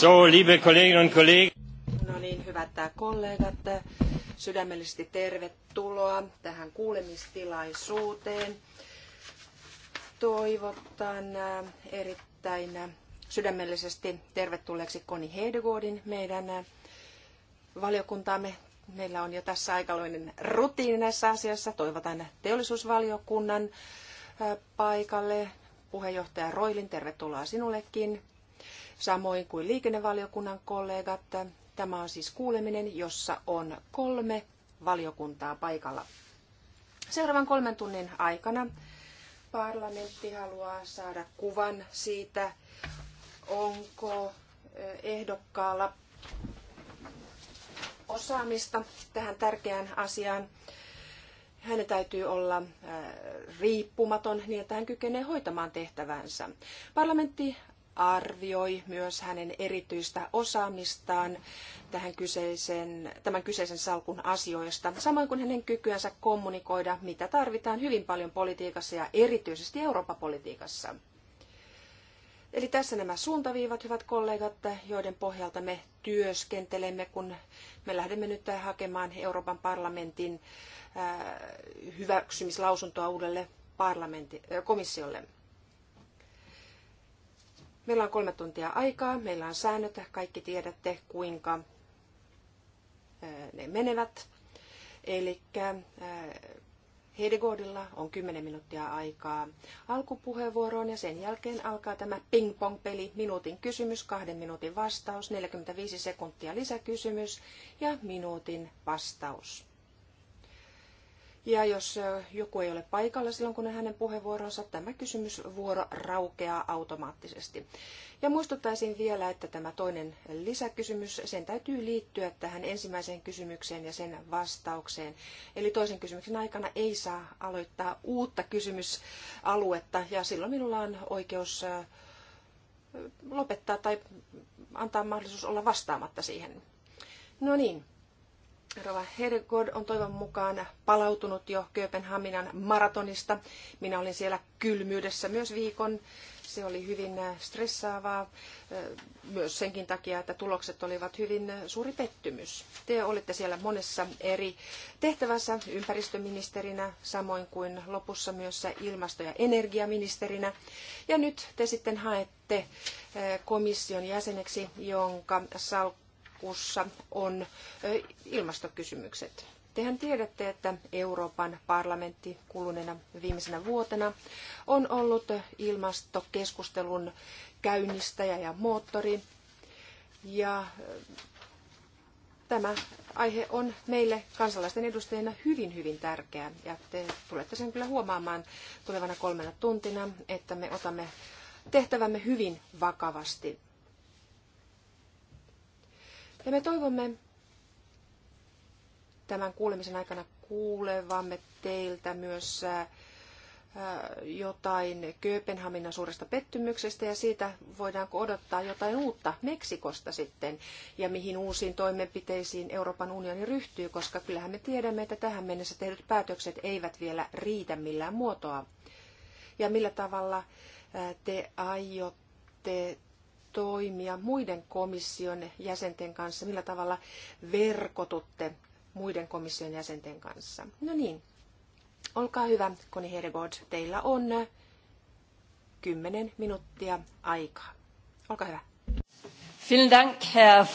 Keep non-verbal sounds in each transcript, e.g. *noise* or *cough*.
So, liebe Kolleginnen und Kollegen. No niin, hyvät kollegat, sydämellisesti tervetuloa tähän kuulemistilaisuuteen. Toivotan äh, erittäin äh, sydämellisesti tervetulleeksi Koni Hedegaardin meidän äh, valiokuntaamme. Meillä on jo tässä aikaloinen rutiini näissä asioissa. Toivotan teollisuusvaliokunnan paikalle. Puheenjohtaja Roilin, tervetuloa sinullekin samoin kuin liikennevaliokunnan kollegat. Tämä on siis kuuleminen, jossa on kolme valiokuntaa paikalla. Seuraavan kolmen tunnin aikana parlamentti haluaa saada kuvan siitä, onko ehdokkaalla osaamista tähän tärkeään asiaan. Hänen täytyy olla riippumaton niin, että hän kykenee hoitamaan tehtävänsä. Parlamentti arvioi myös hänen erityistä osaamistaan tähän kyseisen, tämän kyseisen salkun asioista, samoin kuin hänen kykyänsä kommunikoida, mitä tarvitaan hyvin paljon politiikassa ja erityisesti Euroopan politiikassa. Eli tässä nämä suuntaviivat, hyvät kollegat, joiden pohjalta me työskentelemme, kun me lähdemme nyt hakemaan Euroopan parlamentin äh, hyväksymislausuntoa uudelle parlamentti, äh, komissiolle. Meillä on kolme tuntia aikaa, meillä on säännöt, kaikki tiedätte kuinka ne menevät. Eli Hedegaardilla on 10 minuuttia aikaa alkupuheenvuoroon ja sen jälkeen alkaa tämä ping-pong-peli. Minuutin kysymys, kahden minuutin vastaus, 45 sekuntia lisäkysymys ja minuutin vastaus. Ja jos joku ei ole paikalla silloin, kun on hänen puheenvuoronsa, tämä kysymysvuoro raukeaa automaattisesti. Ja muistuttaisin vielä, että tämä toinen lisäkysymys, sen täytyy liittyä tähän ensimmäiseen kysymykseen ja sen vastaukseen. Eli toisen kysymyksen aikana ei saa aloittaa uutta kysymysaluetta, ja silloin minulla on oikeus lopettaa tai antaa mahdollisuus olla vastaamatta siihen. No niin, Rova Hedegård on toivon mukaan palautunut jo Kööpenhaminan maratonista. Minä olin siellä kylmyydessä myös viikon. Se oli hyvin äh, stressaavaa äh, myös senkin takia, että tulokset olivat hyvin äh, suuri pettymys. Te olitte siellä monessa eri tehtävässä ympäristöministerinä, samoin kuin lopussa myös ilmasto- ja energiaministerinä. Ja nyt te sitten haette komission jäseneksi, jonka salkku salkussa on ilmastokysymykset. Tehän tiedätte, että Euroopan parlamentti kuluneena viimeisenä vuotena on ollut ilmastokeskustelun käynnistäjä ja moottori. Ja tämä aihe on meille kansalaisten edustajina hyvin, hyvin tärkeä. Ja te tulette sen kyllä huomaamaan tulevana kolmena tuntina, että me otamme tehtävämme hyvin vakavasti. Ja me toivomme tämän kuulemisen aikana kuulevamme teiltä myös äh, äh, jotain Kööpenhaminan suuresta pettymyksestä ja siitä voidaanko odottaa jotain uutta Meksikosta sitten ja mihin uusiin toimenpiteisiin Euroopan unioni ryhtyy, koska kyllähän me tiedämme, että tähän mennessä tehdyt päätökset eivät vielä riitä millään muotoa. Ja millä tavalla äh, te aiotte toimia muiden komission jäsenten kanssa? Millä tavalla verkotutte muiden komission jäsenten kanssa? No niin, olkaa hyvä, Koni Hedegaard. Teillä on 10 minuuttia aikaa. Olkaa hyvä. Vielen Dank, Herr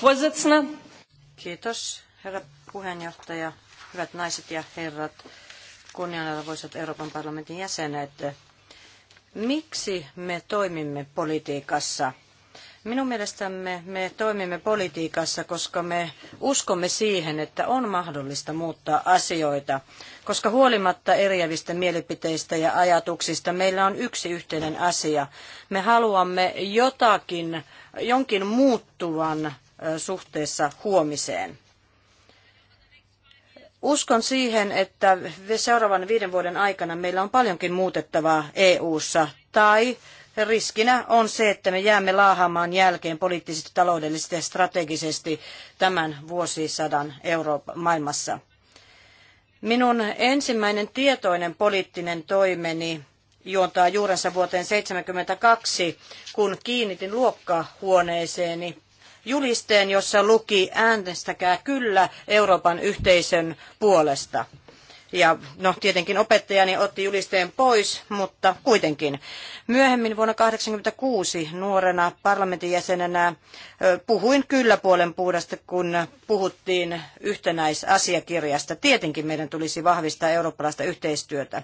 Kiitos, herra puheenjohtaja. Hyvät naiset ja herrat, kunnianarvoisat Euroopan parlamentin jäsenet. Miksi me toimimme politiikassa? Minun mielestämme me toimimme politiikassa, koska me uskomme siihen, että on mahdollista muuttaa asioita, koska huolimatta eriävistä mielipiteistä ja ajatuksista meillä on yksi yhteinen asia. Me haluamme jotakin, jonkin muuttuvan suhteessa huomiseen. Uskon siihen, että seuraavan viiden vuoden aikana meillä on paljonkin muutettavaa EU-ssa tai riskinä on se, että me jäämme laahamaan jälkeen poliittisesti, taloudellisesti ja strategisesti tämän vuosisadan Euroopan maailmassa. Minun ensimmäinen tietoinen poliittinen toimeni juontaa juurensa vuoteen 1972, kun kiinnitin luokkahuoneeseeni julisteen, jossa luki äänestäkää kyllä Euroopan yhteisön puolesta. Ja no tietenkin opettajani otti julisteen pois, mutta kuitenkin. Myöhemmin vuonna 1986 nuorena parlamentin jäsenenä puhuin kyllä puolen puudasta, kun puhuttiin yhtenäisasiakirjasta. Tietenkin meidän tulisi vahvistaa eurooppalaista yhteistyötä.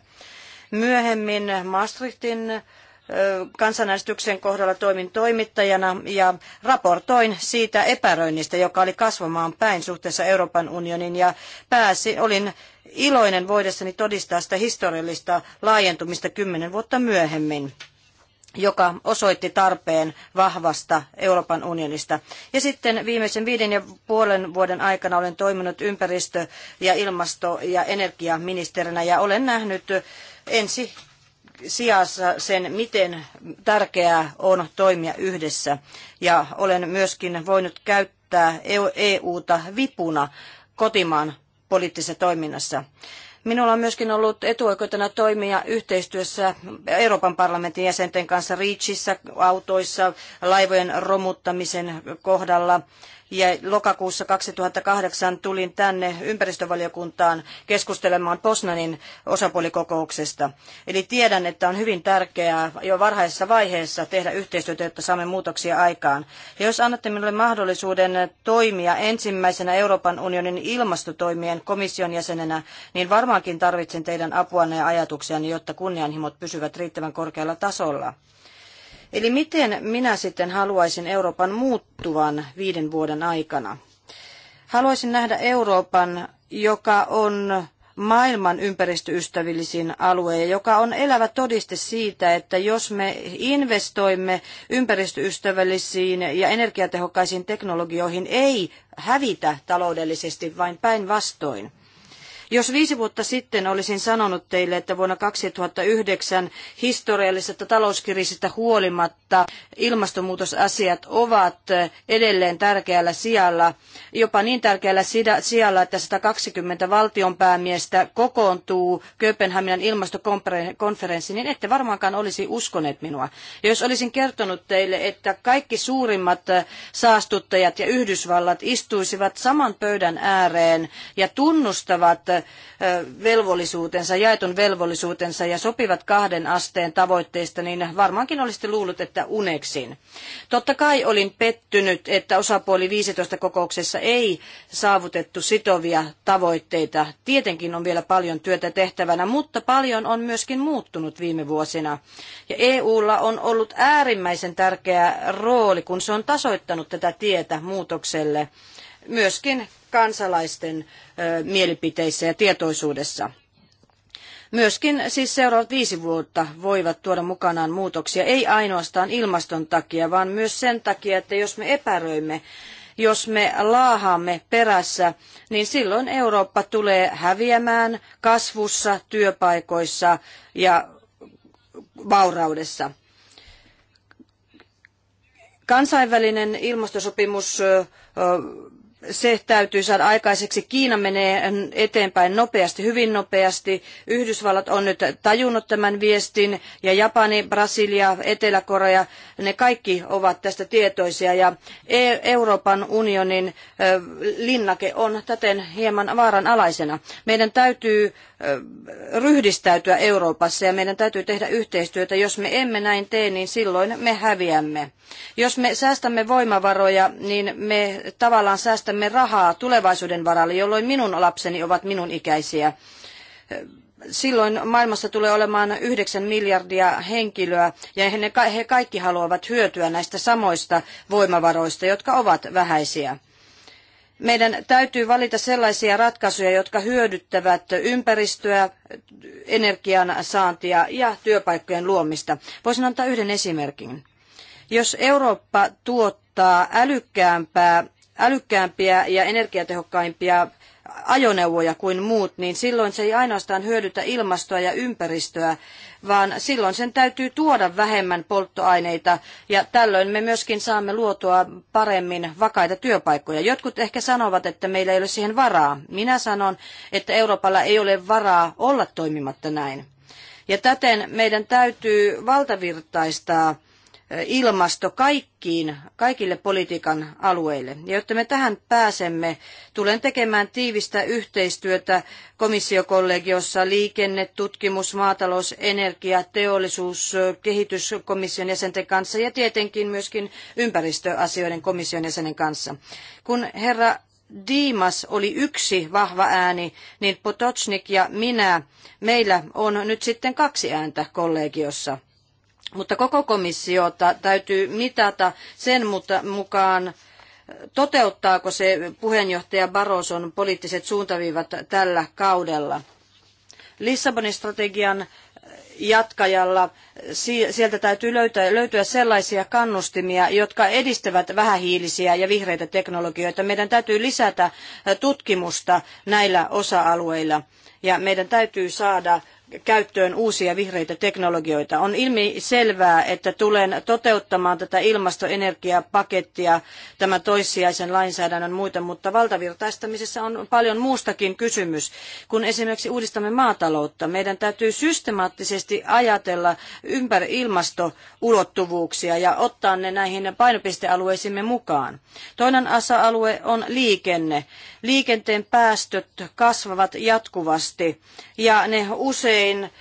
Myöhemmin Maastrichtin kansanäänestyksen kohdalla toimin toimittajana ja raportoin siitä epäröinnistä, joka oli kasvamaan päin suhteessa Euroopan unionin ja pääsi, olin iloinen voidessani todistaa sitä historiallista laajentumista kymmenen vuotta myöhemmin joka osoitti tarpeen vahvasta Euroopan unionista. Ja sitten viimeisen viiden ja puolen vuoden aikana olen toiminut ympäristö- ja ilmasto- ja energiaministerinä ja olen nähnyt ensi sijassa sen, miten tärkeää on toimia yhdessä. Ja olen myöskin voinut käyttää EUta e vipuna kotimaan poliittisessa toiminnassa. Minulla on myöskin ollut etuoikeutena toimia yhteistyössä Euroopan parlamentin jäsenten kanssa Riitsissä, autoissa, laivojen romuttamisen kohdalla ja lokakuussa 2008 tulin tänne ympäristövaliokuntaan keskustelemaan Posnanin osapuolikokouksesta. Eli tiedän, että on hyvin tärkeää jo varhaisessa vaiheessa tehdä yhteistyötä, jotta saamme muutoksia aikaan. Ja jos annatte minulle mahdollisuuden toimia ensimmäisenä Euroopan unionin ilmastotoimien komission jäsenenä, niin varmaankin tarvitsen teidän apuanne ja ajatuksianne, jotta kunnianhimot pysyvät riittävän korkealla tasolla. Eli miten minä sitten haluaisin Euroopan muuttuvan viiden vuoden aikana? Haluaisin nähdä Euroopan, joka on maailman ympäristöystävällisin alue, joka on elävä todiste siitä, että jos me investoimme ympäristöystävällisiin ja energiatehokkaisiin teknologioihin, ei hävitä taloudellisesti, vain päinvastoin. Jos viisi vuotta sitten olisin sanonut teille, että vuonna 2009 historiallisesta talouskriisistä huolimatta ilmastonmuutosasiat ovat edelleen tärkeällä sijalla, jopa niin tärkeällä sijalla, että 120 valtionpäämiestä kokoontuu Kööpenhaminan ilmastokonferenssiin, niin ette varmaankaan olisi uskoneet minua. Jos olisin kertonut teille, että kaikki suurimmat saastuttajat ja Yhdysvallat istuisivat saman pöydän ääreen ja tunnustavat velvollisuutensa, jaetun velvollisuutensa ja sopivat kahden asteen tavoitteista, niin varmaankin olisitte luullut, että uneksin. Totta kai olin pettynyt, että osapuoli 15 kokouksessa ei saavutettu sitovia tavoitteita. Tietenkin on vielä paljon työtä tehtävänä, mutta paljon on myöskin muuttunut viime vuosina. Ja EUlla on ollut äärimmäisen tärkeä rooli, kun se on tasoittanut tätä tietä muutokselle myöskin kansalaisten mielipiteissä ja tietoisuudessa. Myöskin siis seuraavat viisi vuotta voivat tuoda mukanaan muutoksia, ei ainoastaan ilmaston takia, vaan myös sen takia, että jos me epäröimme, jos me laahaamme perässä, niin silloin Eurooppa tulee häviämään kasvussa, työpaikoissa ja vauraudessa. Kansainvälinen ilmastosopimus se täytyy saada aikaiseksi. Kiina menee eteenpäin nopeasti, hyvin nopeasti. Yhdysvallat on nyt tajunnut tämän viestin ja Japani, Brasilia, Etelä-Korea, ne kaikki ovat tästä tietoisia ja e- Euroopan unionin linnake on täten hieman vaaranalaisena. Meidän täytyy ryhdistäytyä Euroopassa ja meidän täytyy tehdä yhteistyötä. Jos me emme näin tee, niin silloin me häviämme. Jos me säästämme voimavaroja, niin me tavallaan säästämme säästämme rahaa tulevaisuuden varalle, jolloin minun lapseni ovat minun ikäisiä. Silloin maailmassa tulee olemaan 9 miljardia henkilöä ja he kaikki haluavat hyötyä näistä samoista voimavaroista, jotka ovat vähäisiä. Meidän täytyy valita sellaisia ratkaisuja, jotka hyödyttävät ympäristöä, energian saantia ja työpaikkojen luomista. Voisin antaa yhden esimerkin. Jos Eurooppa tuottaa älykkäämpää älykkäämpiä ja energiatehokkaimpia ajoneuvoja kuin muut, niin silloin se ei ainoastaan hyödytä ilmastoa ja ympäristöä, vaan silloin sen täytyy tuoda vähemmän polttoaineita ja tällöin me myöskin saamme luotua paremmin vakaita työpaikkoja. Jotkut ehkä sanovat, että meillä ei ole siihen varaa. Minä sanon, että Euroopalla ei ole varaa olla toimimatta näin. Ja täten meidän täytyy valtavirtaistaa ilmasto kaikkiin, kaikille politiikan alueille. Ja jotta me tähän pääsemme, tulen tekemään tiivistä yhteistyötä komissiokollegiossa liikenne, tutkimus, maatalous, energia, teollisuus, kehityskomission jäsenten kanssa ja tietenkin myöskin ympäristöasioiden komission jäsenen kanssa. Kun herra Diimas oli yksi vahva ääni, niin Potocnik ja minä, meillä on nyt sitten kaksi ääntä kollegiossa. Mutta koko komissiota täytyy mitata sen mukaan, toteuttaako se puheenjohtaja Baroson poliittiset suuntaviivat tällä kaudella. Lissabonin strategian jatkajalla sieltä täytyy löytää, löytyä sellaisia kannustimia, jotka edistävät vähähiilisiä ja vihreitä teknologioita. Meidän täytyy lisätä tutkimusta näillä osa-alueilla ja meidän täytyy saada käyttöön uusia vihreitä teknologioita. On ilmi selvää, että tulen toteuttamaan tätä ilmastoenergiapakettia, tämä toissijaisen lainsäädännön muuten, mutta valtavirtaistamisessa on paljon muustakin kysymys. Kun esimerkiksi uudistamme maataloutta, meidän täytyy systemaattisesti ajatella ympäri ilmastoulottuvuuksia ja ottaa ne näihin painopistealueisimme mukaan. Toinen asa-alue on liikenne. Liikenteen päästöt kasvavat jatkuvasti ja ne usein usein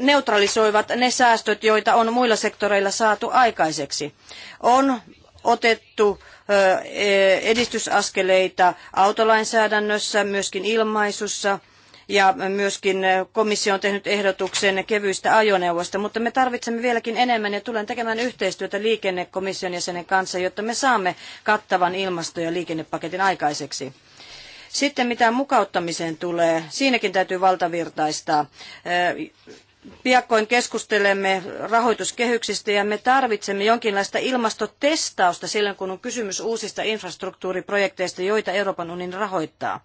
neutralisoivat ne säästöt, joita on muilla sektoreilla saatu aikaiseksi. On otettu e, edistysaskeleita autolainsäädännössä, myöskin ilmaisussa ja myöskin komissio on tehnyt ehdotuksen kevyistä ajoneuvoista, mutta me tarvitsemme vieläkin enemmän ja tulen tekemään yhteistyötä liikennekomission jäsenen kanssa, jotta me saamme kattavan ilmasto- ja liikennepaketin aikaiseksi. Sitten mitä mukauttamiseen tulee, siinäkin täytyy valtavirtaistaa piakkoin keskustelemme rahoituskehyksistä ja me tarvitsemme jonkinlaista ilmastotestausta silloin, kun on kysymys uusista infrastruktuuriprojekteista, joita Euroopan unioni rahoittaa.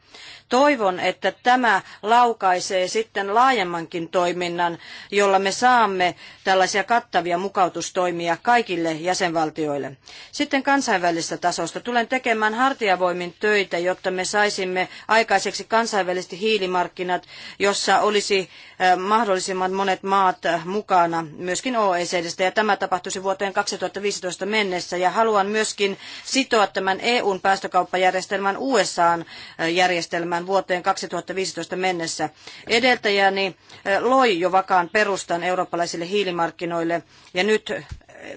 Toivon, että tämä laukaisee sitten laajemmankin toiminnan, jolla me saamme tällaisia kattavia mukautustoimia kaikille jäsenvaltioille. Sitten kansainvälisestä tasosta. Tulen tekemään hartiavoimin töitä, jotta me saisimme aikaiseksi kansainväliset hiilimarkkinat, jossa olisi eh, mahdollisimman monet maat mukana, myöskin OECDstä, ja tämä tapahtuisi vuoteen 2015 mennessä. Ja haluan myöskin sitoa tämän EUn päästökauppajärjestelmän USAn järjestelmään vuoteen 2015 mennessä. Edeltäjäni loi jo vakaan perustan eurooppalaisille hiilimarkkinoille, ja nyt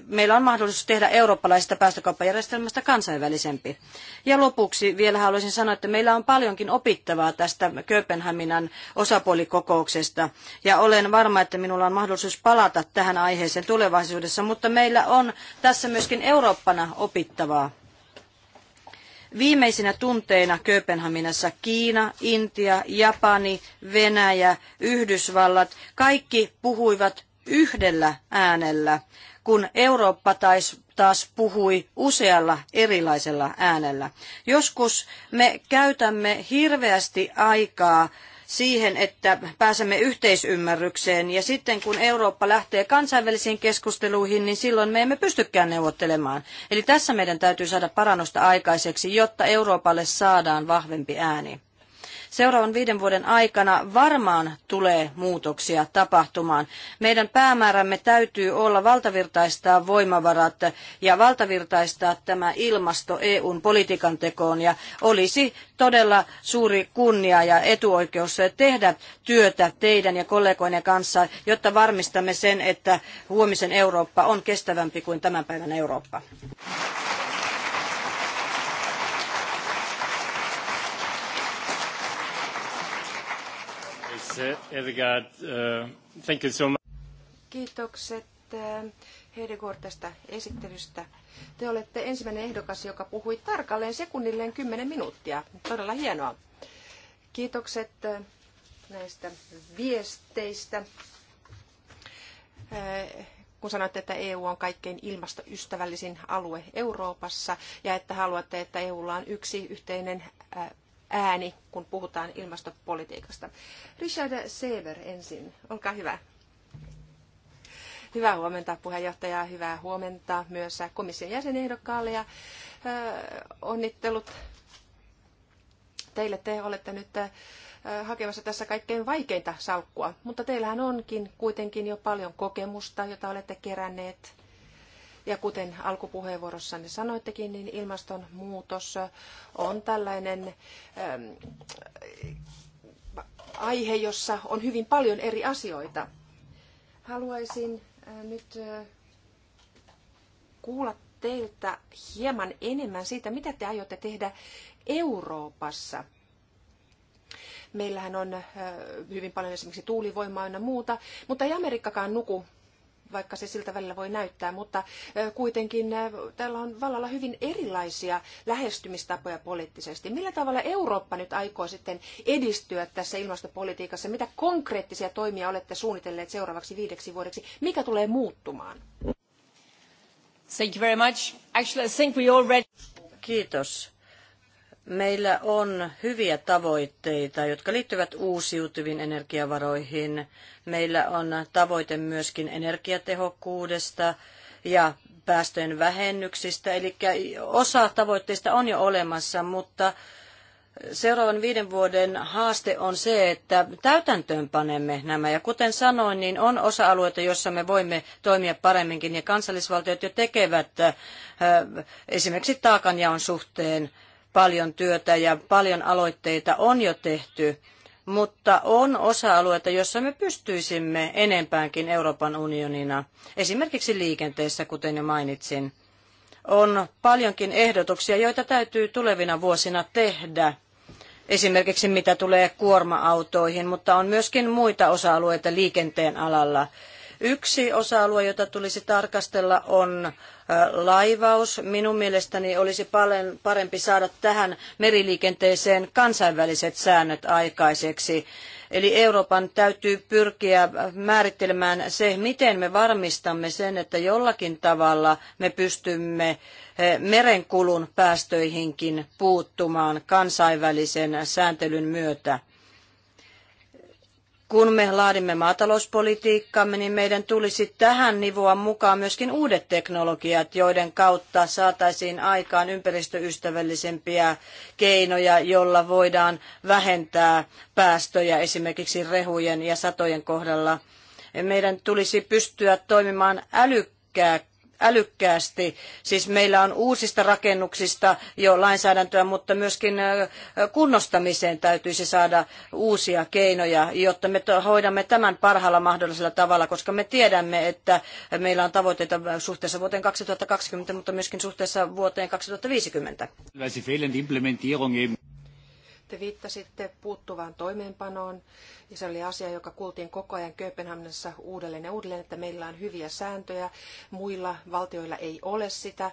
meillä on mahdollisuus tehdä eurooppalaisesta päästökauppajärjestelmästä kansainvälisempi. Ja lopuksi vielä haluaisin sanoa, että meillä on paljonkin opittavaa tästä Kööpenhaminan osapuolikokouksesta. Ja olen varma, että minulla on mahdollisuus palata tähän aiheeseen tulevaisuudessa, mutta meillä on tässä myöskin Eurooppana opittavaa. Viimeisinä tunteina Kööpenhaminassa Kiina, Intia, Japani, Venäjä, Yhdysvallat, kaikki puhuivat yhdellä äänellä kun Eurooppa taas, taas puhui usealla erilaisella äänellä. Joskus me käytämme hirveästi aikaa siihen, että pääsemme yhteisymmärrykseen. Ja sitten kun Eurooppa lähtee kansainvälisiin keskusteluihin, niin silloin me emme pystykään neuvottelemaan. Eli tässä meidän täytyy saada parannusta aikaiseksi, jotta Euroopalle saadaan vahvempi ääni. Seuraavan viiden vuoden aikana varmaan tulee muutoksia tapahtumaan. Meidän päämäärämme täytyy olla valtavirtaistaa voimavarat ja valtavirtaistaa tämä ilmasto EUn politiikan tekoon ja olisi todella suuri kunnia ja etuoikeus tehdä työtä teidän ja kollegoiden kanssa, jotta varmistamme sen, että huomisen Eurooppa on kestävämpi kuin tämän päivän Eurooppa. Uh, thank you so much. Kiitokset uh, Hedegaard tästä esittelystä. Te olette ensimmäinen ehdokas, joka puhui tarkalleen sekunnilleen 10 minuuttia. Todella hienoa. Kiitokset uh, näistä viesteistä. Kun sanoitte, että EU on kaikkein ilmastoystävällisin alue Euroopassa ja että haluatte, että EUlla on yksi yhteinen ääni, kun puhutaan ilmastopolitiikasta. Richard Seber ensin, olkaa hyvä. Hyvää huomenta puheenjohtaja, hyvää huomenta myös komission jäsenehdokkaalle ja onnittelut teille. Te olette nyt hakemassa tässä kaikkein vaikeinta salkkua, mutta teillähän onkin kuitenkin jo paljon kokemusta, jota olette keränneet ja kuten alkupuheenvuorossanne sanoittekin, niin ilmastonmuutos on tällainen ähm, aihe, jossa on hyvin paljon eri asioita. Haluaisin äh, nyt äh, kuulla teiltä hieman enemmän siitä, mitä te aiotte tehdä Euroopassa. Meillähän on äh, hyvin paljon esimerkiksi tuulivoimaa ja muuta, mutta ei Amerikkakaan nuku vaikka se siltä välillä voi näyttää, mutta kuitenkin täällä on vallalla hyvin erilaisia lähestymistapoja poliittisesti. Millä tavalla Eurooppa nyt aikoo sitten edistyä tässä ilmastopolitiikassa? Mitä konkreettisia toimia olette suunnitelleet seuraavaksi viideksi vuodeksi? Mikä tulee muuttumaan? Thank you very much. Actually, I think we already... Kiitos. Meillä on hyviä tavoitteita, jotka liittyvät uusiutuviin energiavaroihin. Meillä on tavoite myöskin energiatehokkuudesta ja päästöjen vähennyksistä. Eli osa tavoitteista on jo olemassa, mutta seuraavan viiden vuoden haaste on se, että täytäntöönpanemme nämä. Ja kuten sanoin, niin on osa-alueita, joissa me voimme toimia paremminkin, ja kansallisvaltiot jo tekevät esimerkiksi taakanjaon suhteen paljon työtä ja paljon aloitteita on jo tehty, mutta on osa-alueita, jossa me pystyisimme enempäänkin Euroopan unionina, esimerkiksi liikenteessä, kuten jo mainitsin. On paljonkin ehdotuksia, joita täytyy tulevina vuosina tehdä esimerkiksi mitä tulee kuorma-autoihin, mutta on myöskin muita osa-alueita liikenteen alalla, Yksi osa-alue, jota tulisi tarkastella, on laivaus. Minun mielestäni olisi paljon parempi saada tähän meriliikenteeseen kansainväliset säännöt aikaiseksi. Eli Euroopan täytyy pyrkiä määrittelemään se, miten me varmistamme sen, että jollakin tavalla me pystymme merenkulun päästöihinkin puuttumaan kansainvälisen sääntelyn myötä kun me laadimme maatalouspolitiikkaamme, niin meidän tulisi tähän nivoa mukaan myöskin uudet teknologiat, joiden kautta saataisiin aikaan ympäristöystävällisempiä keinoja, jolla voidaan vähentää päästöjä esimerkiksi rehujen ja satojen kohdalla. Meidän tulisi pystyä toimimaan älykkäästi älykkäästi. Siis meillä on uusista rakennuksista jo lainsäädäntöä, mutta myöskin kunnostamiseen täytyisi saada uusia keinoja, jotta me hoidamme tämän parhaalla mahdollisella tavalla, koska me tiedämme, että meillä on tavoitteita suhteessa vuoteen 2020, mutta myöskin suhteessa vuoteen 2050. Te viittasitte puuttuvaan toimeenpanoon, ja se oli asia, joka kuultiin koko ajan Kööpenhaminassa uudelleen ja uudelleen, että meillä on hyviä sääntöjä, muilla valtioilla ei ole sitä,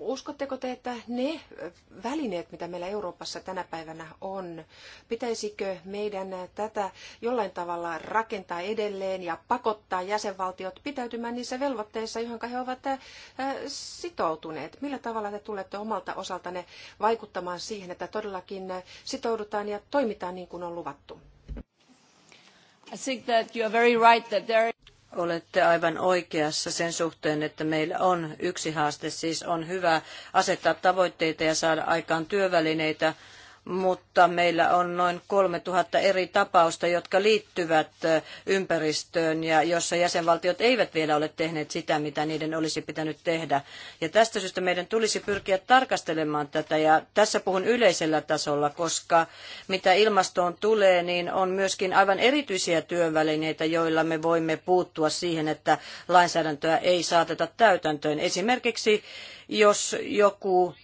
Uskotteko te, että ne välineet, mitä meillä Euroopassa tänä päivänä on, pitäisikö meidän tätä jollain tavalla rakentaa edelleen ja pakottaa jäsenvaltiot pitäytymään niissä velvoitteissa, johon he ovat sitoutuneet? Millä tavalla te tulette omalta osaltanne vaikuttamaan siihen, että todellakin sitoudutaan ja toimitaan niin kuin on luvattu? I think that you are very right that there Olette aivan oikeassa sen suhteen, että meillä on yksi haaste, siis on hyvä asettaa tavoitteita ja saada aikaan työvälineitä, mutta meillä on noin 3000 eri tapausta, jotka liittyvät ympäristöön ja jossa jäsenvaltiot eivät vielä ole tehneet sitä, mitä niiden olisi pitänyt tehdä. Ja tästä syystä meidän tulisi pyrkiä tarkastelemaan tätä ja tässä puhun yleisellä tasolla, koska mitä ilmastoon tulee, niin on myöskin aivan erityisiä työvälineitä, joilla me voimme puuttua siihen, että lainsäädäntöä ei saateta täytäntöön. Esimerkiksi jos joku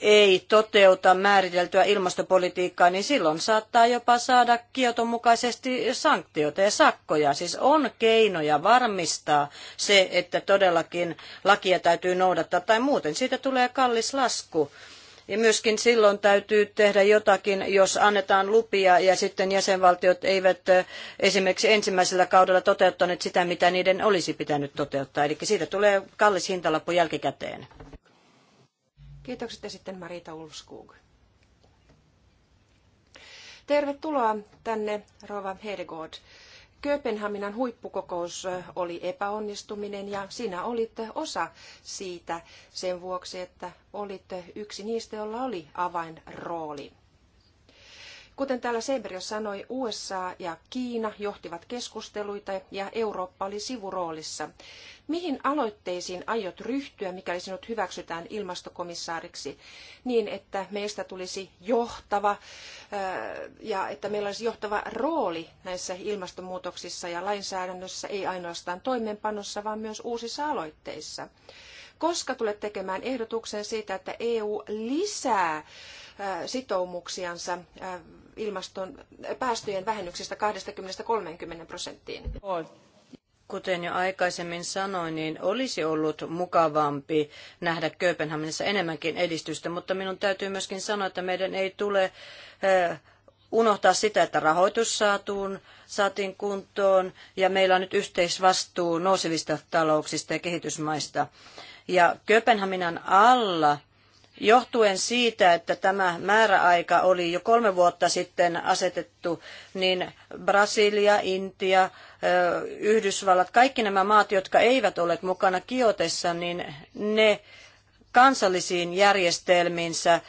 ei toteuta määriteltyä ilmastopolitiikkaa, niin silloin saattaa jopa saada kioton mukaisesti sanktioita ja sakkoja. Siis on keinoja varmistaa se, että todellakin lakia täytyy noudattaa tai muuten siitä tulee kallis lasku. Ja myöskin silloin täytyy tehdä jotakin, jos annetaan lupia ja sitten jäsenvaltiot eivät esimerkiksi ensimmäisellä kaudella toteuttaneet sitä, mitä niiden olisi pitänyt toteuttaa. Eli siitä tulee kallis hintalappu jälkikäteen. Kiitokset ja sitten Marita Ulfskog. Tervetuloa tänne, Rova Hedegård. Kööpenhaminan huippukokous oli epäonnistuminen ja sinä olit osa siitä sen vuoksi, että olit yksi niistä, jolla oli avainrooli. Kuten täällä Seber jo sanoi, USA ja Kiina johtivat keskusteluita ja Eurooppa oli sivuroolissa. Mihin aloitteisiin aiot ryhtyä, mikäli sinut hyväksytään ilmastokomissaariksi, niin että meistä tulisi johtava äh, ja että meillä olisi johtava rooli näissä ilmastonmuutoksissa ja lainsäädännössä, ei ainoastaan toimeenpanossa, vaan myös uusissa aloitteissa? koska tulet tekemään ehdotuksen siitä, että EU lisää äh, sitoumuksiansa äh, ilmaston päästöjen vähennyksestä 20-30 prosenttiin? Kuten jo aikaisemmin sanoin, niin olisi ollut mukavampi nähdä Kööpenhaminassa enemmänkin edistystä, mutta minun täytyy myöskin sanoa, että meidän ei tule eh, unohtaa sitä, että rahoitus saatuun, saatiin kuntoon ja meillä on nyt yhteisvastuu nousevista talouksista ja kehitysmaista. Ja Kööpenhaminan alla Johtuen siitä, että tämä määräaika oli jo kolme vuotta sitten asetettu, niin Brasilia, Intia, Yhdysvallat, kaikki nämä maat, jotka eivät ole mukana Kiotessa, niin ne kansallisiin järjestelmiinsä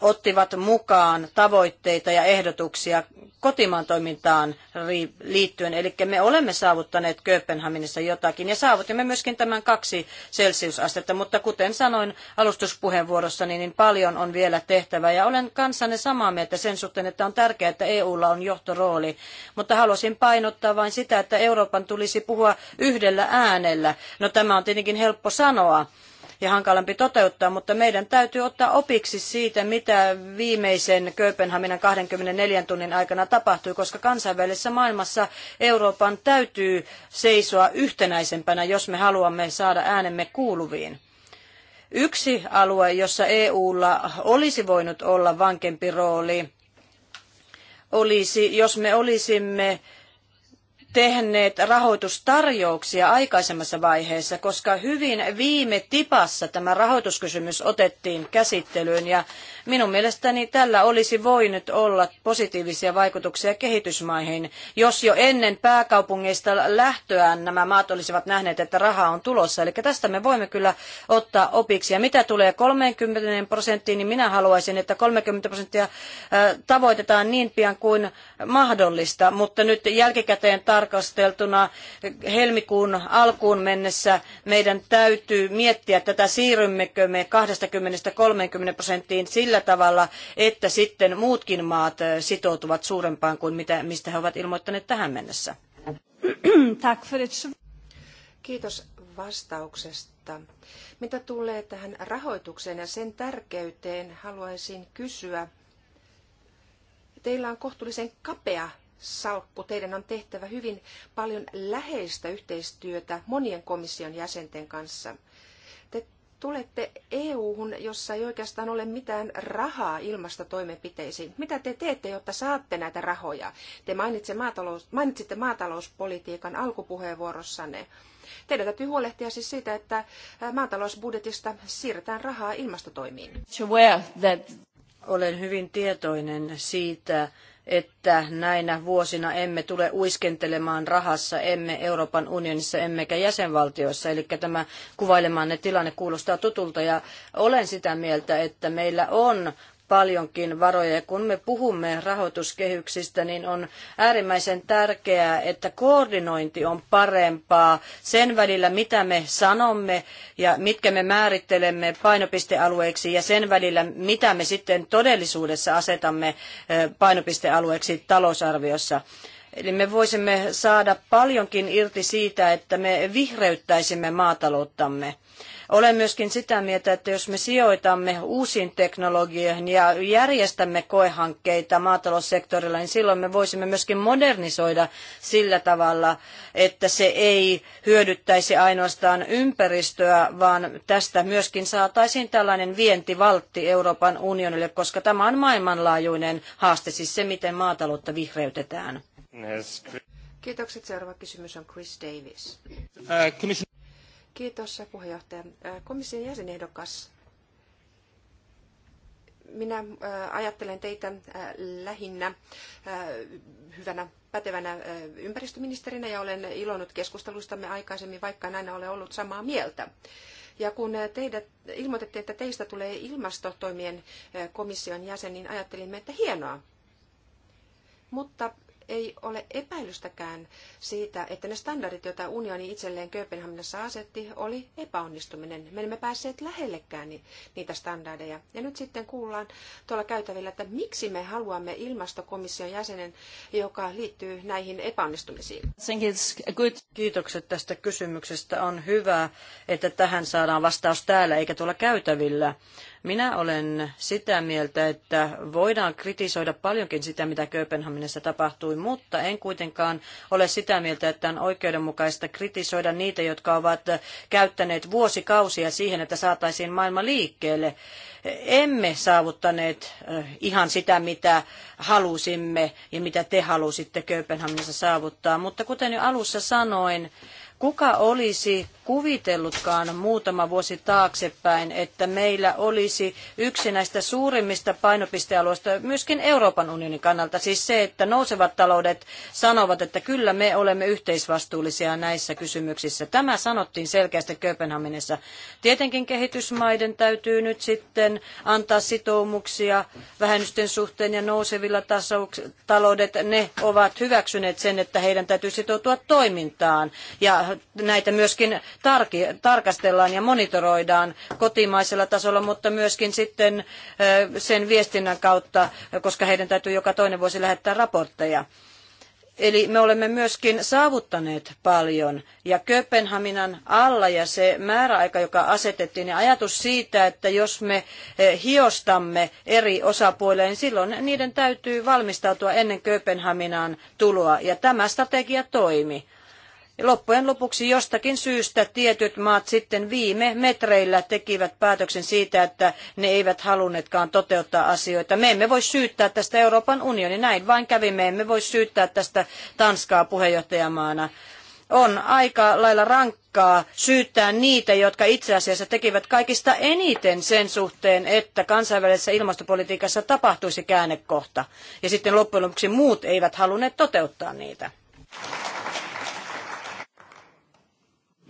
ottivat mukaan tavoitteita ja ehdotuksia kotimaan toimintaan liittyen. Eli me olemme saavuttaneet Kööpenhaminassa jotakin ja saavutimme myöskin tämän kaksi celsiusastetta, mutta kuten sanoin alustuspuheenvuorossani, niin paljon on vielä tehtävää ja olen kanssanne samaa mieltä sen suhteen, että on tärkeää, että EUlla on johtorooli, mutta halusin painottaa vain sitä, että Euroopan tulisi puhua yhdellä äänellä. No tämä on tietenkin helppo sanoa, ja hankalampi toteuttaa, mutta meidän täytyy ottaa opiksi siitä, mitä viimeisen Kööpenhaminan 24 tunnin aikana tapahtui, koska kansainvälisessä maailmassa Euroopan täytyy seisoa yhtenäisempänä, jos me haluamme saada äänemme kuuluviin. Yksi alue, jossa EUlla olisi voinut olla vankempi rooli, olisi, jos me olisimme tehneet rahoitustarjouksia aikaisemmassa vaiheessa, koska hyvin viime tipassa tämä rahoituskysymys otettiin käsittelyyn ja Minun mielestäni tällä olisi voinut olla positiivisia vaikutuksia kehitysmaihin, jos jo ennen pääkaupungeista lähtöään nämä maat olisivat nähneet, että rahaa on tulossa. Eli tästä me voimme kyllä ottaa opiksi. Ja mitä tulee 30 prosenttiin, niin minä haluaisin, että 30 prosenttia äh, tavoitetaan niin pian kuin mahdollista, mutta nyt jälkikäteen tarkasteltuna helmikuun alkuun mennessä meidän täytyy miettiä tätä, siirrymmekö me 20-30 prosenttiin sillä sillä tavalla, että sitten muutkin maat sitoutuvat suurempaan kuin mitä, mistä he ovat ilmoittaneet tähän mennessä? *clears throat* Kiitos vastauksesta. Mitä tulee tähän rahoitukseen ja sen tärkeyteen, haluaisin kysyä. Teillä on kohtuullisen kapea salkku. Teidän on tehtävä hyvin paljon läheistä yhteistyötä monien komission jäsenten kanssa tulette EU-hun, jossa ei oikeastaan ole mitään rahaa ilmastotoimenpiteisiin. Mitä te teette, jotta saatte näitä rahoja? Te mainitsitte maatalouspolitiikan alkupuheenvuorossanne. Teidän täytyy huolehtia siis siitä, että maatalousbudjetista siirretään rahaa ilmastotoimiin. Olen hyvin tietoinen siitä, että näinä vuosina emme tule uiskentelemaan rahassa, emme Euroopan unionissa, emmekä jäsenvaltioissa. Eli tämä kuvailemanne tilanne kuulostaa tutulta ja olen sitä mieltä, että meillä on paljonkin varoja. Ja kun me puhumme rahoituskehyksistä, niin on äärimmäisen tärkeää, että koordinointi on parempaa sen välillä, mitä me sanomme ja mitkä me määrittelemme painopistealueiksi ja sen välillä, mitä me sitten todellisuudessa asetamme painopistealueiksi talousarviossa. Eli me voisimme saada paljonkin irti siitä, että me vihreyttäisimme maatalouttamme. Olen myöskin sitä mieltä, että jos me sijoitamme uusiin teknologioihin ja järjestämme koehankkeita maataloussektorilla, niin silloin me voisimme myöskin modernisoida sillä tavalla, että se ei hyödyttäisi ainoastaan ympäristöä, vaan tästä myöskin saataisiin tällainen vientivaltti Euroopan unionille, koska tämä on maailmanlaajuinen haaste, siis se, miten maataloutta vihreytetään. Kiitokset. Seuraava kysymys on Chris Davis. Äh, Kiitos puheenjohtaja. Komission jäsenehdokas, minä ajattelen teitä lähinnä hyvänä pätevänä ympäristöministerinä ja olen iloinut keskustelustamme aikaisemmin, vaikka en aina ole ollut samaa mieltä. Ja kun teidät ilmoitettiin, että teistä tulee ilmastotoimien komission jäsen, niin ajattelimme, että hienoa. Mutta ei ole epäilystäkään siitä, että ne standardit, joita unioni itselleen Kööpenhaminassa asetti, oli epäonnistuminen. Me emme päässeet lähellekään niitä standardeja. Ja nyt sitten kuullaan tuolla käytävillä, että miksi me haluamme ilmastokomission jäsenen, joka liittyy näihin epäonnistumisiin. Kiitokset tästä kysymyksestä. On hyvä, että tähän saadaan vastaus täällä eikä tuolla käytävillä minä olen sitä mieltä, että voidaan kritisoida paljonkin sitä, mitä Kööpenhaminassa tapahtui, mutta en kuitenkaan ole sitä mieltä, että on oikeudenmukaista kritisoida niitä, jotka ovat käyttäneet vuosikausia siihen, että saataisiin maailma liikkeelle. Emme saavuttaneet eh, ihan sitä, mitä halusimme ja mitä te halusitte Kööpenhaminassa saavuttaa, mutta kuten jo alussa sanoin, Kuka olisi kuvitellutkaan muutama vuosi taaksepäin, että meillä olisi yksi näistä suurimmista painopistealueista myöskin Euroopan unionin kannalta, siis se, että nousevat taloudet sanovat, että kyllä me olemme yhteisvastuullisia näissä kysymyksissä. Tämä sanottiin selkeästi Kööpenhaminassa. Tietenkin kehitysmaiden täytyy nyt sitten antaa sitoumuksia vähennysten suhteen ja nousevilla taloudet, ne ovat hyväksyneet sen, että heidän täytyy sitoutua toimintaan ja näitä myöskin tarkastellaan ja monitoroidaan kotimaisella tasolla, mutta myöskin sitten sen viestinnän kautta, koska heidän täytyy joka toinen vuosi lähettää raportteja. Eli me olemme myöskin saavuttaneet paljon. Ja Kööpenhaminan alla ja se määräaika, joka asetettiin, ja niin ajatus siitä, että jos me hiostamme eri osapuoleen, niin silloin niiden täytyy valmistautua ennen Kööpenhaminaan tuloa. Ja tämä strategia toimi. Loppujen lopuksi jostakin syystä tietyt maat sitten viime metreillä tekivät päätöksen siitä, että ne eivät halunneetkaan toteuttaa asioita. Me emme voi syyttää tästä Euroopan unioni, näin vain kävi. Me emme voi syyttää tästä Tanskaa puheenjohtajamaana. On aika lailla rankkaa syyttää niitä, jotka itse asiassa tekivät kaikista eniten sen suhteen, että kansainvälisessä ilmastopolitiikassa tapahtuisi käännekohta. Ja sitten loppujen lopuksi muut eivät halunneet toteuttaa niitä.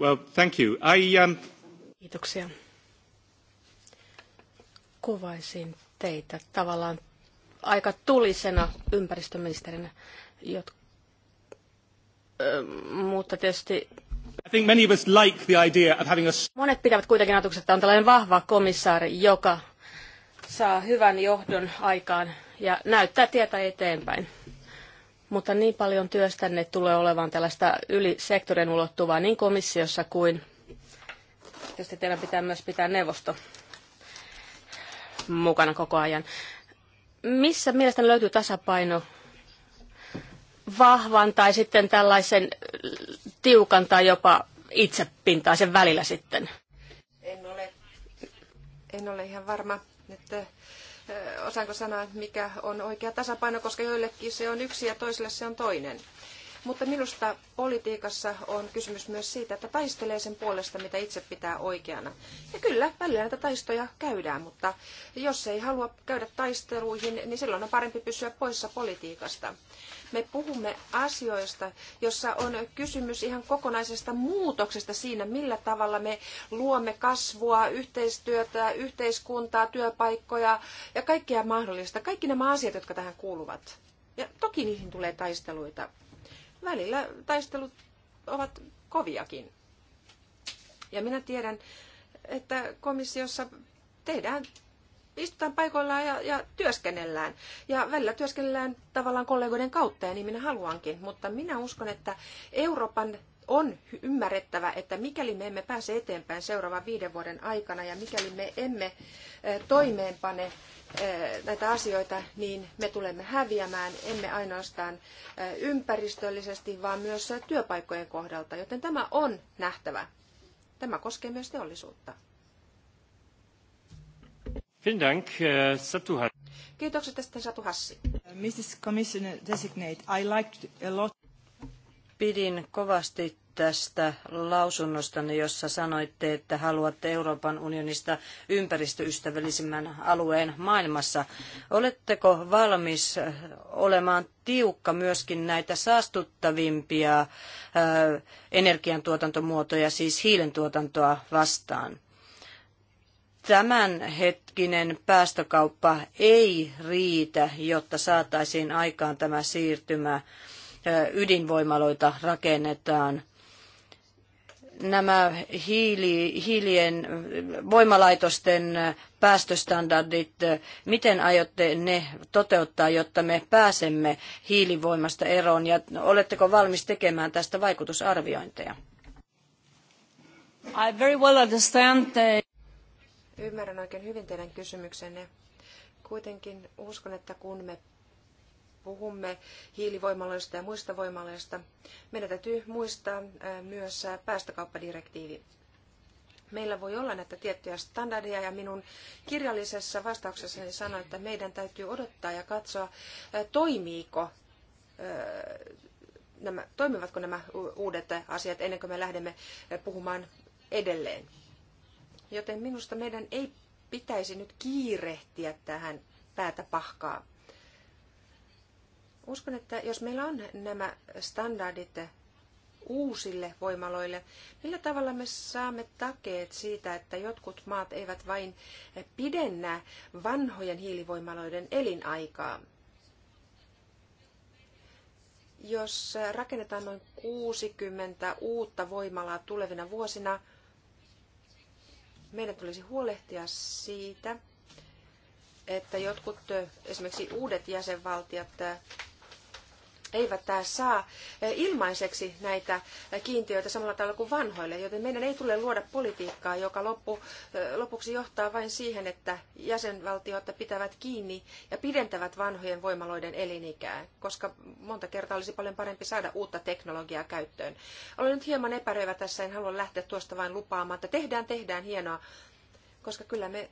Well, thank you. I, um... Kiitoksia. Kuvaisin teitä tavallaan aika tulisena ympäristöministerinä, jot... Ö, mutta tietysti I think many of us like the idea of having a... Monet pitävät kuitenkin ajatuksesta, että on tällainen vahva komissaari, joka saa hyvän johdon aikaan ja näyttää tietä eteenpäin mutta niin paljon työstänne tulee olevan tällaista yli sektorin ulottuvaa niin komissiossa kuin tietysti teidän pitää myös pitää neuvosto mukana koko ajan. Missä mielestäni löytyy tasapaino vahvan tai sitten tällaisen tiukan tai jopa itsepintaisen välillä sitten? En ole, en ole ihan varma, että eh, osaanko sanoa, mikä on oikea tasapaino, koska joillekin se on yksi ja toisille se on toinen. Mutta minusta politiikassa on kysymys myös siitä, että taistelee sen puolesta, mitä itse pitää oikeana. Ja kyllä, välillä näitä taistoja käydään, mutta jos ei halua käydä taisteluihin, niin silloin on parempi pysyä poissa politiikasta. Me puhumme asioista, jossa on kysymys ihan kokonaisesta muutoksesta siinä, millä tavalla me luomme kasvua, yhteistyötä, yhteiskuntaa, työpaikkoja ja kaikkea mahdollista. Kaikki nämä asiat, jotka tähän kuuluvat. Ja toki niihin tulee taisteluita, välillä taistelut ovat koviakin. Ja minä tiedän, että komissiossa tehdään, istutaan paikoillaan ja, ja työskennellään. Ja välillä työskennellään tavallaan kollegoiden kautta, ja niin minä haluankin. Mutta minä uskon, että Euroopan on ymmärrettävä, että mikäli me emme pääse eteenpäin seuraavan viiden vuoden aikana ja mikäli me emme toimeenpane näitä asioita, niin me tulemme häviämään, emme ainoastaan ympäristöllisesti, vaan myös työpaikkojen kohdalta, joten tämä on nähtävä. Tämä koskee myös teollisuutta. Kiitokset tästä Satu Hassi. Mrs. Commissioner Designate, I liked a lot. Pidin kovasti tästä lausunnostanne, jossa sanoitte, että haluatte Euroopan unionista ympäristöystävällisimmän alueen maailmassa. Oletteko valmis olemaan tiukka myöskin näitä saastuttavimpia energiantuotantomuotoja, siis hiilen tuotantoa vastaan? tämänhetkinen päästökauppa ei riitä, jotta saataisiin aikaan tämä siirtymä ydinvoimaloita rakennetaan. Nämä hiili, hiilien voimalaitosten päästöstandardit, miten aiotte ne toteuttaa, jotta me pääsemme hiilivoimasta eroon ja oletteko valmis tekemään tästä vaikutusarviointeja? I very well understand the... Ymmärrän oikein hyvin teidän kysymyksenne. Kuitenkin uskon, että kun me puhumme hiilivoimaloista ja muista voimaloista, meidän täytyy muistaa myös päästökauppadirektiivi. Meillä voi olla näitä tiettyjä standardeja ja minun kirjallisessa vastauksessani sanoin, että meidän täytyy odottaa ja katsoa, toimiiko nämä, toimivatko nämä uudet asiat ennen kuin me lähdemme puhumaan edelleen. Joten minusta meidän ei pitäisi nyt kiirehtiä tähän päätä pahkaa. Uskon, että jos meillä on nämä standardit uusille voimaloille, millä tavalla me saamme takeet siitä, että jotkut maat eivät vain pidennä vanhojen hiilivoimaloiden elinaikaa? Jos rakennetaan noin 60 uutta voimalaa tulevina vuosina, meidän tulisi huolehtia siitä, että jotkut esimerkiksi uudet jäsenvaltiot eivät saa eh, ilmaiseksi näitä eh, kiintiöitä samalla tavalla kuin vanhoille, joten meidän ei tule luoda politiikkaa, joka loppu, eh, lopuksi johtaa vain siihen, että jäsenvaltiot pitävät kiinni ja pidentävät vanhojen voimaloiden elinikää, koska monta kertaa olisi paljon parempi saada uutta teknologiaa käyttöön. Olen nyt hieman epäröivä tässä, en halua lähteä tuosta vain lupaamaan, että tehdään, tehdään hienoa, koska kyllä me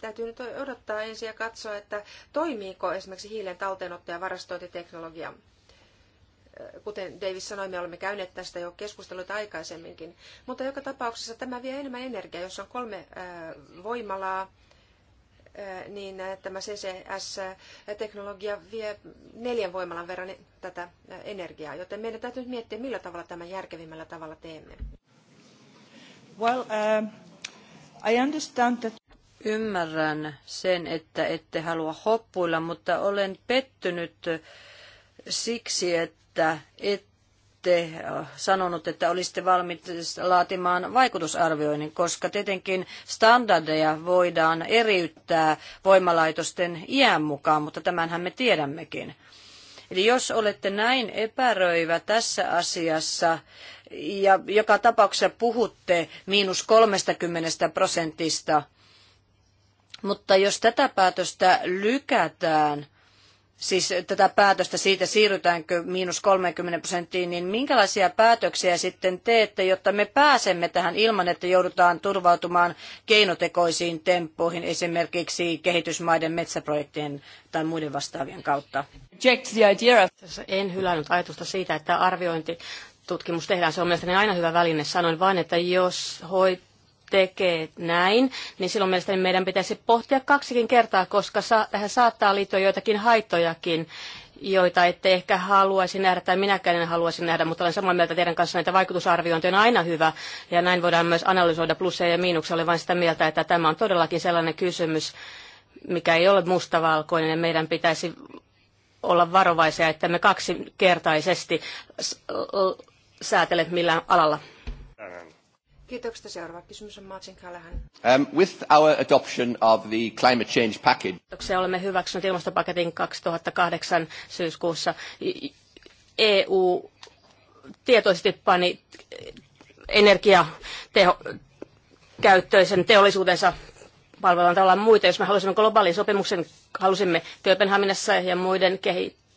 täytyy nyt odottaa ensin ja katsoa, että toimiiko esimerkiksi hiilen talteenotto- ja varastointiteknologia kuten Davis sanoi, me olemme käyneet tästä jo keskusteluita aikaisemminkin. Mutta joka tapauksessa tämä vie enemmän energiaa. Jos on kolme voimalaa, niin tämä CCS-teknologia vie neljän voimalan verran tätä energiaa. Joten meidän täytyy nyt miettiä, millä tavalla tämä järkevimmällä tavalla teemme. Well, uh, I understand that... Ymmärrän sen, että ette halua hoppuilla, mutta olen pettynyt siksi, että että ette sanonut, että olisitte valmiit laatimaan vaikutusarvioinnin, koska tietenkin standardeja voidaan eriyttää voimalaitosten iän mukaan, mutta tämänhän me tiedämmekin. Eli jos olette näin epäröivä tässä asiassa, ja joka tapauksessa puhutte miinus 30 prosentista, mutta jos tätä päätöstä lykätään – siis tätä päätöstä siitä, siirrytäänkö miinus 30 prosenttiin, niin minkälaisia päätöksiä sitten teette, jotta me pääsemme tähän ilman, että joudutaan turvautumaan keinotekoisiin temppuihin, esimerkiksi kehitysmaiden metsäprojektien tai muiden vastaavien kautta? En hylännyt ajatusta siitä, että arviointi tutkimus tehdään, se on mielestäni aina hyvä väline. Sanoin vain, että jos hoit, tekee näin, niin silloin mielestäni meidän pitäisi pohtia kaksikin kertaa, koska sa- tähän saattaa liittyä joitakin haittojakin, joita ette ehkä haluaisi nähdä tai minäkään en haluaisi nähdä, mutta olen samaa mieltä teidän kanssa, että vaikutusarviointi on aina hyvä ja näin voidaan myös analysoida plusseja ja miinuksia. Olen vain sitä mieltä, että tämä on todellakin sellainen kysymys, mikä ei ole mustavalkoinen ja meidän pitäisi olla varovaisia, että me kaksinkertaisesti säätelet millään alalla. Kiitoksia. Seuraava kysymys on Martin Callahan. Um, with our adoption of the climate change package. Kiitoksia. Olemme hyväksyneet ilmastopaketin 2008 syyskuussa. EU tietoisesti pani eh, energiateho käyttöisen teollisuutensa palvellaan tavallaan muita. Jos me halusimme globaalin sopimuksen, halusimme Kööpenhaminassa ja muiden kehittää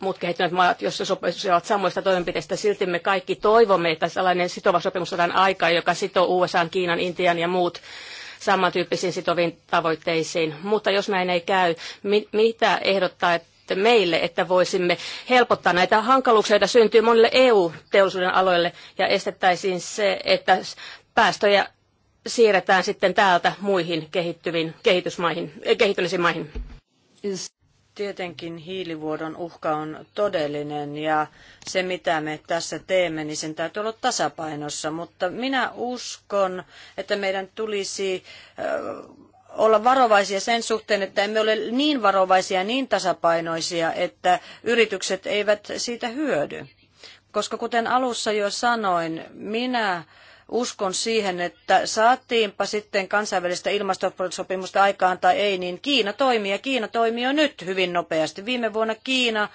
muut kehittyneet maat, sopimus sopivat samoista toimenpiteistä. Silti me kaikki toivomme, että sellainen sitova sopimus saadaan aikaa, joka sitoo USA, Kiinan, Intian ja muut samantyyppisiin sitoviin tavoitteisiin. Mutta jos näin ei käy, mi- mitä ehdottaa, että meille, että voisimme helpottaa näitä hankaluuksia, joita syntyy monille EU-teollisuuden aloille ja estettäisiin se, että päästöjä siirretään sitten täältä muihin kehittyviin, kehitysmaihin, eh, kehittyneisiin maihin. Tietenkin hiilivuodon uhka on todellinen ja se mitä me tässä teemme, niin sen täytyy olla tasapainossa. Mutta minä uskon, että meidän tulisi olla varovaisia sen suhteen, että emme ole niin varovaisia, niin tasapainoisia, että yritykset eivät siitä hyödy. Koska kuten alussa jo sanoin, minä uskon siihen, että saatiinpa sitten kansainvälistä ilmastosopimusta aikaan tai ei, niin Kiina toimii ja Kiina toimii jo nyt hyvin nopeasti. Viime vuonna Kiina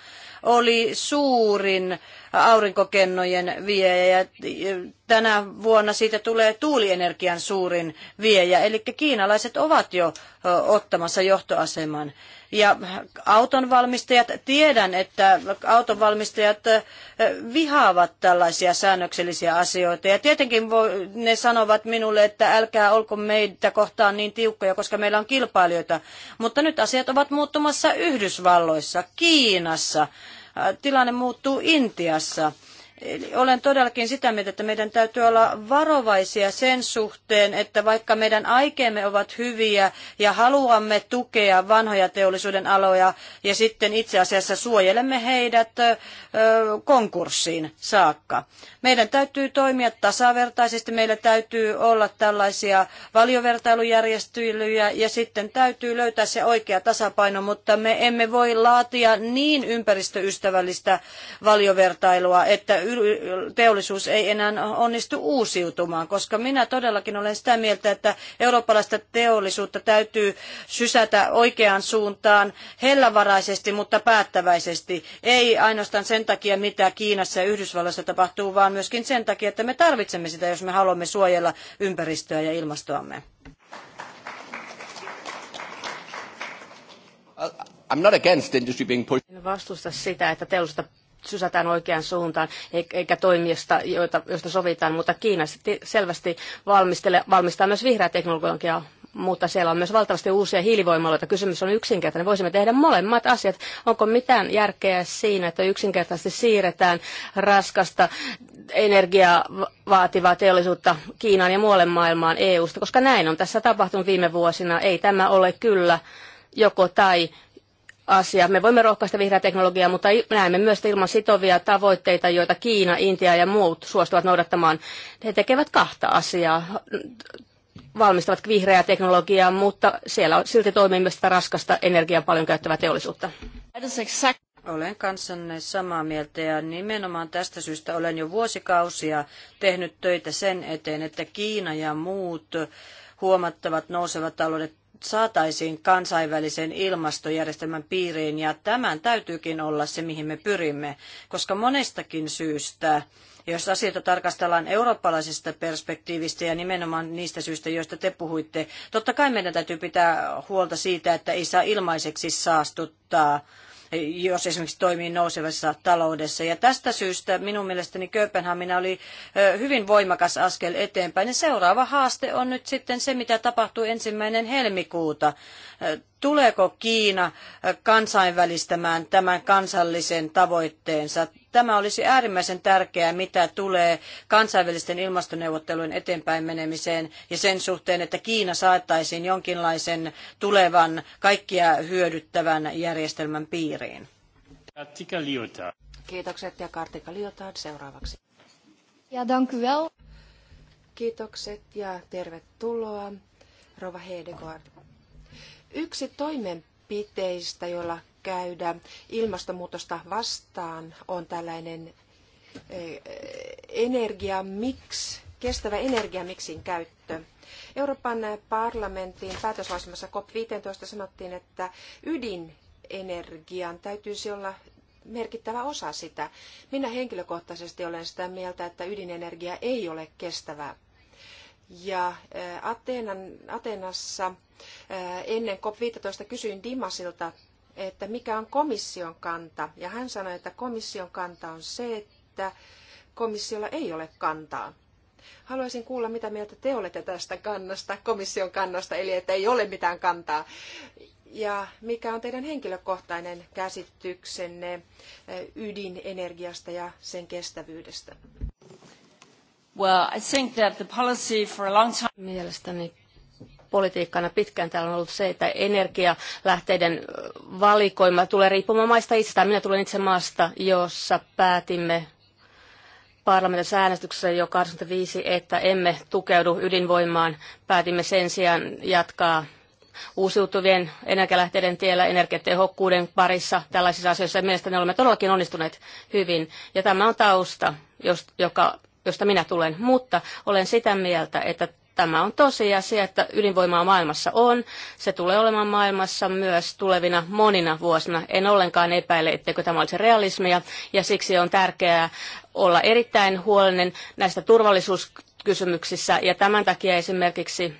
oli suurin aurinkokennojen viejä ja tänä vuonna siitä tulee tuulienergian suurin viejä. Eli kiinalaiset ovat jo ottamassa johtoaseman. Ja autonvalmistajat, tiedän, että autonvalmistajat vihaavat tällaisia säännöksellisiä asioita. Ja tietenkin ne sanovat minulle, että älkää olko meitä kohtaan niin tiukkoja, koska meillä on kilpailijoita. Mutta nyt asiat ovat muuttumassa Yhdysvalloissa, Kiinassa, tilanne muuttuu Intiassa. Eli olen todellakin sitä mieltä, että meidän täytyy olla varovaisia sen suhteen, että vaikka meidän aikeemme ovat hyviä ja haluamme tukea vanhoja teollisuuden aloja ja sitten itse asiassa suojelemme heidät konkurssiin saakka. Meidän täytyy toimia tasavertaisesti, meillä täytyy olla tällaisia valiovertailujärjestelyjä ja sitten täytyy löytää se oikea tasapaino, mutta me emme voi laatia niin ympäristöystävällistä valiovertailua, että teollisuus ei enää onnistu uusiutumaan, koska minä todellakin olen sitä mieltä, että eurooppalaista teollisuutta täytyy sysätä oikeaan suuntaan hellävaraisesti, mutta päättäväisesti. Ei ainoastaan sen takia, mitä Kiinassa ja Yhdysvalloissa tapahtuu, vaan myöskin sen takia, että me tarvitsemme sitä, jos me haluamme suojella ympäristöä ja ilmastoamme. I'm not against industry being pushed. En vastusta sitä, että teollisuutta sysätään oikeaan suuntaan, e- eikä toimista, joita, joista sovitaan, mutta Kiina selvästi valmistaa myös vihreää teknologiaa, mutta siellä on myös valtavasti uusia hiilivoimaloita. Kysymys on yksinkertainen. Voisimme tehdä molemmat asiat. Onko mitään järkeä siinä, että yksinkertaisesti siirretään raskasta energiaa vaativaa teollisuutta Kiinaan ja muualle maailmaan EU-sta, koska näin on tässä tapahtunut viime vuosina. Ei tämä ole kyllä joko tai asia. Me voimme rohkaista vihreää teknologiaa, mutta näemme myös ilman sitovia tavoitteita, joita Kiina, Intia ja muut suostuvat noudattamaan. He tekevät kahta asiaa valmistavat vihreää teknologiaa, mutta siellä silti toimii myös sitä raskasta energiaa paljon käyttävää teollisuutta. Olen kanssanne samaa mieltä ja nimenomaan tästä syystä olen jo vuosikausia tehnyt töitä sen eteen, että Kiina ja muut huomattavat nousevat taloudet saataisiin kansainvälisen ilmastojärjestelmän piiriin ja tämän täytyykin olla se, mihin me pyrimme, koska monestakin syystä jos asioita tarkastellaan eurooppalaisesta perspektiivistä ja nimenomaan niistä syistä, joista te puhuitte, totta kai meidän täytyy pitää huolta siitä, että ei saa ilmaiseksi saastuttaa jos esimerkiksi toimii nousevassa taloudessa. Ja tästä syystä minun mielestäni Kööpenhamina oli hyvin voimakas askel eteenpäin. Ja seuraava haaste on nyt sitten se, mitä tapahtuu ensimmäinen helmikuuta. Tuleeko Kiina kansainvälistämään tämän kansallisen tavoitteensa? Tämä olisi äärimmäisen tärkeää, mitä tulee kansainvälisten ilmastoneuvottelujen eteenpäin menemiseen ja sen suhteen, että Kiina saataisiin jonkinlaisen tulevan kaikkia hyödyttävän järjestelmän piiriin. Kiitokset ja Kartika Liotard seuraavaksi. Ja dank Kiitokset ja tervetuloa, Rova Hedegaard. Yksi toimenpiteistä, jolla käydä ilmastonmuutosta vastaan, on tällainen eh, energiamix, kestävä energiamixin käyttö. Euroopan parlamentin päätöslausumassa COP15 sanottiin, että ydinenergian täytyisi olla merkittävä osa sitä. Minä henkilökohtaisesti olen sitä mieltä, että ydinenergia ei ole kestävää. Ja eh, Ateenan, Ateenassa eh, ennen COP15 kysyin Dimasilta että mikä on komission kanta. Ja hän sanoi, että komission kanta on se, että komissiolla ei ole kantaa. Haluaisin kuulla, mitä mieltä te olette tästä kannasta, komission kannasta, eli että ei ole mitään kantaa. Ja mikä on teidän henkilökohtainen käsityksenne eh, ydinenergiasta ja sen kestävyydestä? Well, I think that the policy for a long time... Mielestäni politiikkana pitkään täällä on ollut se, että energialähteiden valikoima tulee riippumaan maista itsestään. Minä tulen itse maasta, jossa päätimme parlamentissa äänestyksessä jo 85, että emme tukeudu ydinvoimaan. Päätimme sen sijaan jatkaa uusiutuvien energialähteiden tiellä energiatehokkuuden parissa tällaisissa asioissa. Mielestäni olemme todellakin onnistuneet hyvin. Ja tämä on tausta, josta, joka, josta minä tulen. Mutta olen sitä mieltä, että Tämä on tosiasia, että ydinvoimaa maailmassa on. Se tulee olemaan maailmassa myös tulevina monina vuosina. En ollenkaan epäile, etteikö tämä olisi realismia, ja siksi on tärkeää olla erittäin huolinen näistä turvallisuuskysymyksissä, ja tämän takia esimerkiksi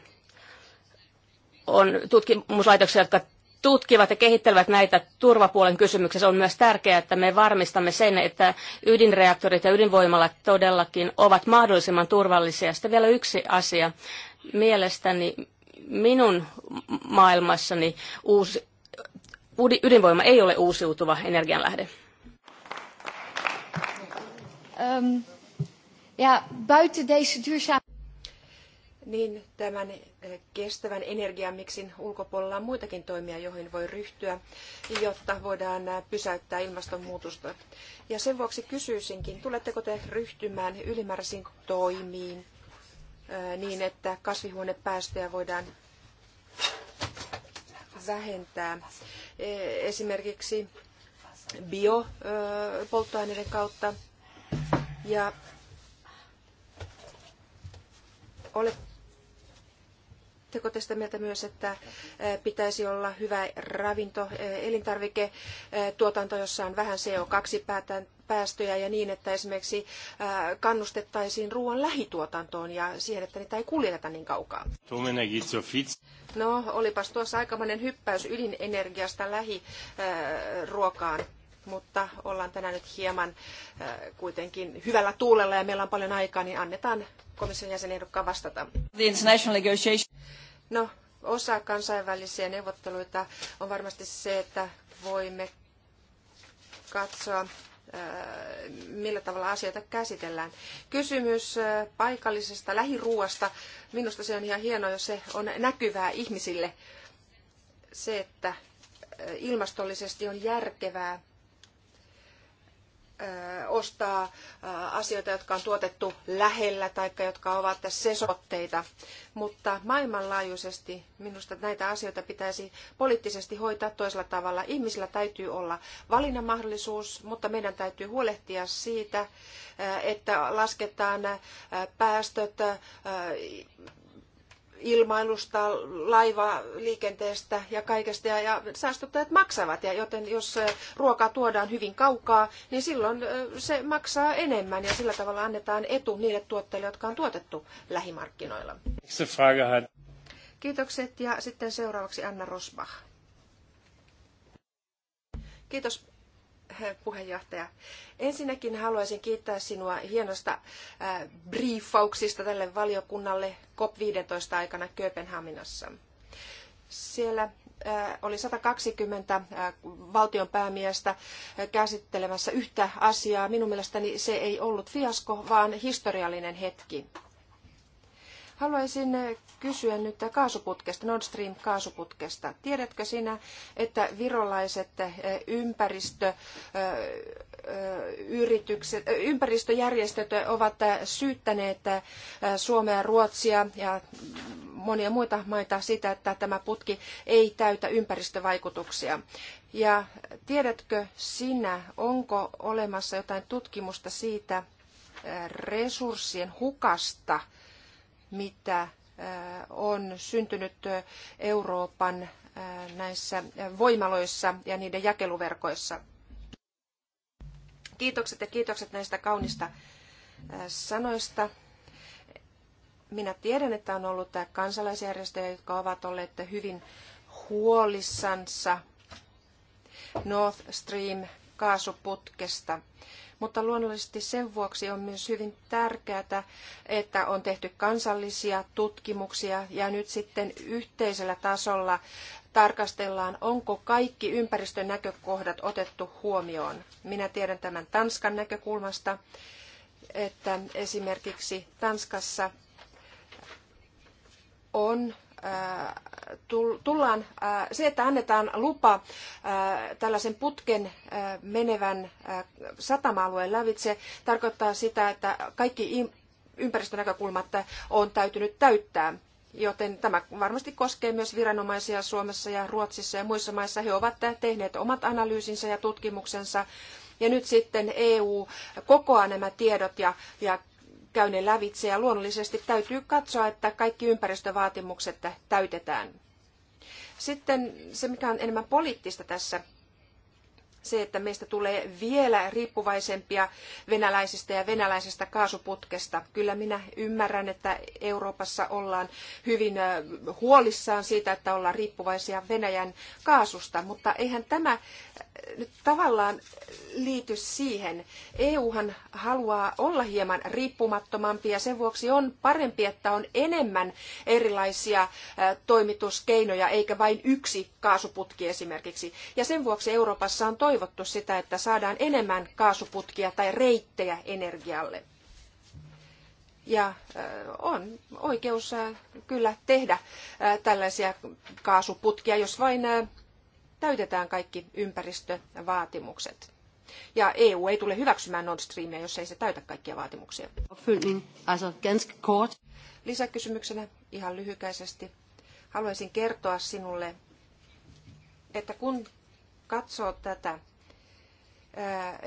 on tutkimuslaitoksia, jotka tutkivat ja kehittelevät näitä turvapuolen kysymyksiä. On myös tärkeää, että me varmistamme sen, että ydinreaktorit ja ydinvoimalat todellakin ovat mahdollisimman turvallisia. Sitten vielä yksi asia. Mielestäni minun maailmassani uusi, ydinvoima ei ole uusiutuva energianlähde. Um, ja buiten deze duurzame niin tämän eh, kestävän energiamiksin ulkopuolella on muitakin toimia, joihin voi ryhtyä, jotta voidaan eh, pysäyttää ilmastonmuutosta. Ja sen vuoksi kysyisinkin, tuletteko te ryhtymään ylimääräisiin toimiin eh, niin, että kasvihuonepäästöjä voidaan vähentää esimerkiksi biopolttoaineiden kautta ja olette Oletteko te sitä mieltä myös, että pitäisi olla hyvä ravinto, elintarvike, tuotanto, jossa on vähän CO2-päästöjä ja niin, että esimerkiksi kannustettaisiin ruoan lähituotantoon ja siihen, että niitä ei kuljeteta niin kaukaa? No, olipas tuossa aikamoinen hyppäys ydinenergiasta lähiruokaan mutta ollaan tänään nyt hieman kuitenkin hyvällä tuulella ja meillä on paljon aikaa, niin annetaan komission jäsenehdokkaan vastata. The international negotiation. No, osa kansainvälisiä neuvotteluita on varmasti se, että voimme katsoa millä tavalla asioita käsitellään. Kysymys paikallisesta lähiruuasta. Minusta se on ihan hienoa, jos se on näkyvää ihmisille. Se, että ilmastollisesti on järkevää ostaa asioita, jotka on tuotettu lähellä tai jotka ovat sesotteita. Mutta maailmanlaajuisesti minusta näitä asioita pitäisi poliittisesti hoitaa toisella tavalla. Ihmisillä täytyy olla valinnanmahdollisuus, mutta meidän täytyy huolehtia siitä, että lasketaan päästöt ilmailusta, laivaliikenteestä ja kaikesta ja, ja saastuttajat maksavat. Ja joten jos ruokaa tuodaan hyvin kaukaa, niin silloin se maksaa enemmän ja sillä tavalla annetaan etu niille tuotteille, jotka on tuotettu lähimarkkinoilla. Kiitokset ja sitten seuraavaksi Anna Rosbach. Kiitos Eh, puheenjohtaja. Ensinnäkin haluaisin kiittää sinua hienosta eh, briefauksista tälle valiokunnalle COP15 aikana Kööpenhaminassa. Siellä eh, oli 120 valtionpäämiestä päämiestä käsittelemässä yhtä asiaa. Minun mielestäni se ei ollut fiasko, vaan historiallinen hetki. Haluaisin kysyä nyt kaasuputkesta, Nord Stream kaasuputkesta. Tiedätkö sinä, että virolaiset eh, ympäristö eh, eh, yritykset, ympäristöjärjestöt ovat syyttäneet Suomea, Ruotsia ja monia muita maita siitä, että tämä putki ei täytä ympäristövaikutuksia. Ja tiedätkö sinä, onko olemassa jotain tutkimusta siitä resurssien hukasta – mitä äh, on syntynyt äh, Euroopan äh, näissä voimaloissa ja niiden jakeluverkoissa. Kiitokset ja kiitokset näistä kaunista sanoista. Minä tiedän, että on ollut kansalaisjärjestöjä, jotka ovat olleet hyvin huolissansa Nord Stream kaasuputkesta. Mutta luonnollisesti sen vuoksi on myös hyvin tärkeää, että on tehty kansallisia tutkimuksia ja nyt sitten yhteisellä tasolla tarkastellaan, onko kaikki ympäristön näkökohdat otettu huomioon. Minä tiedän tämän Tanskan näkökulmasta, että esimerkiksi Tanskassa on Äh, tullaan, äh, se, että annetaan lupa äh, tällaisen putken menevän satama-alueen lävitse, tarkoittaa sitä, että kaikki ympäristönäkökulmat on täytynyt täyttää. Joten tämä varmasti koskee myös viranomaisia Suomessa ja Ruotsissa ja muissa maissa. He ovat tehneet omat analyysinsä ja tutkimuksensa. Ja nyt sitten EU kokoaa nämä tiedot ja, ja käy ne lävitse ja luonnollisesti täytyy katsoa, että kaikki ympäristövaatimukset täytetään. Sitten se, mikä on enemmän poliittista tässä, se, että meistä tulee vielä riippuvaisempia venäläisistä ja venäläisestä kaasuputkesta. Kyllä minä ymmärrän, että Euroopassa ollaan hyvin huolissaan siitä, että ollaan riippuvaisia Venäjän kaasusta, mutta eihän tämä nyt tavallaan liity siihen. EUhan haluaa olla hieman riippumattomampi ja sen vuoksi on parempi, että on enemmän erilaisia toimituskeinoja eikä vain yksi kaasuputki esimerkiksi. Ja sen vuoksi Euroopassa on toivottu sitä, että saadaan enemmän kaasuputkia tai reittejä energialle. Ja on oikeus kyllä tehdä tällaisia kaasuputkia, jos vain täytetään kaikki ympäristövaatimukset. Ja EU ei tule hyväksymään Nord Streamia, jos ei se täytä kaikkia vaatimuksia. Lisäkysymyksenä ihan lyhykäisesti. Haluaisin kertoa sinulle, että kun katsoo tätä,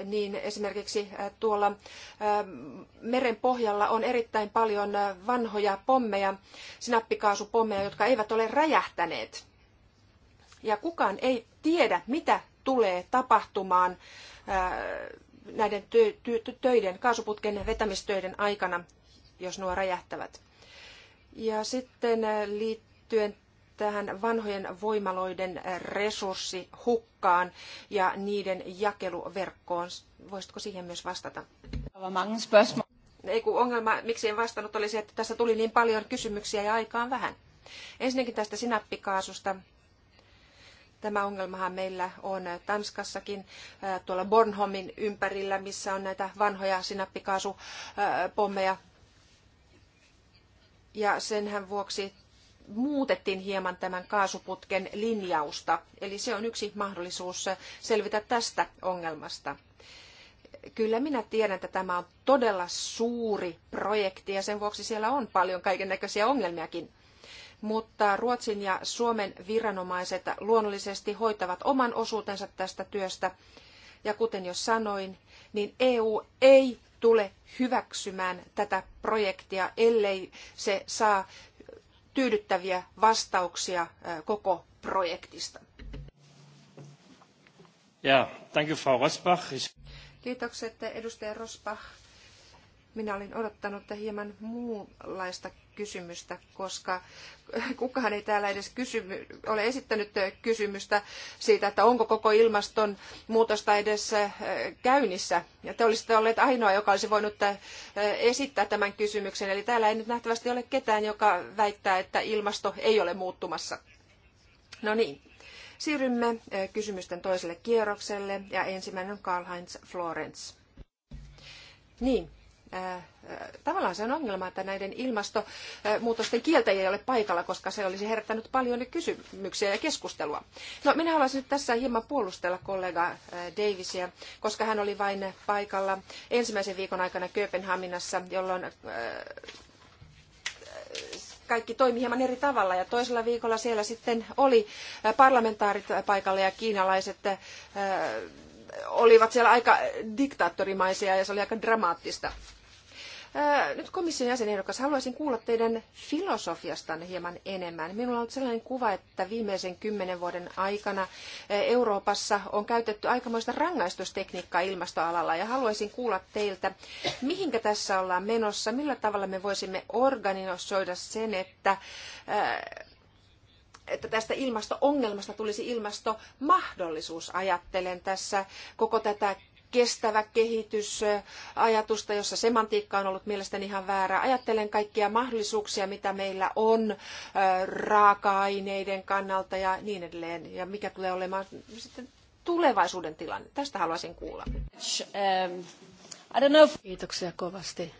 niin esimerkiksi tuolla meren pohjalla on erittäin paljon vanhoja pommeja, sinappikaasupommeja, jotka eivät ole räjähtäneet ja kukaan ei tiedä, mitä tulee tapahtumaan näiden töiden, kaasuputken vetämistöiden aikana, jos nuo räjähtävät. Ja sitten liittyen tähän vanhojen voimaloiden resurssihukkaan ja niiden jakeluverkkoon. Voisitko siihen myös vastata? Ei kun ongelma, miksi en vastannut, oli se, että tässä tuli niin paljon kysymyksiä ja aikaan vähän. Ensinnäkin tästä sinappikaasusta Tämä ongelmahan meillä on Tanskassakin tuolla Bornholmin ympärillä, missä on näitä vanhoja sinappikaasupommeja. Ja senhän vuoksi muutettiin hieman tämän kaasuputken linjausta. Eli se on yksi mahdollisuus selvitä tästä ongelmasta. Kyllä minä tiedän, että tämä on todella suuri projekti ja sen vuoksi siellä on paljon kaiken näköisiä ongelmiakin mutta Ruotsin ja Suomen viranomaiset luonnollisesti hoitavat oman osuutensa tästä työstä. Ja kuten jo sanoin, niin EU ei tule hyväksymään tätä projektia, ellei se saa tyydyttäviä vastauksia koko projektista. Ja, danke Frau Rosbach. Kiitokset edustaja Rosbach. Minä olin odottanut hieman muunlaista kysymystä, koska kukaan ei täällä edes kysymy, ole esittänyt kysymystä siitä, että onko koko ilmaston muutosta edes eh, käynnissä. Ja te olisitte olleet ainoa, joka olisi voinut eh, esittää tämän kysymyksen. Eli täällä ei nyt nähtävästi ole ketään, joka väittää, että ilmasto ei ole muuttumassa. No niin, siirrymme eh, kysymysten toiselle kierrokselle ja ensimmäinen on Karl-Heinz Florence. Niin, tavallaan se on ongelma, että näiden ilmastonmuutosten kieltäjiä ei ole paikalla, koska se olisi herättänyt paljon kysymyksiä ja keskustelua. No, minä haluaisin nyt tässä hieman puolustella kollega äh, Davisia, koska hän oli vain paikalla ensimmäisen viikon aikana Kööpenhaminassa, jolloin äh, kaikki toimi hieman eri tavalla ja toisella viikolla siellä sitten oli äh, parlamentaarit paikalla ja kiinalaiset olivat siellä aika diktaattorimaisia ja se oli aika dramaattista. Nyt komission jäsenehdokas, haluaisin kuulla teidän filosofiastanne hieman enemmän. Minulla on ollut sellainen kuva, että viimeisen kymmenen vuoden aikana Euroopassa on käytetty aikamoista rangaistustekniikkaa ilmastoalalla ja haluaisin kuulla teiltä, mihinkä tässä ollaan menossa, millä tavalla me voisimme organisoida sen, että että tästä ilmasto-ongelmasta tulisi ilmastomahdollisuus. Ajattelen tässä koko tätä kestävä kehitys ajatusta, jossa semantiikka on ollut mielestäni ihan väärä. Ajattelen kaikkia mahdollisuuksia, mitä meillä on raaka-aineiden kannalta ja niin edelleen, ja mikä tulee olemaan sitten tulevaisuuden tilanne. Tästä haluaisin kuulla. Um, Kiitoksia kovasti.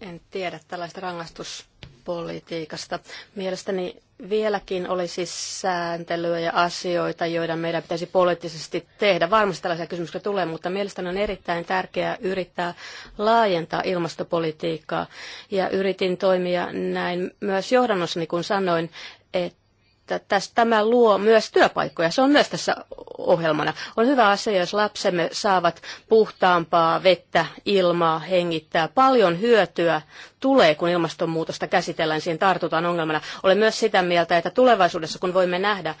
En tiedä tällaista rangaistuspolitiikasta. Mielestäni vieläkin olisi sääntelyä ja asioita, joita meidän pitäisi poliittisesti tehdä. Varmasti tällaisia kysymyksiä tulee, mutta mielestäni on erittäin tärkeää yrittää laajentaa ilmastopolitiikkaa. Ja yritin toimia näin myös johdannossani, kun sanoin, että että tämä luo myös työpaikkoja. Se on myös tässä ohjelmana. On hyvä asia, jos lapsemme saavat puhtaampaa vettä, ilmaa, hengittää. Paljon hyötyä tulee, kun ilmastonmuutosta käsitellään, siihen tartutaan ongelmana. Olen myös sitä mieltä, että tulevaisuudessa, kun voimme nähdä,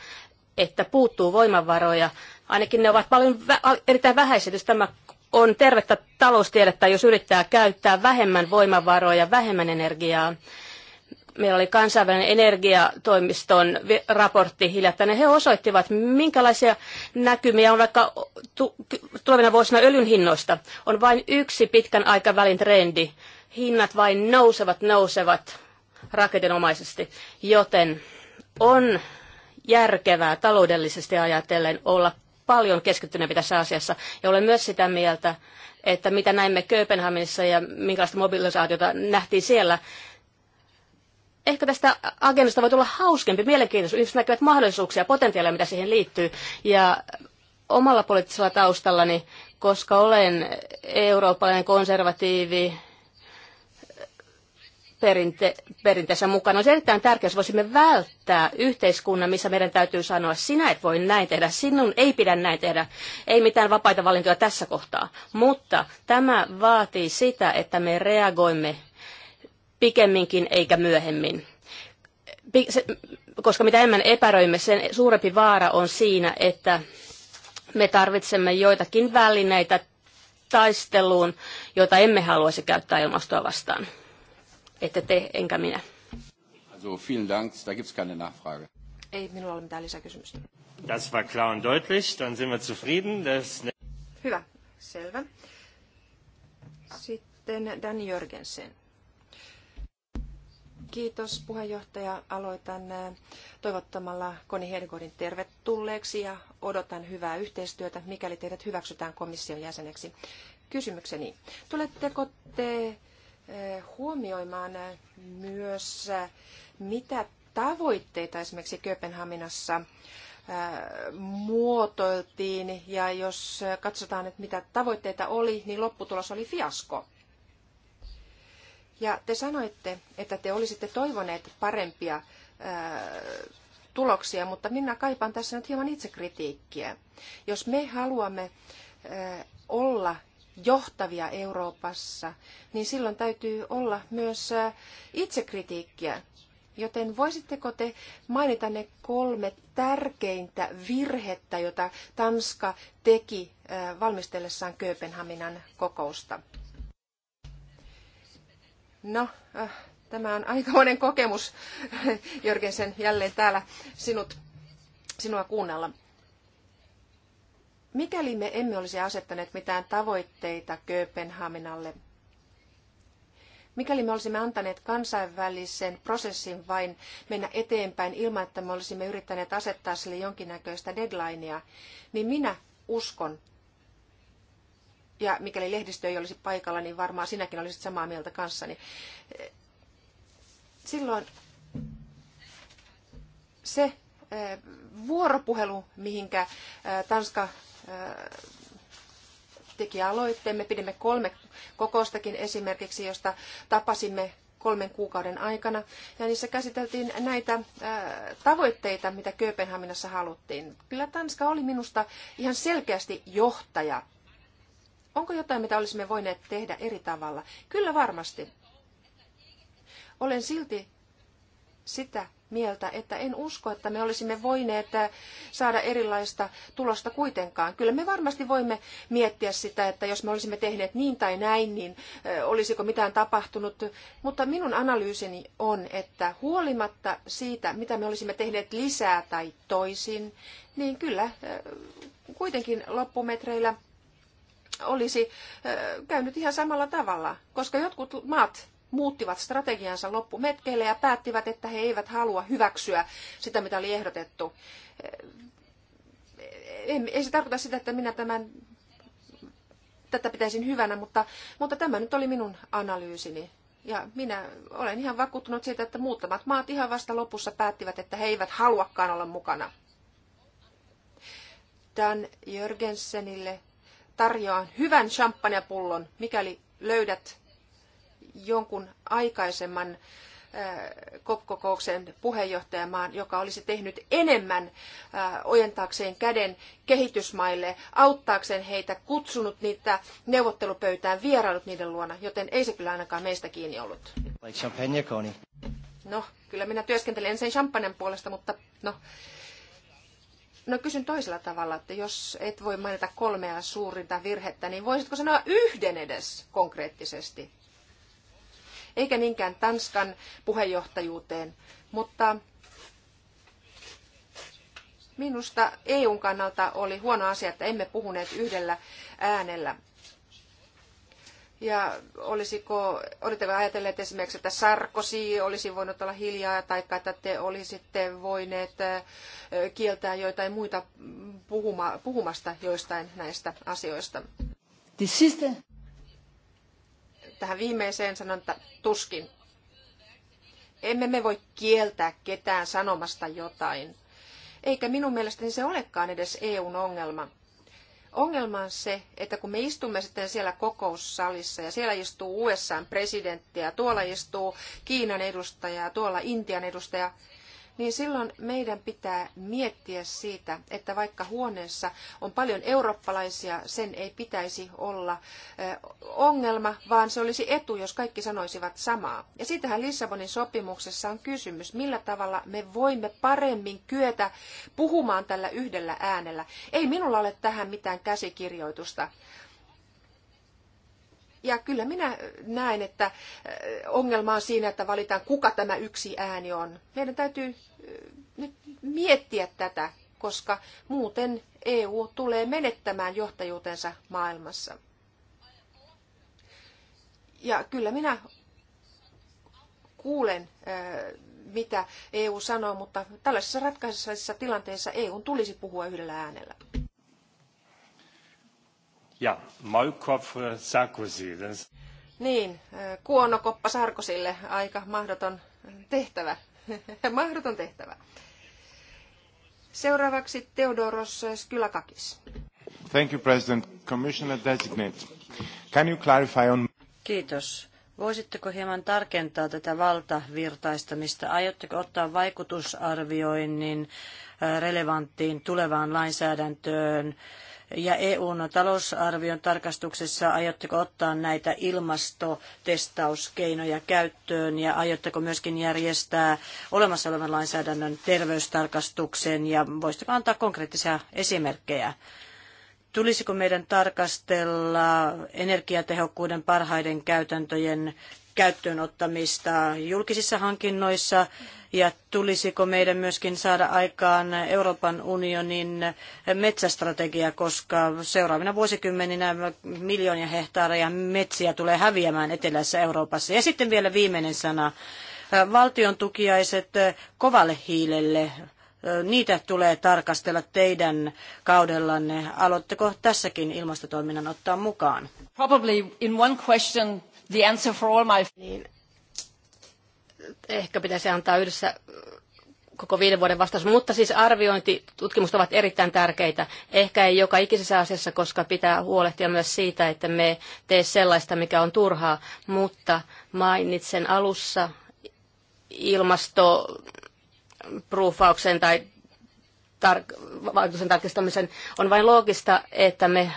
että puuttuu voimavaroja, ainakin ne ovat paljon vä- erittäin vähäiset, jos tämä on tervettä taloustiedettä, jos yrittää käyttää vähemmän voimavaroja, vähemmän energiaa meillä oli kansainvälinen energiatoimiston raportti hiljattain, ja he osoittivat, minkälaisia näkymiä on vaikka tulevina vuosina öljyn hinnoista. On vain yksi pitkän aikavälin trendi. Hinnat vain nousevat, nousevat raketinomaisesti, joten on järkevää taloudellisesti ajatellen olla paljon keskittyneempi tässä asiassa. Ja olen myös sitä mieltä, että mitä näimme Kööpenhaminissa ja minkälaista mobilisaatiota nähtiin siellä, ehkä tästä agendasta voi tulla hauskempi, mielenkiintoista, Ihmiset näkevät mahdollisuuksia, potentiaalia, mitä siihen liittyy. Ja omalla poliittisella taustallani, koska olen eurooppalainen konservatiivi, perinte, perinteessä mukana. Olisi erittäin tärkeää, jos voisimme välttää yhteiskunnan, missä meidän täytyy sanoa, sinä et voi näin tehdä, sinun ei pidä näin tehdä, ei mitään vapaita valintoja tässä kohtaa. Mutta tämä vaatii sitä, että me reagoimme pikemminkin eikä myöhemmin. Koska mitä enemmän epäröimme, sen suurempi vaara on siinä, että me tarvitsemme joitakin välineitä taisteluun, jota emme haluaisi käyttää ilmastoa vastaan. Ette te, enkä minä. Also vielen Dank, da gibt's keine Nachfrage. Ei minulla ole mitään lisäkysymystä. Das war klar und deutlich, dann sind wir zufrieden. Das... Hyvä, selvä. Sitten Dan Jörgensen. Kiitos puheenjohtaja. Aloitan toivottamalla Koni Hedegaardin tervetulleeksi ja odotan hyvää yhteistyötä, mikäli teidät hyväksytään komission jäseneksi. Kysymykseni. Tuletteko te huomioimaan myös, mitä tavoitteita esimerkiksi Kööpenhaminassa muotoiltiin ja jos katsotaan, että mitä tavoitteita oli, niin lopputulos oli fiasko. Ja te sanoitte, että te olisitte toivoneet parempia ää, tuloksia, mutta minä kaipaan tässä nyt hieman itsekritiikkiä. Jos me haluamme ää, olla johtavia Euroopassa, niin silloin täytyy olla myös itsekritiikkiä. Joten voisitteko te mainita ne kolme tärkeintä virhettä, jota Tanska teki valmistellessaan Kööpenhaminan kokousta? No, äh, tämä on aikamoinen kokemus, *laughs* Jörgensen, jälleen täällä sinut, sinua kuunnella. Mikäli me emme olisi asettaneet mitään tavoitteita Kööpenhaminalle, mikäli me olisimme antaneet kansainvälisen prosessin vain mennä eteenpäin ilman, että me olisimme yrittäneet asettaa sille jonkinnäköistä deadlinea, niin minä uskon, ja mikäli lehdistö ei olisi paikalla, niin varmaan sinäkin olisit samaa mieltä kanssani. Silloin se eh, vuoropuhelu, mihinkä eh, Tanska eh, teki aloitteen. Me pidimme kolme kokoustakin esimerkiksi, josta tapasimme kolmen kuukauden aikana. Ja niissä käsiteltiin näitä tavoitteita, mitä Kööpenhaminassa haluttiin. Kyllä Tanska oli minusta ihan selkeästi johtaja Onko jotain, mitä olisimme voineet tehdä eri tavalla? Kyllä varmasti. Olen silti sitä mieltä, että en usko, että me olisimme voineet äh, saada erilaista tulosta kuitenkaan. Kyllä me varmasti voimme miettiä sitä, että jos me olisimme tehneet niin tai näin, niin äh, olisiko mitään tapahtunut. Mutta minun analyysini on, että huolimatta siitä, mitä me olisimme tehneet lisää tai toisin, niin kyllä äh, kuitenkin loppumetreillä – olisi käynyt ihan samalla tavalla, koska jotkut maat muuttivat strategiansa loppumetkeillä ja päättivät, että he eivät halua hyväksyä sitä, mitä oli ehdotettu. Ei se tarkoita sitä, että minä tämän, tätä pitäisin hyvänä, mutta, mutta tämä nyt oli minun analyysini. Ja minä olen ihan vakuuttunut siitä, että muutamat maat ihan vasta lopussa päättivät, että he eivät haluakaan olla mukana. Dan Jörgensenille tarjoan hyvän champagnepullon, mikäli löydät jonkun aikaisemman äh, kokouksen puheenjohtajamaan, joka olisi tehnyt enemmän äh, ojentaakseen käden kehitysmaille, auttaakseen heitä, kutsunut niitä neuvottelupöytään, vierailut niiden luona, joten ei se kyllä ainakaan meistä kiinni ollut. No, kyllä minä työskentelen sen champagnen puolesta, mutta no, No kysyn toisella tavalla, että jos et voi mainita kolmea suurinta virhettä, niin voisitko sanoa yhden edes konkreettisesti? Eikä niinkään Tanskan puheenjohtajuuteen, mutta minusta EUn kannalta oli huono asia, että emme puhuneet yhdellä äänellä. Ja olisiko, olitteko ajatelleet esimerkiksi, että Sarkosi olisi voinut olla hiljaa, tai että te olisitte voineet kieltää joitain muita puhuma, puhumasta joistain näistä asioista? Tähän viimeiseen sanon, että tuskin. Emme me voi kieltää ketään sanomasta jotain. Eikä minun mielestäni se olekaan edes EUn ongelma Ongelma on se, että kun me istumme sitten siellä kokoussalissa ja siellä istuu USAn presidentti ja tuolla istuu Kiinan edustaja ja tuolla Intian edustaja, niin silloin meidän pitää miettiä siitä, että vaikka huoneessa on paljon eurooppalaisia, sen ei pitäisi olla ongelma, vaan se olisi etu, jos kaikki sanoisivat samaa. Ja siitähän Lissabonin sopimuksessa on kysymys, millä tavalla me voimme paremmin kyetä puhumaan tällä yhdellä äänellä. Ei minulla ole tähän mitään käsikirjoitusta ja kyllä minä näen, että äh, ongelma on siinä, että valitaan kuka tämä yksi ääni on. Meidän täytyy äh, nyt miettiä tätä, koska muuten EU tulee menettämään johtajuutensa maailmassa. Ja kyllä minä kuulen, äh, mitä EU sanoo, mutta tällaisessa ratkaisessa tilanteessa EU tulisi puhua yhdellä äänellä. Ja Maukov Sarkozy. Niin, äh, kuonokoppa Sarkosille aika mahdoton tehtävä. *laughs* mahdoton tehtävä. Seuraavaksi Theodoros Skylakakis. Thank you, President. Commissioner designate. Can you clarify on... Kiitos. Voisitteko hieman tarkentaa tätä valtavirtaistamista? Aiotteko ottaa vaikutusarvioinnin äh, relevanttiin tulevaan lainsäädäntöön? Ja EUn talousarvion tarkastuksessa aiotteko ottaa näitä ilmastotestauskeinoja käyttöön ja aiotteko myöskin järjestää olemassa olevan lainsäädännön terveystarkastuksen ja voisitteko antaa konkreettisia esimerkkejä? Tulisiko meidän tarkastella energiatehokkuuden parhaiden käytäntöjen käyttöönottamista julkisissa hankinnoissa ja tulisiko meidän myöskin saada aikaan Euroopan unionin metsästrategia, koska seuraavina vuosikymmeninä miljoonia hehtaareja metsiä tulee häviämään etelässä Euroopassa. Ja sitten vielä viimeinen sana. Valtion tukiaiset kovalle hiilelle niitä tulee tarkastella teidän kaudellanne. Aloitteko tässäkin ilmastotoiminnan ottaa mukaan? Probably in one question the answer for all my... Niin, ehkä pitäisi antaa yhdessä koko viiden vuoden vastaus, mutta siis arviointitutkimukset ovat erittäin tärkeitä. Ehkä ei joka ikisessä asiassa, koska pitää huolehtia myös siitä, että me tee sellaista, mikä on turhaa, mutta mainitsen alussa ilmastopruufauksen tai tar- vaikutusten tarkistamisen on vain loogista, että me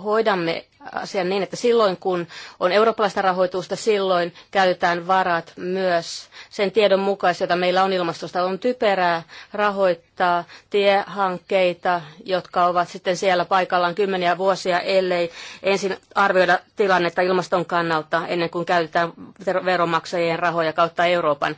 hoidamme asian niin, että silloin kun on eurooppalaista rahoitusta, silloin käytetään varat myös sen tiedon mukaisesti, jota meillä on ilmastosta. On typerää rahoittaa tiehankkeita, jotka ovat sitten siellä paikallaan kymmeniä vuosia, ellei ensin arvioida tilannetta ilmaston kannalta ennen kuin käytetään veronmaksajien rahoja kautta Euroopan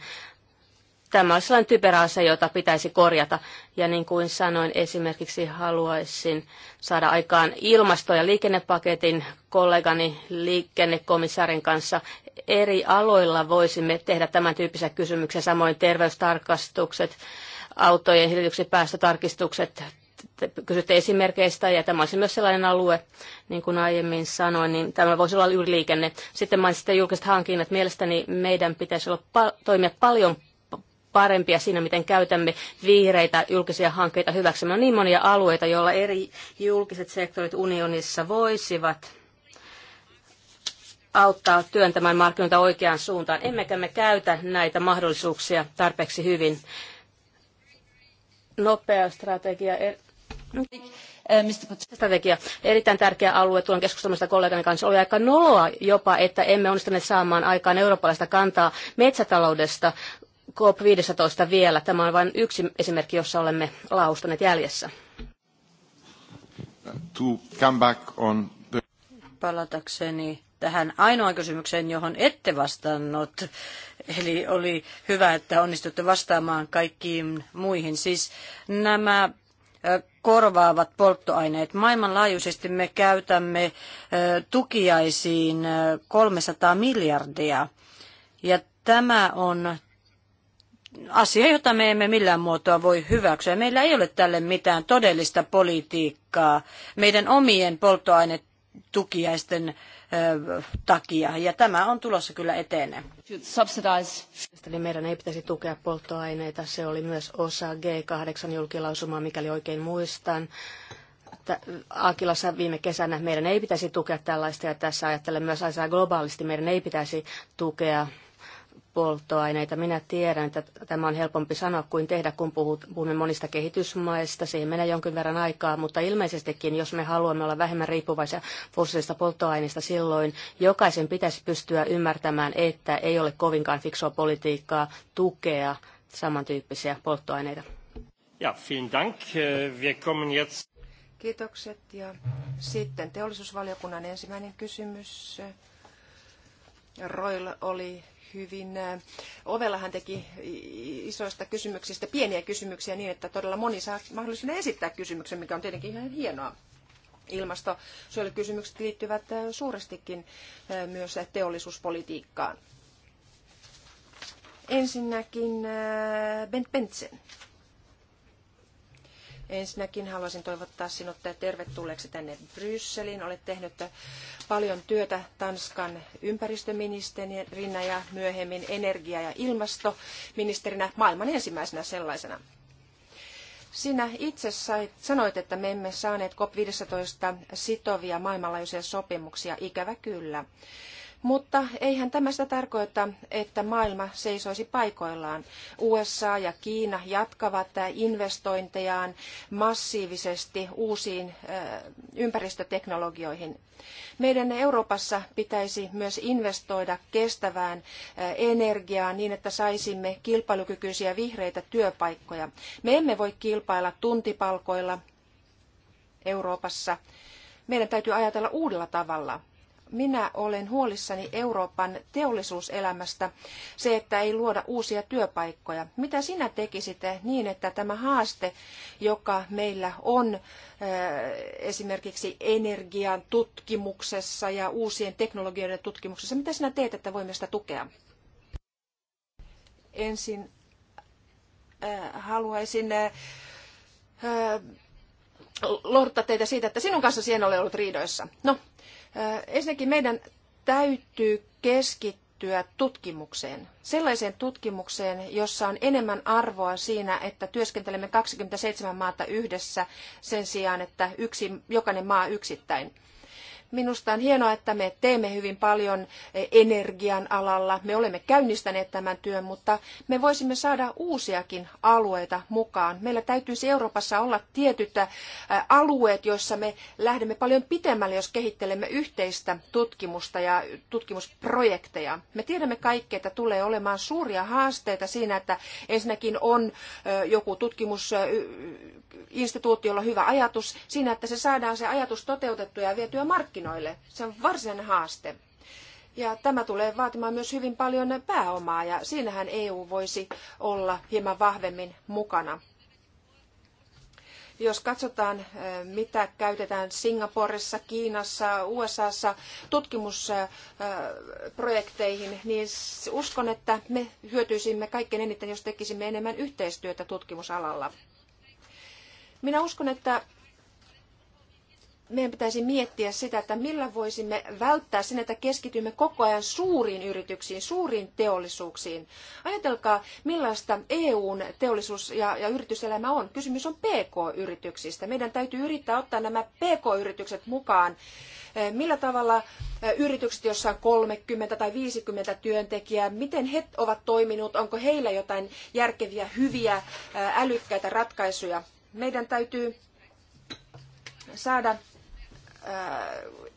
tämä on sellainen typerä asia, jota pitäisi korjata. Ja niin kuin sanoin, esimerkiksi haluaisin saada aikaan ilmasto- ja liikennepaketin kollegani liikennekomissaarin kanssa. Eri aloilla voisimme tehdä tämän tyyppisiä kysymyksiä, samoin terveystarkastukset, autojen hiljityksen päästötarkistukset, kysytte esimerkkeistä, ja tämä olisi myös sellainen alue, niin kuin aiemmin sanoin, niin tämä voisi olla juuri liikenne. Sitten mainitsitte julkiset hankinnat. Mielestäni meidän pitäisi olla, toimia paljon parempia siinä, miten käytämme vihreitä julkisia hankkeita hyväksemme. On niin monia alueita, joilla eri julkiset sektorit unionissa voisivat auttaa työntämään markkinoita oikeaan suuntaan. Emmekä me käytä näitä mahdollisuuksia tarpeeksi hyvin. Nopea strategia, er- strategia. Erittäin tärkeä alue tuon keskustelmasta kollegani kanssa. Oli aika noloa jopa, että emme onnistuneet saamaan aikaan eurooppalaista kantaa metsätaloudesta, COP15 vielä. Tämä on vain yksi esimerkki, jossa olemme laustaneet jäljessä. To come back on the... Palatakseni tähän ainoaan kysymykseen, johon ette vastannut. Eli oli hyvä, että onnistutte vastaamaan kaikkiin muihin. Siis nämä korvaavat polttoaineet. Maailmanlaajuisesti me käytämme tukiaisiin 300 miljardia. Ja tämä on asia, jota me emme millään muotoa voi hyväksyä. Meillä ei ole tälle mitään todellista politiikkaa meidän omien polttoainetukiaisten takia, ja tämä on tulossa kyllä eteen. Eli meidän ei pitäisi tukea polttoaineita. Se oli myös osa G8-julkilausumaa, mikäli oikein muistan. Akilassa viime kesänä meidän ei pitäisi tukea tällaista, ja tässä ajattelen myös globaalisti. Meidän ei pitäisi tukea polttoaineita. Minä tiedän, että tämä on helpompi sanoa kuin tehdä, kun puhumme monista kehitysmaista. Siihen menee jonkin verran aikaa, mutta ilmeisestikin, jos me haluamme olla vähemmän riippuvaisia fossiilisista polttoaineista, silloin jokaisen pitäisi pystyä ymmärtämään, että ei ole kovinkaan fiksua politiikkaa tukea samantyyppisiä polttoaineita. Ja, vielen dank. Wir kommen jetzt... Kiitokset. Ja sitten teollisuusvaliokunnan ensimmäinen kysymys. Roil oli hyvin ovella. Hän teki isoista kysymyksistä pieniä kysymyksiä niin, että todella moni saa mahdollisuuden esittää kysymyksen, mikä on tietenkin ihan hienoa. Ilmastosuojelukysymykset liittyvät suurestikin myös teollisuuspolitiikkaan. Ensinnäkin Bent Bentsen. Ensinnäkin haluaisin toivottaa sinut tervetulleeksi tänne Brysseliin. Olet tehnyt paljon työtä Tanskan ympäristöministerinä ja myöhemmin energia- ja ilmastoministerinä, maailman ensimmäisenä sellaisena. Sinä itse sait, sanoit, että me emme saaneet COP15 sitovia maailmanlaajuisia sopimuksia, ikävä kyllä. Mutta eihän tämä sitä tarkoita, että maailma seisoisi paikoillaan. USA ja Kiina jatkavat investointejaan massiivisesti uusiin eh, ympäristöteknologioihin. Meidän Euroopassa pitäisi myös investoida kestävään eh, energiaan niin, että saisimme kilpailukykyisiä vihreitä työpaikkoja. Me emme voi kilpailla tuntipalkoilla Euroopassa. Meidän täytyy ajatella uudella tavalla minä olen huolissani Euroopan teollisuuselämästä, se, että ei luoda uusia työpaikkoja. Mitä sinä tekisit niin, että tämä haaste, joka meillä on esimerkiksi energian tutkimuksessa ja uusien teknologioiden tutkimuksessa, mitä sinä teet, että voimme sitä tukea? Ensin haluaisin lortta teitä siitä, että sinun kanssa en ole ollut riidoissa. No, Ensinnäkin meidän täytyy keskittyä tutkimukseen, sellaiseen tutkimukseen, jossa on enemmän arvoa siinä, että työskentelemme 27 maata yhdessä sen sijaan, että yksi, jokainen maa yksittäin. Minusta on hienoa, että me teemme hyvin paljon eh, energian alalla. Me olemme käynnistäneet tämän työn, mutta me voisimme saada uusiakin alueita mukaan. Meillä täytyisi Euroopassa olla tietyt eh, alueet, joissa me lähdemme paljon pitemmälle, jos kehittelemme yhteistä tutkimusta ja tutkimusprojekteja. Me tiedämme kaikki, että tulee olemaan suuria haasteita siinä, että ensinnäkin on eh, joku tutkimusinstituutiolla hyvä ajatus siinä, että se saadaan se ajatus toteutettua ja vietyä markkinoille markkinoille. Se on varsinainen haaste. Ja tämä tulee vaatimaan myös hyvin paljon pääomaa ja siinähän EU voisi olla hieman vahvemmin mukana. Jos katsotaan, mitä käytetään Singaporessa, Kiinassa, USAssa tutkimusprojekteihin, niin uskon, että me hyötyisimme kaikkein eniten, jos tekisimme enemmän yhteistyötä tutkimusalalla. Minä uskon, että meidän pitäisi miettiä sitä, että millä voisimme välttää sen, että keskitymme koko ajan suuriin yrityksiin, suuriin teollisuuksiin. Ajatelkaa, millaista EUn teollisuus- ja, ja yrityselämä on. Kysymys on PK-yrityksistä. Meidän täytyy yrittää ottaa nämä PK-yritykset mukaan. Eh, millä tavalla eh, yritykset, joissa on 30 tai 50 työntekijää, miten he ovat toimineet, onko heillä jotain järkeviä, hyviä, eh, älykkäitä ratkaisuja. Meidän täytyy saada Äh,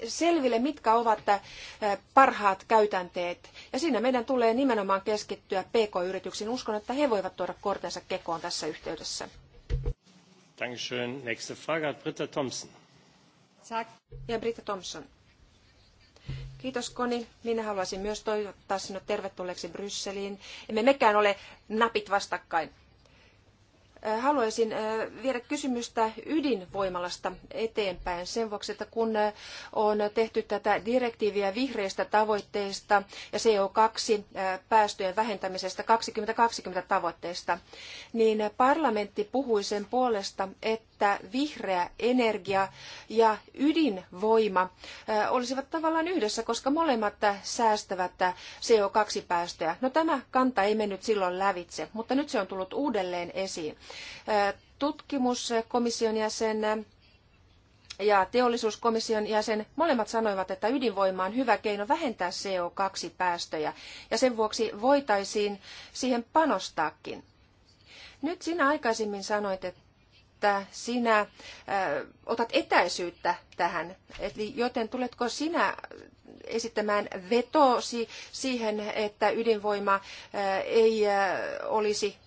selville, mitkä ovat äh, parhaat käytänteet. Ja siinä meidän tulee nimenomaan keskittyä PK-yrityksiin. Uskon, että he voivat tuoda kortensa kekoon tässä yhteydessä. Dankeschön. Nächste Frage hat Britta Thompson. Tack. Ja Britta Thompson. Kiitos Koni. Minä haluaisin myös toivottaa sinut tervetulleeksi Brysseliin. Emme mekään ole napit vastakkain haluaisin viedä kysymystä ydinvoimalasta eteenpäin sen vuoksi, että kun on tehty tätä direktiiviä vihreistä tavoitteista ja CO2-päästöjen vähentämisestä 2020 tavoitteista, niin parlamentti puhui sen puolesta, että että vihreä energia ja ydinvoima olisivat tavallaan yhdessä, koska molemmat säästävät CO2-päästöjä. No tämä kanta ei mennyt silloin lävitse, mutta nyt se on tullut uudelleen esiin. Tutkimus komission jäsen ja teollisuuskomission jäsen molemmat sanoivat, että ydinvoima on hyvä keino vähentää CO2-päästöjä ja sen vuoksi voitaisiin siihen panostaakin. Nyt sinä aikaisemmin sanoit, että että sinä äh, otat etäisyyttä tähän, eli joten tuletko sinä esittämään vetosi siihen, että ydinvoima äh, ei äh, olisi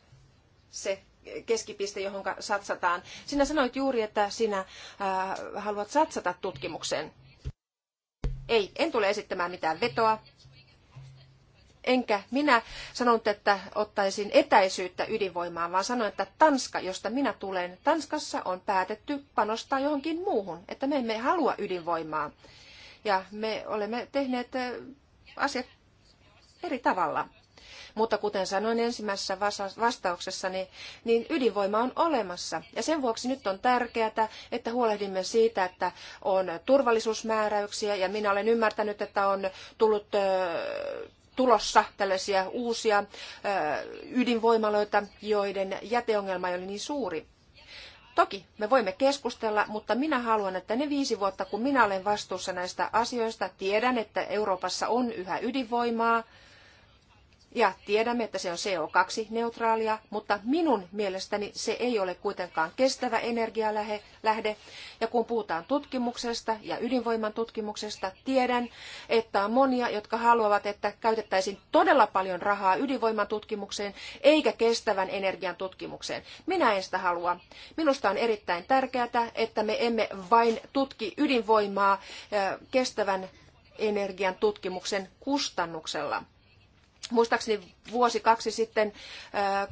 se keskipiste, johon satsataan. Sinä sanoit juuri, että sinä äh, haluat satsata tutkimukseen. Ei, en tule esittämään mitään vetoa enkä minä sanonut, että ottaisin etäisyyttä ydinvoimaan, vaan sanoin, että Tanska, josta minä tulen, Tanskassa on päätetty panostaa johonkin muuhun, että me emme halua ydinvoimaa. Ja me olemme tehneet eh, asiat eri tavalla. Mutta kuten sanoin ensimmäisessä vastauksessani, niin ydinvoima on olemassa. Ja sen vuoksi nyt on tärkeää, että huolehdimme siitä, että on turvallisuusmääräyksiä. Ja minä olen ymmärtänyt, että on tullut eh, tulossa tällaisia uusia ydinvoimaloita, joiden jäteongelma ei ole niin suuri. Toki me voimme keskustella, mutta minä haluan, että ne viisi vuotta, kun minä olen vastuussa näistä asioista, tiedän, että Euroopassa on yhä ydinvoimaa, ja tiedämme, että se on CO2-neutraalia, mutta minun mielestäni se ei ole kuitenkaan kestävä energialähde. Ja kun puhutaan tutkimuksesta ja ydinvoiman tutkimuksesta, tiedän, että on monia, jotka haluavat, että käytettäisiin todella paljon rahaa ydinvoiman tutkimukseen eikä kestävän energian tutkimukseen. Minä en sitä halua. Minusta on erittäin tärkeää, että me emme vain tutki ydinvoimaa eh, kestävän energian tutkimuksen kustannuksella Muistaakseni vuosi kaksi sitten,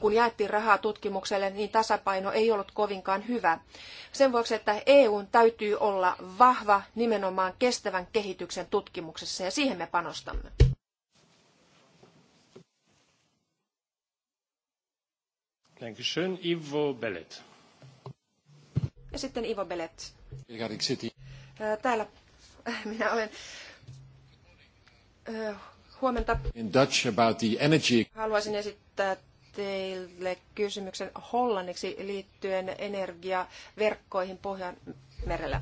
kun jaettiin rahaa tutkimukselle, niin tasapaino ei ollut kovinkaan hyvä. Sen vuoksi, että EUn täytyy olla vahva nimenomaan kestävän kehityksen tutkimuksessa ja siihen me panostamme. Dankeschön, Ivo Bellet. Ja sitten Ivo Bellet. Täällä minä olen Huomenta. In Dutch about the energy. Haluaisin esittää teille kysymyksen hollanniksi liittyen energiaverkkoihin Pohjan merellä.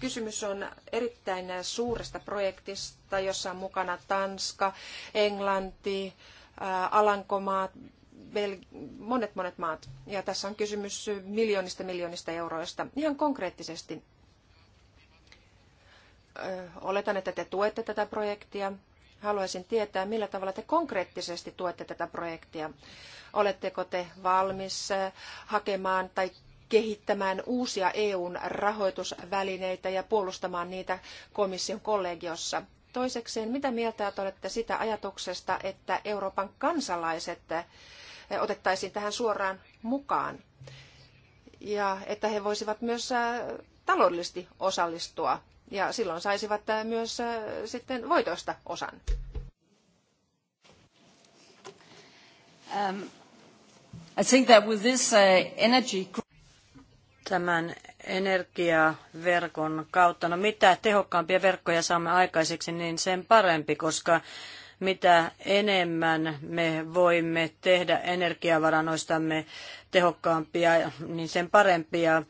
Kysymys on erittäin suuresta projektista, jossa on mukana Tanska, Englanti, Alankomaat, monet monet maat. Ja tässä on kysymys miljoonista miljoonista euroista. Ihan konkreettisesti, Oletan, että te tuette tätä projektia. Haluaisin tietää, millä tavalla te konkreettisesti tuette tätä projektia. Oletteko te valmis hakemaan tai kehittämään uusia EUn rahoitusvälineitä ja puolustamaan niitä komission kollegiossa? Toisekseen, mitä mieltä olette sitä ajatuksesta, että Euroopan kansalaiset otettaisiin tähän suoraan mukaan ja että he voisivat myös taloudellisesti osallistua ja silloin saisivat äh, myös äh, sitten voitoista osan. Um, I think that with this uh, energy... Tämän energiaverkon kautta, no mitä tehokkaampia verkkoja saamme aikaiseksi, niin sen parempi, koska mitä enemmän me voimme tehdä energiavarannoistamme tehokkaampia, niin sen parempia.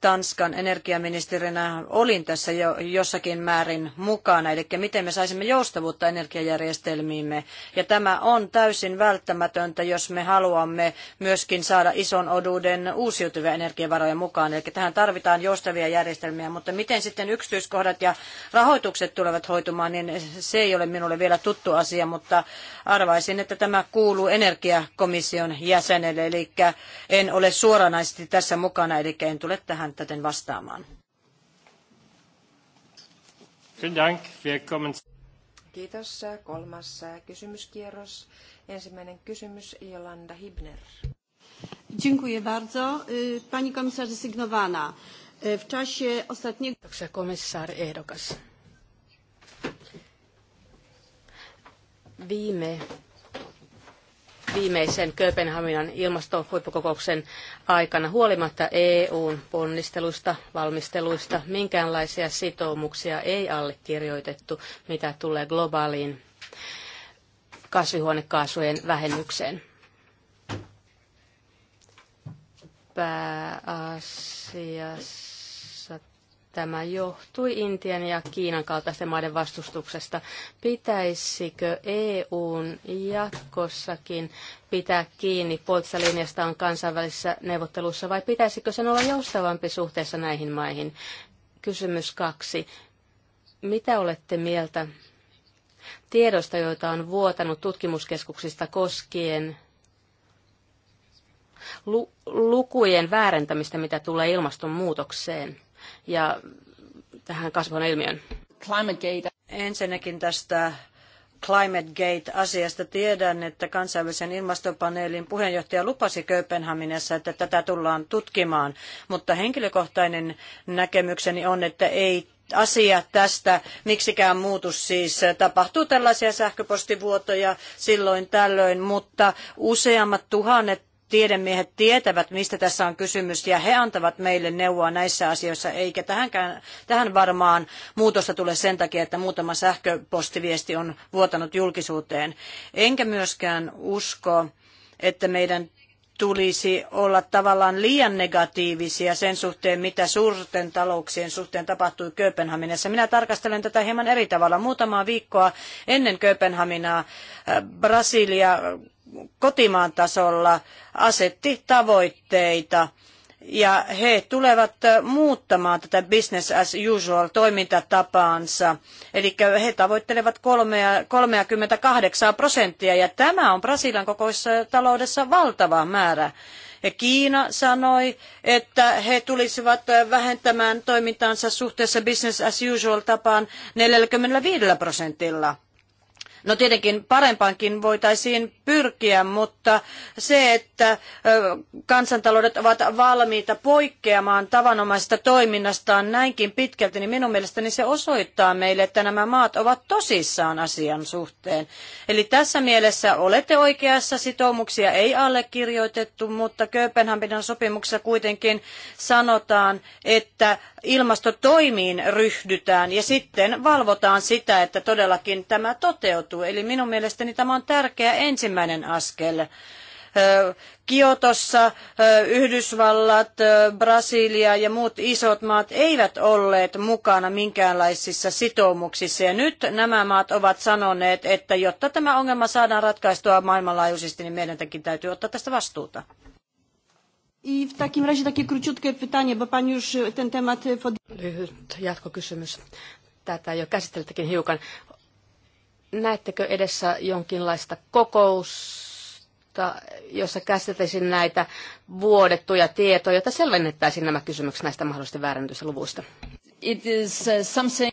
Tanskan energiaministerinä olin tässä jo jossakin määrin mukana, eli miten me saisimme joustavuutta energiajärjestelmiimme. Ja tämä on täysin välttämätöntä, jos me haluamme myöskin saada ison oduuden uusiutuvia energiavaroja mukaan. Eli tähän tarvitaan joustavia järjestelmiä, mutta miten sitten yksityiskohdat ja rahoitukset tulevat hoitumaan, niin se ei ole minulle vielä tuttu asia, mutta arvaisin, että tämä kuuluu energiakomission jäsenelle, eli en ole suoranaisesti tässä mukana, eli en tule tähän tähän täten vastaamaan. Kiitos. Kolmas kysymyskierros. Ensimmäinen kysymys Jolanda Hibner. Dziękuję bardzo. Pani komisarz sygnowana. W czasie ostatniego... Kiitoksia komissaari ehdokas. Viime viimeisen Kööpenhaminan ilmastohuippukokouksen aikana huolimatta EUn ponnisteluista, valmisteluista, minkäänlaisia sitoumuksia ei allekirjoitettu, mitä tulee globaaliin kasvihuonekaasujen vähennykseen. Pääasiassa Tämä johtui Intian ja Kiinan kaltaisten maiden vastustuksesta. Pitäisikö EUn jatkossakin pitää kiinni poliittisesta linjastaan kansainvälisissä neuvotteluissa vai pitäisikö sen olla joustavampi suhteessa näihin maihin? Kysymys kaksi. Mitä olette mieltä tiedosta, joita on vuotanut tutkimuskeskuksista koskien lukujen väärentämistä, mitä tulee ilmastonmuutokseen? ja tähän kasvavan ilmiön. Ensinnäkin tästä Climate Gate-asiasta tiedän, että kansainvälisen ilmastopaneelin puheenjohtaja lupasi Kööpenhaminassa, että tätä tullaan tutkimaan, mutta henkilökohtainen näkemykseni on, että ei asia tästä miksikään muutus siis tapahtuu tällaisia sähköpostivuotoja silloin tällöin, mutta useammat tuhannet tiedemiehet tietävät, mistä tässä on kysymys, ja he antavat meille neuvoa näissä asioissa, eikä tähänkään, tähän varmaan muutosta tule sen takia, että muutama sähköpostiviesti on vuotanut julkisuuteen. Enkä myöskään usko, että meidän tulisi olla tavallaan liian negatiivisia sen suhteen, mitä suurten talouksien suhteen tapahtui Kööpenhaminassa. Minä tarkastelen tätä hieman eri tavalla. Muutamaa viikkoa ennen Kööpenhaminaa äh, Brasilia kotimaan tasolla asetti tavoitteita ja he tulevat muuttamaan tätä business as usual toimintatapaansa. Eli he tavoittelevat 38 prosenttia ja tämä on Brasilian kokoisessa taloudessa valtava määrä. Ja Kiina sanoi, että he tulisivat vähentämään toimintaansa suhteessa business as usual tapaan 45 prosentilla. No tietenkin parempaankin voitaisiin pyrkiä, mutta se, että kansantaloudet ovat valmiita poikkeamaan tavanomaisesta toiminnastaan näinkin pitkälti, niin minun mielestäni se osoittaa meille, että nämä maat ovat tosissaan asian suhteen. Eli tässä mielessä olette oikeassa, sitoumuksia ei allekirjoitettu, mutta Kööpenhaminan sopimuksessa kuitenkin sanotaan, että ilmastotoimiin ryhdytään ja sitten valvotaan sitä, että todellakin tämä toteutuu toteutuu. Eli minun mielestäni tämä on tärkeä ensimmäinen askel. Kiotossa Yhdysvallat, Brasilia ja muut isot maat eivät olleet mukana minkäänlaisissa sitoumuksissa. Ja nyt nämä maat ovat sanoneet, että jotta tämä ongelma saadaan ratkaistua maailmanlaajuisesti, niin meidänkin täytyy ottaa tästä vastuuta. I w takim razie takie króciutkie pytanie, bo już ten temat... Lyhyt jatkokysymys. Tätä jo käsiteltäkin hiukan näettekö edessä jonkinlaista kokousta, jossa käsiteltäisiin näitä vuodettuja tietoja, jotta selvennettäisiin nämä kysymykset näistä mahdollisesti väärennetyistä luvuista? It is uh, something...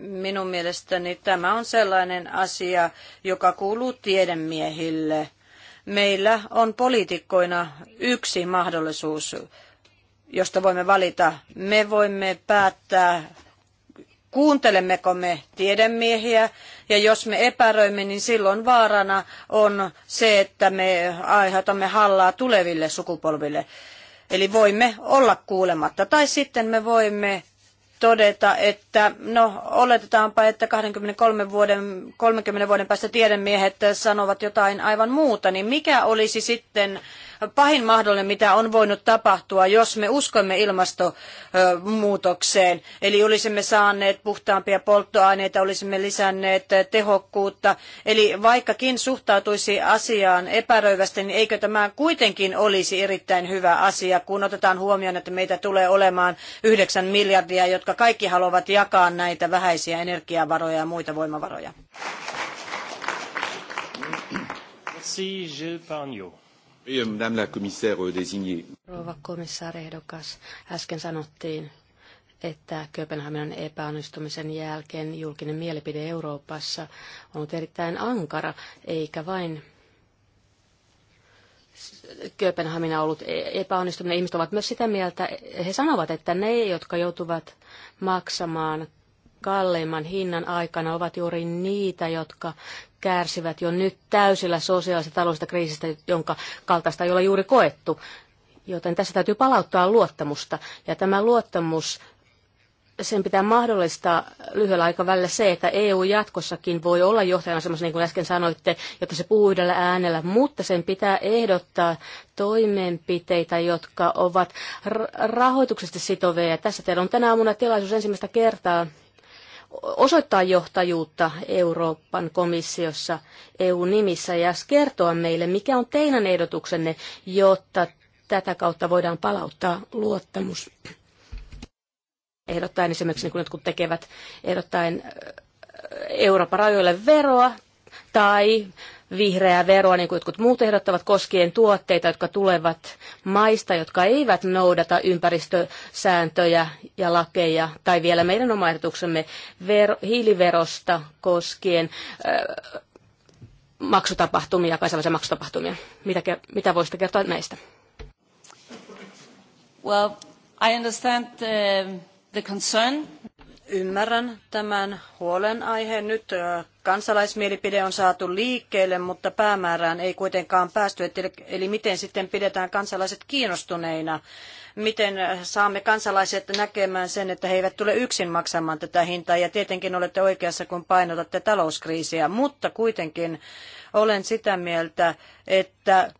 Minun mielestäni tämä on sellainen asia, joka kuuluu tiedemiehille. Meillä on poliitikkoina yksi mahdollisuus josta voimme valita. Me voimme päättää kuuntelemmeko me tiedemiehiä ja jos me epäröimme, niin silloin vaarana on se, että me aiheutamme hallaa tuleville sukupolville. Eli voimme olla kuulematta. Tai sitten me voimme todeta, että no oletetaanpa, että 23 vuoden, 30 vuoden päästä tiedemiehet sanovat jotain aivan muuta, niin mikä olisi sitten pahin mahdollinen, mitä on voinut tapahtua, jos me uskoimme ilmastonmuutokseen. Eli olisimme saaneet puhtaampia polttoaineita, olisimme lisänneet tehokkuutta. Eli vaikkakin suhtautuisi asiaan epäröivästi, niin eikö tämä kuitenkin olisi erittäin hyvä asia, kun otetaan huomioon, että meitä tulee olemaan yhdeksän miljardia, jotka kaikki haluavat jakaa näitä vähäisiä energiavaroja ja muita voimavaroja. Merci Gilles Euh, Madame la commissaire euh, désignée. Rouva komissaariehdokas, äsken sanottiin, että Kööpenhaminan epäonnistumisen jälkeen julkinen mielipide Euroopassa on ollut erittäin ankara, eikä vain Kööpenhamina ollut e- epäonnistuminen. Ihmiset ovat myös sitä mieltä, he sanovat, että ne, jotka joutuvat maksamaan kalleimman hinnan aikana, ovat juuri niitä, jotka kärsivät jo nyt täysillä ja taloudellisesta kriisistä, jonka kaltaista ei ole juuri koettu. Joten tässä täytyy palauttaa luottamusta. Ja tämä luottamus, sen pitää mahdollistaa lyhyellä aikavälillä se, että EU jatkossakin voi olla johtajan asemassa, niin kuin äsken sanoitte, jotta se puhuu yhdellä äänellä, mutta sen pitää ehdottaa toimenpiteitä, jotka ovat rahoituksesta sitovia. Ja tässä teillä on tänä aamuna tilaisuus ensimmäistä kertaa osoittaa johtajuutta Euroopan komissiossa EU-nimissä ja kertoa meille, mikä on teidän ehdotuksenne, jotta tätä kautta voidaan palauttaa luottamus. Ehdottaen esimerkiksi, niin kun jotkut tekevät, ehdottaen Euroopan rajoille veroa tai vihreää veroa, niin kuin jotkut muut ehdottavat, koskien tuotteita, jotka tulevat maista, jotka eivät noudata ympäristösääntöjä ja lakeja, tai vielä meidän oma ehdotuksemme vero, hiiliverosta koskien äh, maksutapahtumia, kansainvälisiä maksutapahtumia. Mitä, mitä voisitte kertoa näistä? Well, I understand the, uh, the concern. Ymmärrän tämän huolenaiheen. Nyt kansalaismielipide on saatu liikkeelle, mutta päämäärään ei kuitenkaan päästy. Eli miten sitten pidetään kansalaiset kiinnostuneina? Miten saamme kansalaiset näkemään sen, että he eivät tule yksin maksamaan tätä hintaa? Ja tietenkin olette oikeassa, kun painotatte talouskriisiä, mutta kuitenkin olen sitä mieltä, että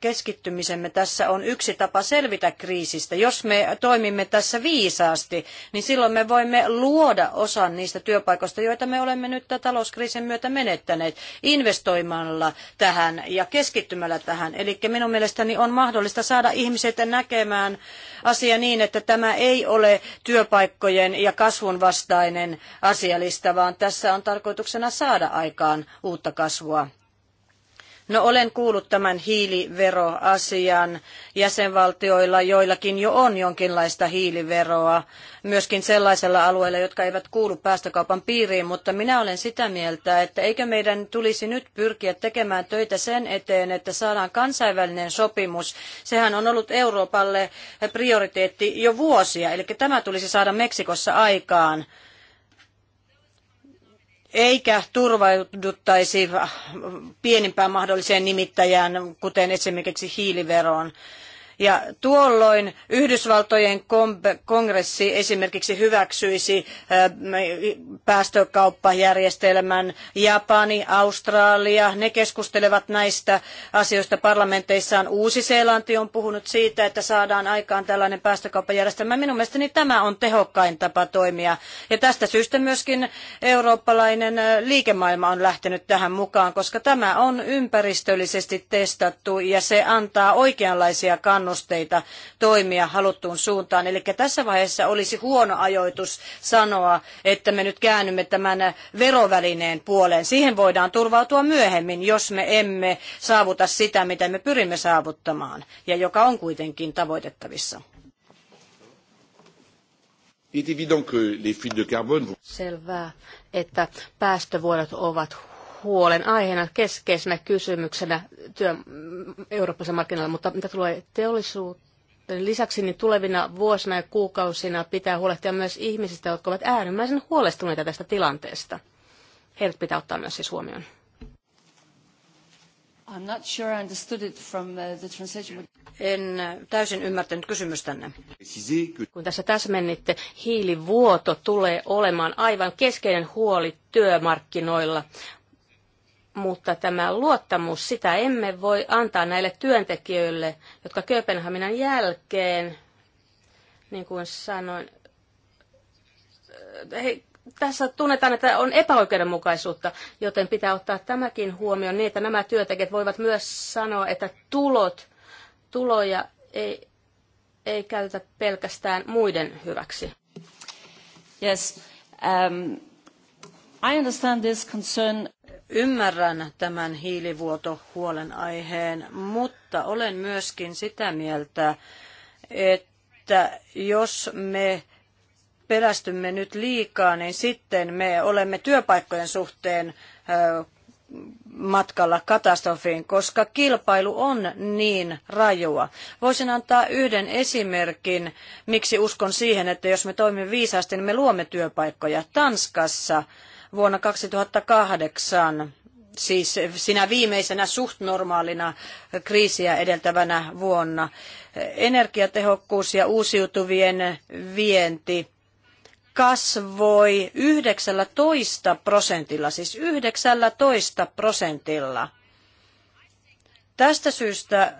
keskittymisemme, tässä on yksi tapa selvitä kriisistä. Jos me toimimme tässä viisaasti, niin silloin me voimme luoda osan niistä työpaikoista, joita me olemme nyt talouskriisin myötä menettäneet, investoimalla tähän ja keskittymällä tähän. Eli minun mielestäni on mahdollista saada ihmiset näkemään asia niin, että tämä ei ole työpaikkojen ja kasvun vastainen asialista, vaan tässä on tarkoituksena saada aikaan uutta kasvua No olen kuullut tämän hiiliveroasian jäsenvaltioilla, joillakin jo on jonkinlaista hiiliveroa, myöskin sellaisella alueella, jotka eivät kuulu päästökaupan piiriin, mutta minä olen sitä mieltä, että eikö meidän tulisi nyt pyrkiä tekemään töitä sen eteen, että saadaan kansainvälinen sopimus. Sehän on ollut Euroopalle prioriteetti jo vuosia, eli tämä tulisi saada Meksikossa aikaan eikä turvauduttaisi pienimpään mahdolliseen nimittäjään, kuten esimerkiksi hiiliveroon. Ja tuolloin Yhdysvaltojen kongressi esimerkiksi hyväksyisi päästökauppajärjestelmän. Japani, Australia, ne keskustelevat näistä asioista parlamenteissaan. Uusi-Seelanti on puhunut siitä, että saadaan aikaan tällainen päästökauppajärjestelmä. Minun mielestäni tämä on tehokkain tapa toimia. Ja tästä syystä myöskin eurooppalainen liikemaailma on lähtenyt tähän mukaan, koska tämä on ympäristöllisesti testattu ja se antaa oikeanlaisia kannustimia kannusteita toimia haluttuun suuntaan. Eli tässä vaiheessa olisi huono ajoitus sanoa, että me nyt käännymme tämän verovälineen puoleen. Siihen voidaan turvautua myöhemmin, jos me emme saavuta sitä, mitä me pyrimme saavuttamaan ja joka on kuitenkin tavoitettavissa. Selvää, että päästövuodot ovat huolen aiheena, keskeisenä kysymyksenä työ, Euroopassa markkinoilla, mutta mitä tulee teollisuuteen lisäksi, niin tulevina vuosina ja kuukausina pitää huolehtia myös ihmisistä, jotka ovat äärimmäisen huolestuneita tästä tilanteesta. Heidät pitää ottaa myös siis huomioon. I'm not sure I understood it from uh, the translation. En uh, täysin ymmärtänyt kysymystänne. Kun tässä täsmennitte, hiilivuoto tulee olemaan aivan keskeinen huoli työmarkkinoilla mutta tämä luottamus, sitä emme voi antaa näille työntekijöille, jotka Kööpenhaminan jälkeen, niin kuin sanoin, eh, he, tässä tunnetaan, että on epäoikeudenmukaisuutta, joten pitää ottaa tämäkin huomioon niin, että nämä työntekijät voivat myös sanoa, että tulot, tuloja ei, ei käytetä pelkästään muiden hyväksi. Yes. Um, I understand this concern Ymmärrän tämän hiilivuotohuolenaiheen, mutta olen myöskin sitä mieltä, että jos me pelästymme nyt liikaa, niin sitten me olemme työpaikkojen suhteen matkalla katastrofiin, koska kilpailu on niin rajua. Voisin antaa yhden esimerkin, miksi uskon siihen, että jos me toimimme viisaasti, niin me luomme työpaikkoja. Tanskassa vuonna 2008, siis sinä viimeisenä suht normaalina kriisiä edeltävänä vuonna. Energiatehokkuus ja uusiutuvien vienti kasvoi 19 prosentilla, siis 19 prosentilla. Tästä syystä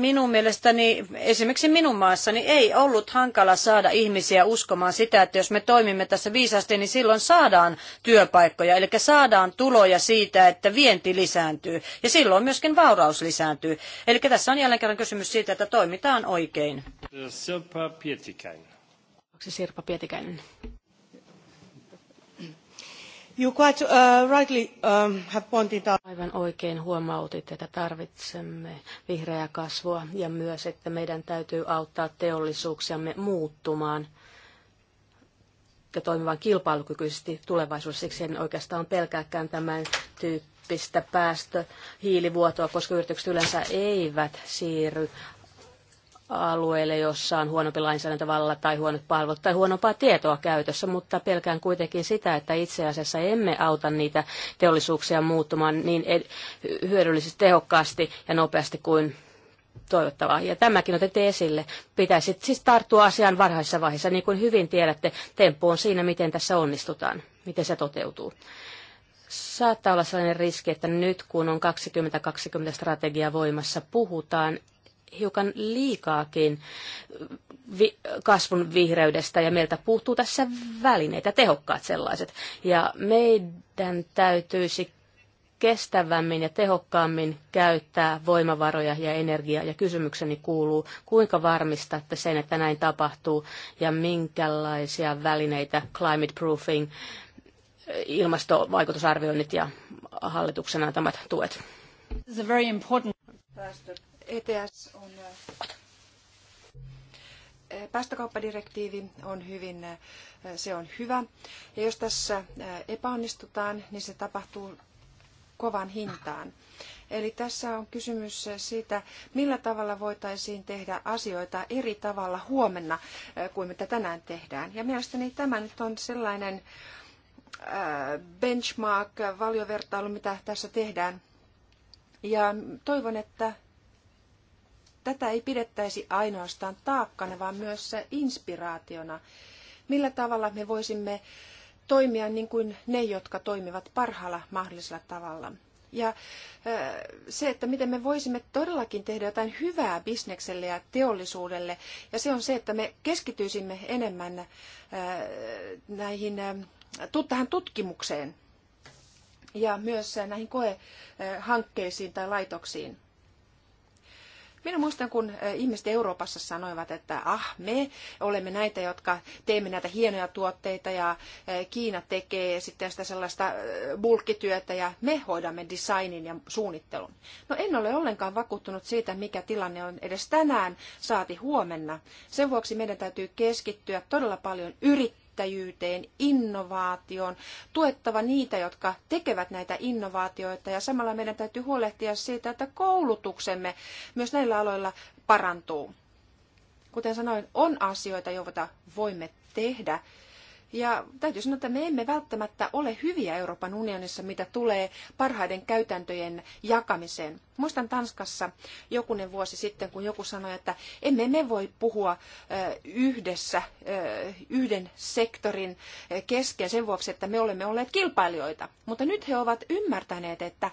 minun mielestäni esimerkiksi minun maassani ei ollut hankala saada ihmisiä uskomaan sitä, että jos me toimimme tässä viisaasti, niin silloin saadaan työpaikkoja, eli saadaan tuloja siitä, että vienti lisääntyy ja silloin myöskin vauraus lisääntyy. Eli tässä on jälleen kerran kysymys siitä, että toimitaan oikein. Sirpa Pietikäinen. Sirpa Pietikäinen. Uh, um, Aivan oikein huomautit, että tarvitsemme vihreää kasvua ja myös, että meidän täytyy auttaa teollisuuksiamme muuttumaan ja toimimaan kilpailukykyisesti tulevaisuudessa. Siksi en oikeastaan pelkääkään tämän tyyppistä päästöhiilivuotoa, koska yritykset yleensä eivät siirry alueille, jossa on huonompi lainsäädäntövalla tai huonot palvelut tai huonompaa tietoa käytössä, mutta pelkään kuitenkin sitä, että itse asiassa emme auta niitä teollisuuksia muuttumaan niin hyödyllisesti, tehokkaasti ja nopeasti kuin toivottavaa. Ja tämäkin otettiin esille. Pitäisi siis tarttua asiaan varhaisessa vaiheessa, niin kuin hyvin tiedätte, temppu on siinä, miten tässä onnistutaan, miten se toteutuu saattaa olla sellainen riski, että nyt kun on 2020 strategia voimassa, puhutaan hiukan liikaakin vi- kasvun vihreydestä ja meiltä puuttuu tässä välineitä, tehokkaat sellaiset. Ja meidän täytyisi kestävämmin ja tehokkaammin käyttää voimavaroja ja energiaa. Ja kysymykseni kuuluu, kuinka varmistatte sen, että näin tapahtuu ja minkälaisia välineitä climate proofing, ilmastovaikutusarvioinnit ja hallituksen antamat tuet. ETS on... Eh, päästökauppadirektiivi on hyvin, eh, se on hyvä. Ja jos tässä eh, epäonnistutaan, niin se tapahtuu kovan hintaan. Eli tässä on kysymys siitä, millä tavalla voitaisiin tehdä asioita eri tavalla huomenna kuin mitä tänään tehdään. Ja mielestäni tämä nyt on sellainen benchmark, valiovertailu, mitä tässä tehdään. Ja toivon, että tätä ei pidettäisi ainoastaan taakkana, vaan myös inspiraationa. Millä tavalla me voisimme toimia niin kuin ne, jotka toimivat parhaalla mahdollisella tavalla. Ja se, että miten me voisimme todellakin tehdä jotain hyvää bisnekselle ja teollisuudelle, ja se on se, että me keskityisimme enemmän näihin, tähän tutkimukseen ja myös näihin koehankkeisiin tai laitoksiin. Minä muistan, kun ihmiset Euroopassa sanoivat, että ah, me olemme näitä, jotka teemme näitä hienoja tuotteita ja Kiina tekee sitten sitä sellaista bulkkityötä ja me hoidamme designin ja suunnittelun. No en ole ollenkaan vakuuttunut siitä, mikä tilanne on edes tänään, saati huomenna. Sen vuoksi meidän täytyy keskittyä todella paljon yrittäjille yrittäjyyteen, innovaatioon, tuettava niitä, jotka tekevät näitä innovaatioita ja samalla meidän täytyy huolehtia siitä, että koulutuksemme myös näillä aloilla parantuu. Kuten sanoin, on asioita, joita voimme tehdä ja täytyy sanoa, että me emme välttämättä ole hyviä Euroopan unionissa, mitä tulee parhaiden käytäntöjen jakamiseen. Muistan Tanskassa jokunen vuosi sitten, kun joku sanoi, että emme me voi puhua yhdessä yhden sektorin kesken sen vuoksi, että me olemme olleet kilpailijoita. Mutta nyt he ovat ymmärtäneet, että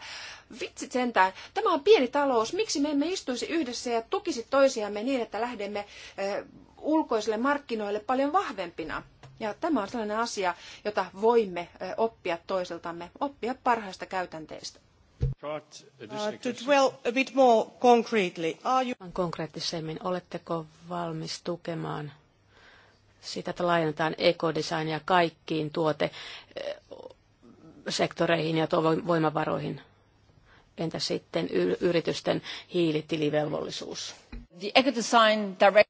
vitsit sentään, tämä on pieni talous, miksi me emme istuisi yhdessä ja tukisi toisiamme niin, että lähdemme ulkoisille markkinoille paljon vahvempina. Ja tämä on sellainen asia, jota voimme oppia toisiltamme, oppia parhaista käytänteistä. Uh, to dwell a bit more concretely, are you... Konkreettisemmin, oletteko valmis tukemaan sitä, että laajennetaan ekodesignia kaikkiin tuotesektoreihin ja voimavaroihin? Entä sitten yritysten hiilitilivelvollisuus? The ecodesign direct-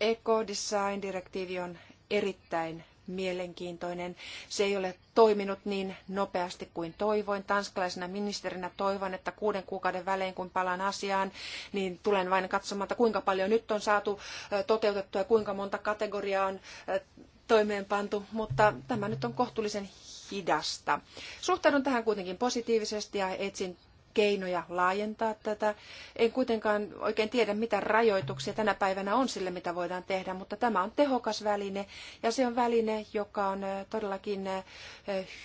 ekodesign-direktiivi on erittäin mielenkiintoinen. Se ei ole toiminut niin nopeasti kuin toivoin. Tanskalaisena ministerinä toivon, että kuuden kuukauden välein kun palaan asiaan, niin tulen vain katsomaan, että kuinka paljon nyt on saatu toteutettua ja kuinka monta kategoriaa on toimeenpantu, mutta tämä nyt on kohtuullisen hidasta. Suhtaudun tähän kuitenkin positiivisesti ja etsin keinoja laajentaa tätä. En kuitenkaan oikein tiedä, mitä rajoituksia tänä päivänä on sille, mitä voidaan tehdä, mutta tämä on tehokas väline ja se on väline, joka on todellakin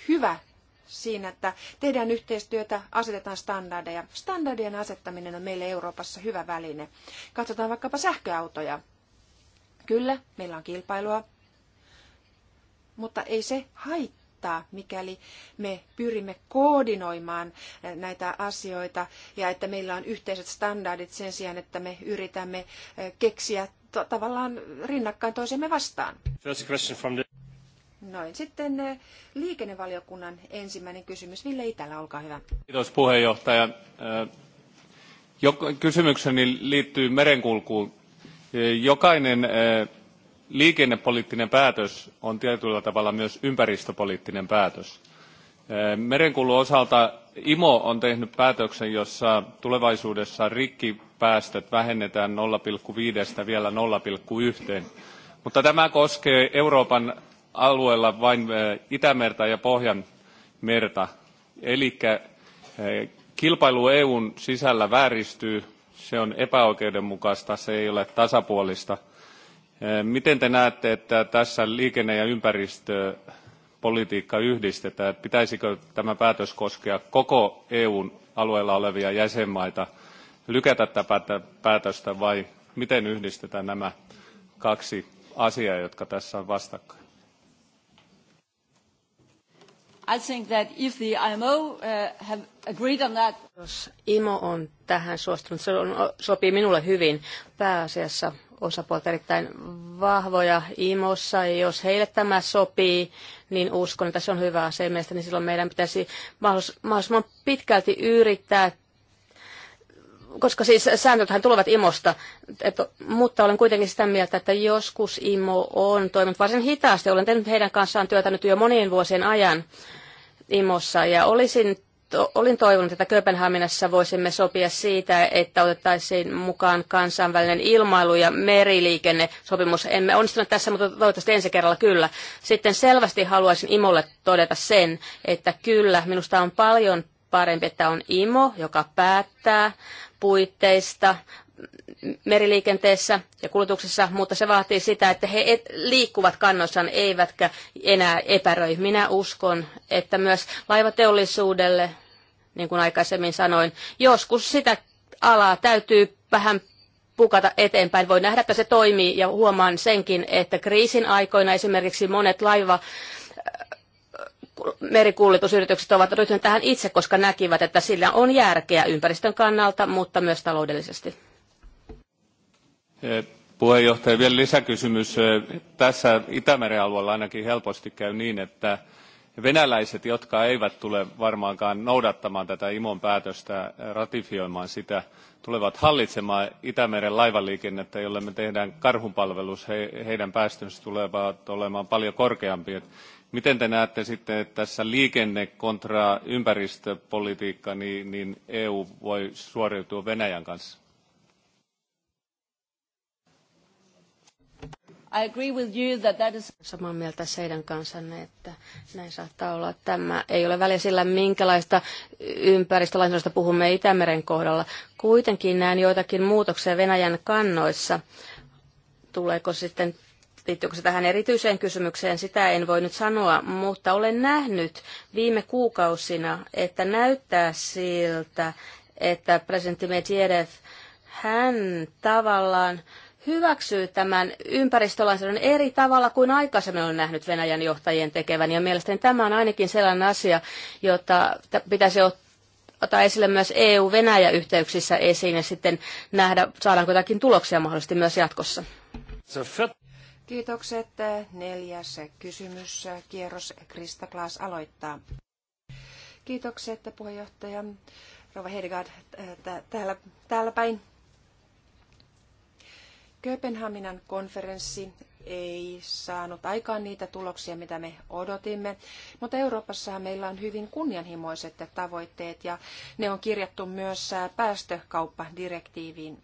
hyvä siinä, että tehdään yhteistyötä, asetetaan standardeja. Standardien asettaminen on meille Euroopassa hyvä väline. Katsotaan vaikkapa sähköautoja. Kyllä, meillä on kilpailua, mutta ei se haittaa auttaa, mikäli me pyrimme koordinoimaan eh, näitä asioita ja että meillä on yhteiset standardit sen sijaan, että me yritämme eh, keksiä tavallaan rinnakkain toisemme vastaan. Noin. Sitten eh, liikennevaliokunnan ensimmäinen kysymys. Ville Itälä, olkaa hyvä. Kiitos puheenjohtaja. Kysymykseni liittyy merenkulkuun. Jokainen liikennepoliittinen päätös on tietyllä tavalla myös ympäristöpoliittinen päätös. Merenkulun osalta IMO on tehnyt päätöksen, jossa tulevaisuudessa rikkipäästöt vähennetään 0,5 vielä 0,1. Mutta tämä koskee Euroopan alueella vain Itämerta ja Pohjanmerta. Eli kilpailu EUn sisällä vääristyy, se on epäoikeudenmukaista, se ei ole tasapuolista – Eh, miten te näette, että tässä liikenne- ja ympäristöpolitiikka yhdistetään? Pitäisikö tämä päätös koskea koko EUn alueella olevia jäsenmaita, lykätä tätä päätöstä vai miten yhdistetään nämä kaksi asiaa, jotka tässä on vastakkain? I think that if the IMO uh, eh, have agreed on that... Jos IMO on tähän suostunut, se on, sopii minulle hyvin pääasiassa osapuolta erittäin vahvoja imossa, ja jos heille tämä sopii, niin uskon, että se on hyvä asia mielestäni, niin silloin meidän pitäisi mahdollisimman pitkälti yrittää koska siis sääntöthän tulevat IMOsta, että, mutta olen kuitenkin sitä mieltä, että joskus IMO on toiminut varsin hitaasti. Olen tehnyt heidän kanssaan työtä nyt jo monien vuosien ajan IMOssa ja olisin to, olin toivonut, että Kööpenhaminassa voisimme sopia siitä, että otettaisiin mukaan kansainvälinen ilmailu- ja meriliikennesopimus. Emme onnistuneet tässä, mutta toivottavasti ensi kerralla kyllä. Sitten selvästi haluaisin Imolle todeta sen, että kyllä, minusta on paljon parempi, että on IMO, joka päättää puitteista, meriliikenteessä ja kulutuksessa, mutta se vaatii sitä, että he et, liikkuvat kannoissaan eivätkä enää epäröi. Minä uskon, että myös laivateollisuudelle, niin kuin aikaisemmin sanoin, joskus sitä alaa täytyy vähän pukata eteenpäin. Voi nähdä, että se toimii ja huomaan senkin, että kriisin aikoina esimerkiksi monet laiva äh, merikuljetusyritykset ovat ryhtyneet tähän itse, koska näkivät, että sillä on järkeä ympäristön kannalta, mutta myös taloudellisesti. Eh, puheenjohtaja, vielä lisäkysymys. Eh, tässä Itämeren alueella ainakin helposti käy niin, että venäläiset, jotka eivät tule varmaankaan noudattamaan tätä IMOn päätöstä, eh, ratifioimaan sitä, tulevat hallitsemaan Itämeren laivaliikennettä, jolle me tehdään karhunpalvelus. He, heidän päästönsä tulevat olemaan paljon korkeampi. Miten te näette sitten, että tässä liikenne kontra ympäristöpolitiikka, niin, niin EU voi suoriutua Venäjän kanssa? I agree with you that that is... Samaa mieltä seidän kanssanne, että näin saattaa olla. Tämä ei ole väliä sillä, minkälaista ympäristölainsäädännöstä puhumme Itämeren kohdalla. Kuitenkin näen joitakin muutoksia Venäjän kannoissa. Tuleeko sitten liittyykö se tähän erityiseen kysymykseen, sitä en voi nyt sanoa, mutta olen nähnyt viime kuukausina, että näyttää siltä, että presidentti Medvedev, hän tavallaan hyväksyy tämän ympäristölainsäädännön eri tavalla kuin aikaisemmin on nähnyt Venäjän johtajien tekevän. Ja mielestäni tämä on ainakin sellainen asia, jota pitäisi ottaa esille myös EU-Venäjä-yhteyksissä esiin ja sitten nähdä, saadaanko jotakin tuloksia mahdollisesti myös jatkossa. Kiitokset. Neljäs kysymys. Kierros Krista Klaas aloittaa. Kiitokset puheenjohtaja Rova Hedegaard täällä, täällä päin. Kööpenhaminan konferenssi ei saanut aikaan niitä tuloksia, mitä me odotimme, mutta Euroopassa meillä on hyvin kunnianhimoiset tavoitteet ja ne on kirjattu myös päästökauppadirektiiviin.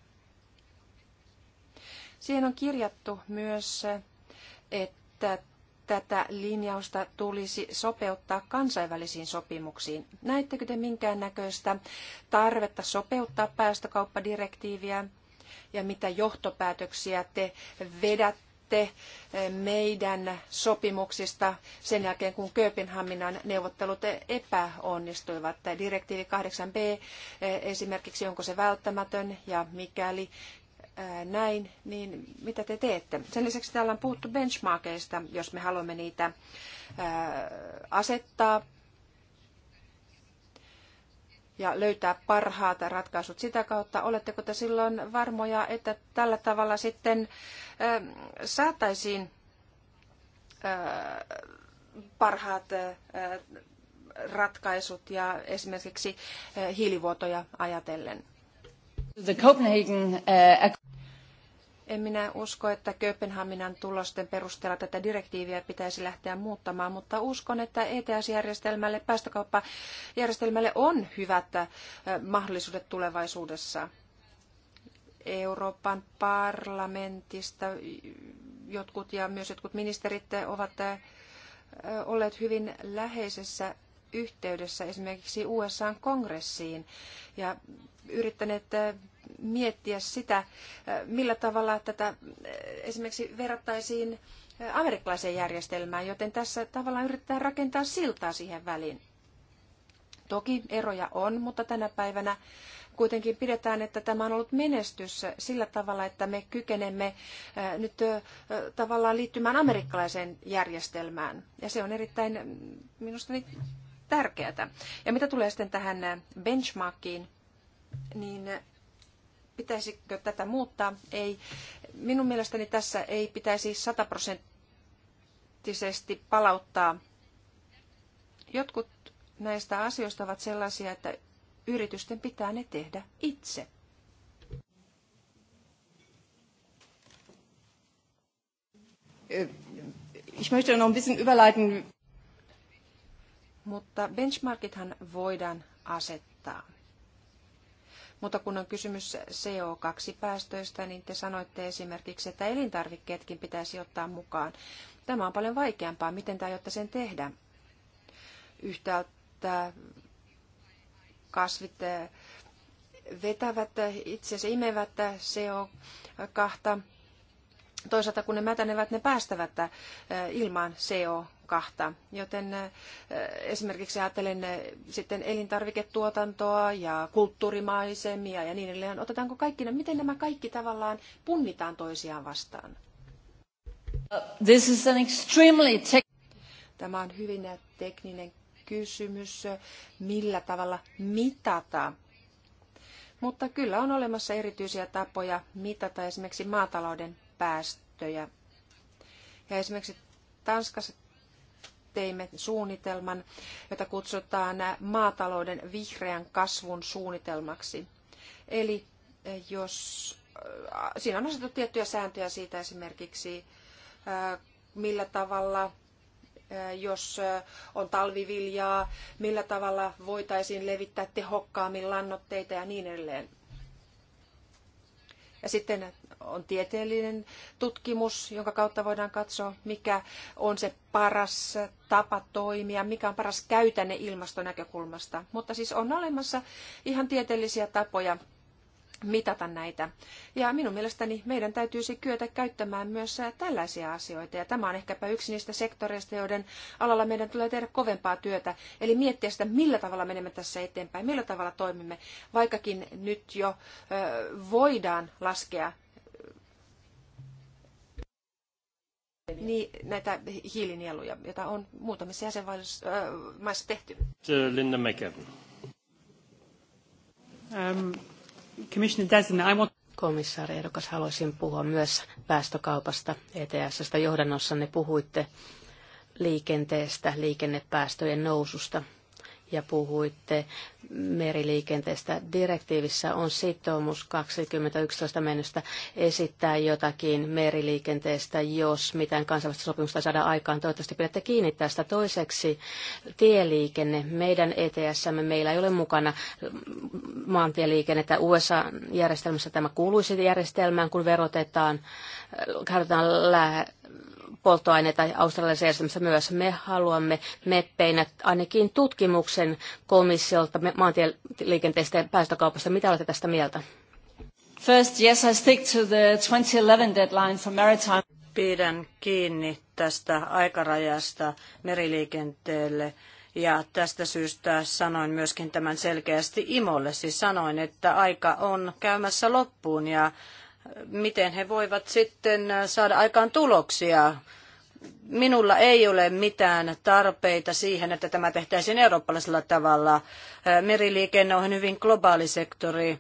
Siihen on kirjattu myös, että tätä linjausta tulisi sopeuttaa kansainvälisiin sopimuksiin. Näettekö te minkään näköistä tarvetta sopeuttaa päästökauppadirektiiviä ja mitä johtopäätöksiä te vedätte eh, meidän sopimuksista sen jälkeen, kun Kööpenhaminan neuvottelut epäonnistuivat. Direktiivi 8b eh, esimerkiksi, onko se välttämätön ja mikäli eh, näin, niin mitä te teette? Sen lisäksi täällä on puhuttu benchmarkeista, jos me haluamme niitä asettaa ja löytää parhaat ratkaisut sitä kautta. Oletteko te silloin varmoja, että tällä tavalla sitten äh, saataisiin parhaat ratkaisut ja esimerkiksi äh, hiilivuotoja ajatellen? The Copenhagen, uh, en minä usko, että Kööpenhaminan tulosten perusteella tätä direktiiviä pitäisi lähteä muuttamaan, mutta uskon, että ETS-järjestelmälle, päästökauppajärjestelmälle on hyvät mahdollisuudet tulevaisuudessa. Euroopan parlamentista jotkut ja myös jotkut ministerit ovat olleet hyvin läheisessä yhteydessä esimerkiksi USAn kongressiin ja yrittäneet miettiä sitä, millä tavalla tätä esimerkiksi verrattaisiin amerikkalaiseen järjestelmään, joten tässä tavallaan yritetään rakentaa siltaa siihen väliin. Toki eroja on, mutta tänä päivänä kuitenkin pidetään, että tämä on ollut menestys sillä tavalla, että me kykenemme nyt tavallaan liittymään amerikkalaiseen järjestelmään. Ja se on erittäin minusta niin tärkeää. Ja mitä tulee sitten tähän benchmarkiin, niin pitäisikö tätä muuttaa? Ei. Minun mielestäni tässä ei pitäisi sataprosenttisesti palauttaa. Jotkut näistä asioista ovat sellaisia, että yritysten pitää ne tehdä itse. Ich möchte noch ein bisschen überleiten. Mutta benchmarkithan voidaan asettaa. Mutta kun on kysymys CO2-päästöistä, niin te sanoitte esimerkiksi, että elintarvikkeetkin pitäisi ottaa mukaan. Tämä on paljon vaikeampaa. Miten te aiotte sen tehdä? Yhtäältä kasvit eh, vetävät itsensä, imevät CO2. Toisaalta kun ne mätänevät, ne päästävät eh, ilmaan CO2 kahta. Joten esimerkiksi ajattelen sitten elintarviketuotantoa ja kulttuurimaisemia ja niin edelleen. Otetaanko kaikki, miten nämä kaikki tavallaan punnitaan toisiaan vastaan? This is an extremely Tämä on hyvin tekninen kysymys, millä tavalla mitata mutta kyllä on olemassa erityisiä tapoja mitata esimerkiksi maatalouden päästöjä. Ja esimerkiksi Tanskassa teimme suunnitelman, jota kutsutaan maatalouden vihreän kasvun suunnitelmaksi. Eli eh, jos eh, siinä on asetettu tiettyjä sääntöjä siitä esimerkiksi, eh, millä tavalla jos on talviviljaa, millä tavalla voitaisiin levittää tehokkaammin lannoitteita ja niin edelleen. Ja sitten on tieteellinen tutkimus, jonka kautta voidaan katsoa, mikä on se paras tapa toimia, mikä on paras käytänne ilmastonäkökulmasta. Mutta siis on olemassa ihan tieteellisiä tapoja mitata näitä. Ja minun mielestäni meidän täytyisi kyetä käyttämään myös tällaisia asioita. Ja tämä on ehkäpä yksi niistä sektoreista, joiden alalla meidän tulee tehdä kovempaa työtä. Eli miettiä sitä, millä tavalla menemme tässä eteenpäin, millä tavalla toimimme, vaikkakin nyt jo voidaan laskea niin, näitä hiilinieluja, joita on muutamissa jäsenmaissa tehty. Linda Mäkelä komissaari ehdokas, haluaisin puhua myös päästökaupasta ETS-stä. Johdannossanne puhuitte liikenteestä, liikennepäästöjen noususta ja puhuitte meriliikenteestä. Direktiivissä on sitoumus 2011 mennessä esittää jotakin meriliikenteestä, jos mitään kansainvälistä sopimusta saada aikaan. Toivottavasti pidätte kiinni tästä. Toiseksi tieliikenne. Meidän ETSmme meillä ei ole mukana maantieliikennettä. USA-järjestelmässä tämä kuuluisi järjestelmään, kun verotetaan, käytetään lähe polttoaineita australialaisessa järjestelmässä myös. Me haluamme meppeinä ainakin tutkimuksen komissiolta me maantieliikenteestä ja päästökaupasta. Mitä olette tästä mieltä? First, yes, I stick to the 2011 deadline for maritime. Pidän kiinni tästä aikarajasta meriliikenteelle. Ja tästä syystä sanoin myöskin tämän selkeästi Imolle. Siis sanoin, että aika on käymässä loppuun ja miten he voivat sitten saada aikaan tuloksia minulla ei ole mitään tarpeita siihen, että tämä tehtäisiin eurooppalaisella tavalla. Meriliikenne on hyvin globaali sektori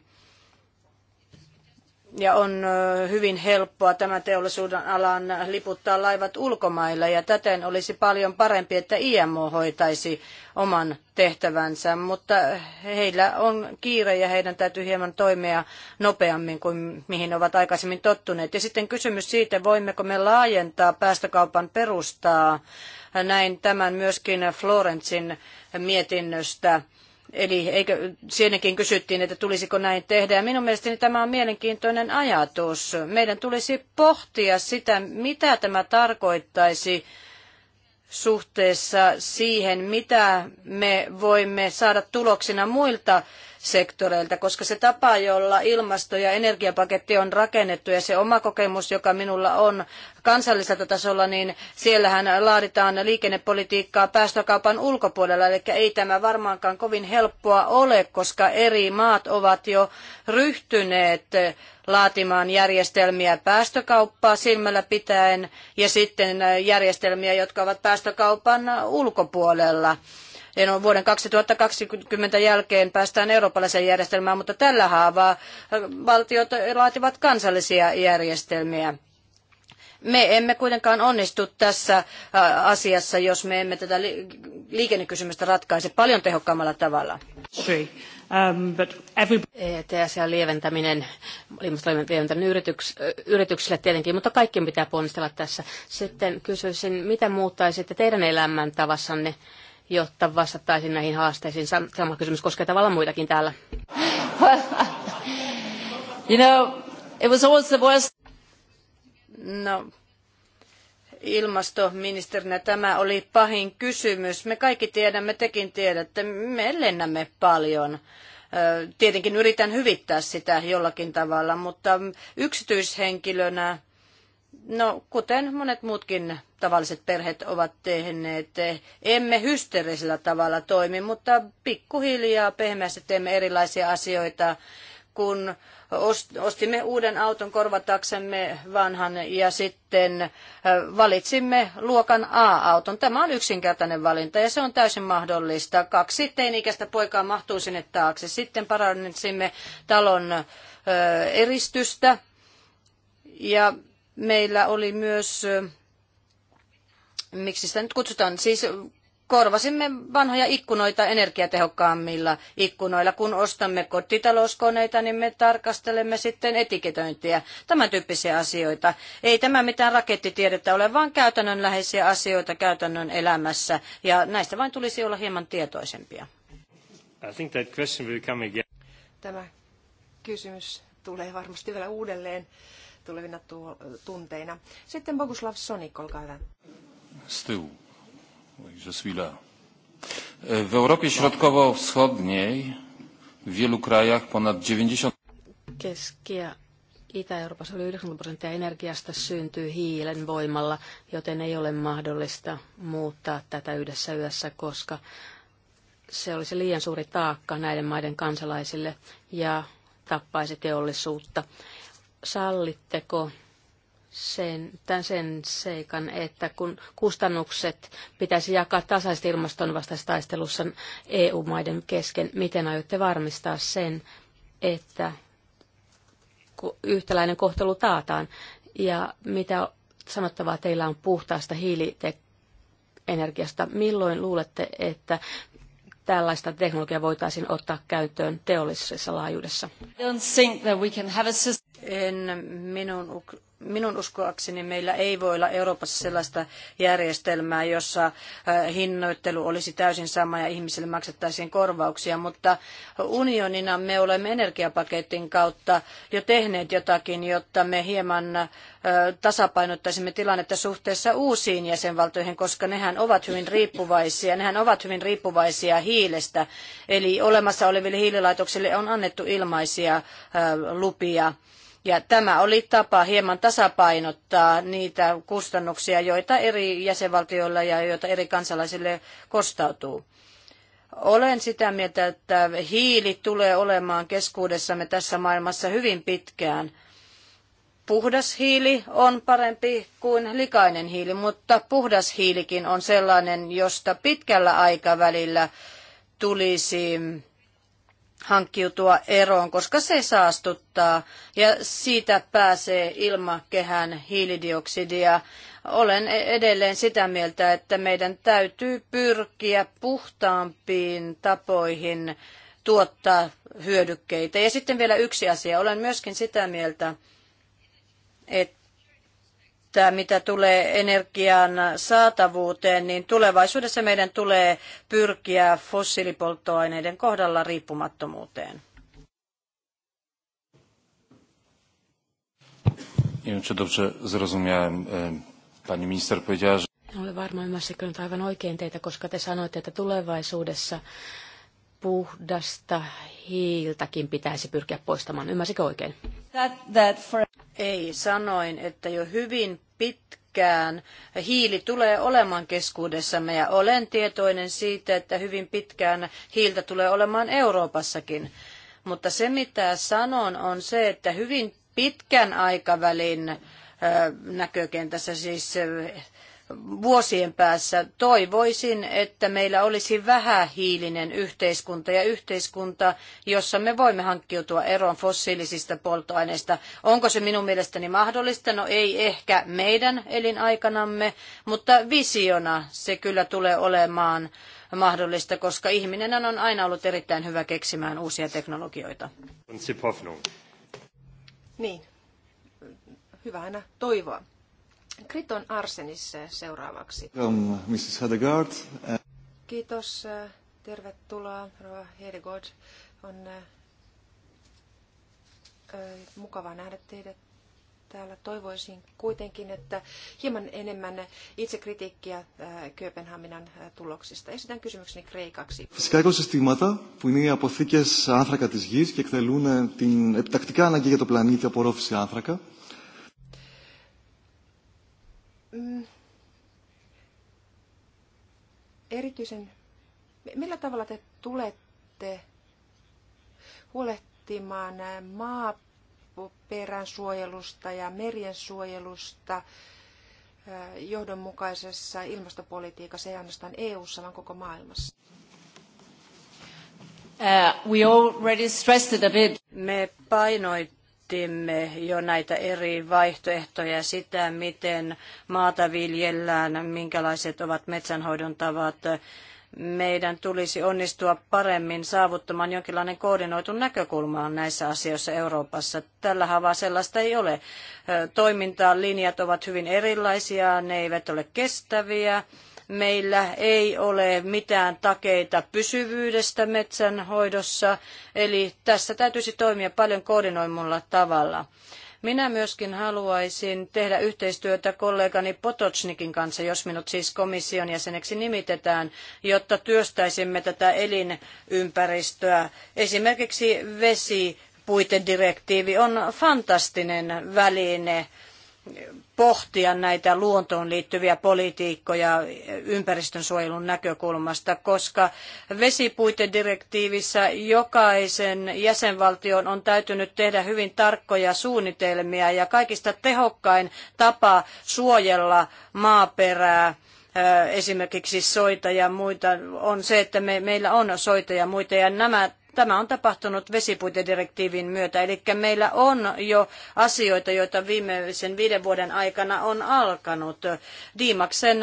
ja on hyvin helppoa tämän teollisuuden alan liputtaa laivat ulkomaille ja täten olisi paljon parempi, että IMO hoitaisi oman tehtävänsä, mutta heillä on kiire ja heidän täytyy hieman toimia nopeammin kuin mihin ovat aikaisemmin tottuneet. Ja sitten kysymys siitä, voimmeko me laajentaa päästökaupan perustaa. Näin tämän myöskin Florencin mietinnöstä Eli eikö, siinäkin kysyttiin, että tulisiko näin tehdä. Ja minun mielestäni tämä on mielenkiintoinen ajatus. Meidän tulisi pohtia sitä, mitä tämä tarkoittaisi suhteessa siihen, mitä me voimme saada tuloksena muilta sektoreilta, koska se tapa, jolla ilmasto- ja energiapaketti on rakennettu ja se oma kokemus, joka minulla on kansallisella tasolla, niin siellähän laaditaan liikennepolitiikkaa päästökaupan ulkopuolella, eli ei tämä varmaankaan kovin helppoa ole, koska eri maat ovat jo ryhtyneet laatimaan järjestelmiä päästökauppaa silmällä pitäen ja sitten järjestelmiä, jotka ovat päästökaupan ulkopuolella no vuoden 2020 jälkeen päästään eurooppalaiseen järjestelmään, mutta tällä haavaa äh, valtiot laativat kansallisia järjestelmiä. Me emme kuitenkaan onnistu tässä äh, asiassa, jos me emme tätä liikennekysymystä ratkaise paljon tehokkaammalla tavalla. ETS-asian um, e lieventäminen, ilmastotoimien lieventäminen yrityks, yrityksille tietenkin, mutta kaikkien pitää ponnistella tässä. Sitten kysyisin, mitä muuttaisitte teidän elämäntavassanne? jotta vastattaisin näihin haasteisiin. Sama kysymys koskee tavallaan muitakin täällä. *laughs* you know, it was always the worst. No, ilmastoministerinä tämä oli pahin kysymys. Me kaikki tiedämme, tekin tiedätte, me lennämme paljon. Tietenkin yritän hyvittää sitä jollakin tavalla, mutta yksityishenkilönä No, kuten monet muutkin tavalliset perheet ovat tehneet, emme hysteerisellä tavalla toimi, mutta pikkuhiljaa pehmeästi teemme erilaisia asioita, kun ostimme uuden auton korvataksemme vanhan ja sitten äh, valitsimme luokan A-auton. Tämä on yksinkertainen valinta ja se on täysin mahdollista. Kaksi teinikäistä poikaa mahtuu sinne taakse. Sitten paransimme talon äh, eristystä ja Meillä oli myös, miksi sitä nyt kutsutaan, siis korvasimme vanhoja ikkunoita energiatehokkaammilla ikkunoilla. Kun ostamme kotitalouskoneita, niin me tarkastelemme sitten etiketöintiä, tämän tyyppisiä asioita. Ei tämä mitään rakettitiedettä ole, vaan käytännönläheisiä asioita käytännön elämässä, ja näistä vain tulisi olla hieman tietoisempia. Tämä kysymys tulee varmasti vielä uudelleen tulevina tu- tunteina. Sitten Boguslav Sonik, olkaa hyvä. Stył. Je suis W Europie Środkowo-Wschodniej w wielu krajach ponad 90... Keski- Itä-Euroopassa yli 90 prosenttia energiasta syntyy hiilen voimalla, joten ei ole mahdollista muuttaa tätä yhdessä yössä, koska se olisi liian suuri taakka näiden maiden kansalaisille ja tappaisi teollisuutta sallitteko sen, tämän sen seikan, että kun kustannukset pitäisi jakaa tasaisesti ilmastonvastaisessa taistelussa EU-maiden kesken, miten aiotte varmistaa sen, että yhtäläinen kohtelu taataan? Ja mitä sanottavaa teillä on puhtaasta hiilienergiasta? Milloin luulette, että tällaista teknologiaa voitaisiin ottaa käyttöön teollisessa laajuudessa? En minun minun uskoakseni meillä ei voi olla Euroopassa sellaista järjestelmää, jossa äh, hinnoittelu olisi täysin sama ja ihmisille maksettaisiin korvauksia, mutta unionina me olemme energiapaketin kautta jo tehneet jotakin, jotta me hieman äh, tasapainottaisimme tilannetta suhteessa uusiin jäsenvaltioihin, koska nehän ovat hyvin riippuvaisia, nehän ovat hyvin riippuvaisia hiilestä. Eli olemassa oleville hiililaitoksille on annettu ilmaisia äh, lupia ja tämä oli tapa hieman tasapainottaa niitä kustannuksia, joita eri jäsenvaltioilla ja joita eri kansalaisille kostautuu. Olen sitä mieltä, että hiili tulee olemaan keskuudessamme tässä maailmassa hyvin pitkään. Puhdas hiili on parempi kuin likainen hiili, mutta puhdas hiilikin on sellainen, josta pitkällä aikavälillä tulisi hankkiutua eroon, koska se saastuttaa ja siitä pääsee ilmakehän hiilidioksidia. Olen e- edelleen sitä mieltä, että meidän täytyy pyrkiä puhtaampiin tapoihin tuottaa hyödykkeitä. Ja sitten vielä yksi asia. Olen myöskin sitä mieltä, että että mitä tulee energian saatavuuteen, niin tulevaisuudessa meidän tulee pyrkiä fossiilipolttoaineiden kohdalla riippumattomuuteen. Nie En e, ole varma, ymmärsikö nyt aivan oikein teitä, koska te sanoitte, että tulevaisuudessa puhdasta hiiltäkin pitäisi pyrkiä poistamaan. Ymmärsikö oikein? That, that for... Ei, sanoin, että jo hyvin pitkään hiili tulee olemaan keskuudessamme ja olen tietoinen siitä, että hyvin pitkään hiiltä tulee olemaan Euroopassakin. Mutta se, mitä sanon, on se, että hyvin pitkän aikavälin näkökentässä, siis vuosien päässä. Toivoisin, että meillä olisi vähähiilinen yhteiskunta ja yhteiskunta, jossa me voimme hankkiutua eroon fossiilisista polttoaineista. Onko se minun mielestäni mahdollista? No ei ehkä meidän elinaikanamme, mutta visiona se kyllä tulee olemaan mahdollista, koska ihminen on aina ollut erittäin hyvä keksimään uusia teknologioita. Niin, hyvä aina toivoa. Kriton Arsenis seuraavaksi. Mrs. Um, Hedegaard. Uh, Kiitos. Uh, tervetuloa, Rova Hedegaard. On uh, mukava nähdä teidät täällä. Toivoisin kuitenkin, että hieman enemmän itsekritiikkiä Kööpenhaminan tuloksista. Esitän kysymykseni kreikaksi. Φυσικά οικοσυστήματα που είναι οι αποθήκες άνθρακα της γης και εκτελούν την επιτακτικά αναγκή για το πλανήτη απορρόφηση άνθρακα Mm. erityisen, millä tavalla te tulette huolehtimaan maaperän suojelusta ja merien suojelusta eh, johdonmukaisessa ilmastopolitiikassa, ei ainoastaan EU-ssa, vaan koko maailmassa? Uh, we already stressed it a bit. Me painoit, mietimme jo näitä eri vaihtoehtoja, sitä miten maata viljellään, minkälaiset ovat metsänhoidon tavat. Meidän tulisi onnistua paremmin saavuttamaan jonkinlainen koordinoitu näkökulma näissä asioissa Euroopassa. Tällä havaa sellaista ei ole. Toimintaan linjat ovat hyvin erilaisia, ne eivät ole kestäviä Meillä ei ole mitään takeita pysyvyydestä metsänhoidossa, eli tässä täytyisi toimia paljon koordinoimulla tavalla. Minä myöskin haluaisin tehdä yhteistyötä kollegani Potocnikin kanssa, jos minut siis komission jäseneksi nimitetään, jotta työstäisimme tätä elinympäristöä. Esimerkiksi vesipuitedirektiivi on fantastinen väline pohtia näitä luontoon liittyviä politiikkoja ympäristönsuojelun näkökulmasta, koska vesipuitedirektiivissä jokaisen jäsenvaltion on täytynyt tehdä hyvin tarkkoja suunnitelmia ja kaikista tehokkain tapa suojella maaperää esimerkiksi soita ja muita on se, että me, meillä on soita ja muita ja nämä Tämä on tapahtunut vesipuitedirektiivin myötä, eli meillä on jo asioita, joita viimeisen viiden vuoden aikana on alkanut. Diimaksen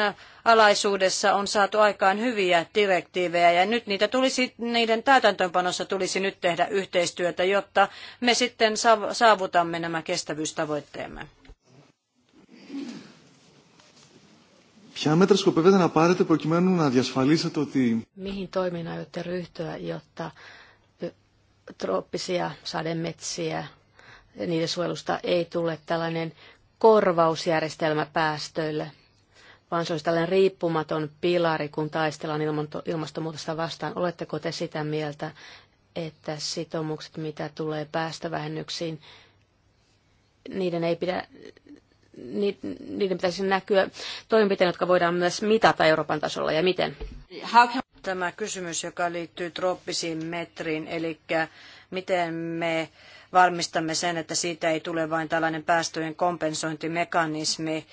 alaisuudessa on saatu aikaan hyviä direktiivejä ja nyt niitä tulisi, niiden täytäntöönpanossa tulisi nyt tehdä yhteistyötä, jotta me sitten saavutamme nämä kestävyystavoitteemme. Ποια μέτρα σκοπεύετε να πάρετε προκειμένου να διασφαλίσετε ότι... Mihin toimiin aiotte ryhtyä, jotta trooppisia sademetsiä, niiden suojelusta ei tule tällainen korvausjärjestelmä päästöille, vaan se olisi tällainen riippumaton pilari, kun taistellaan ilmastonmuutosta vastaan. Oletteko te sitä mieltä, että sitoumukset, mitä tulee päästövähennyksiin, niiden ei pidä niiden pitäisi näkyä toimenpiteitä, jotka voidaan myös mitata Euroopan tasolla ja miten? tämä kysymys, joka liittyy trooppisiin metriin, eli miten me varmistamme sen, että siitä ei tule vain tällainen päästöjen kompensointimekanismi,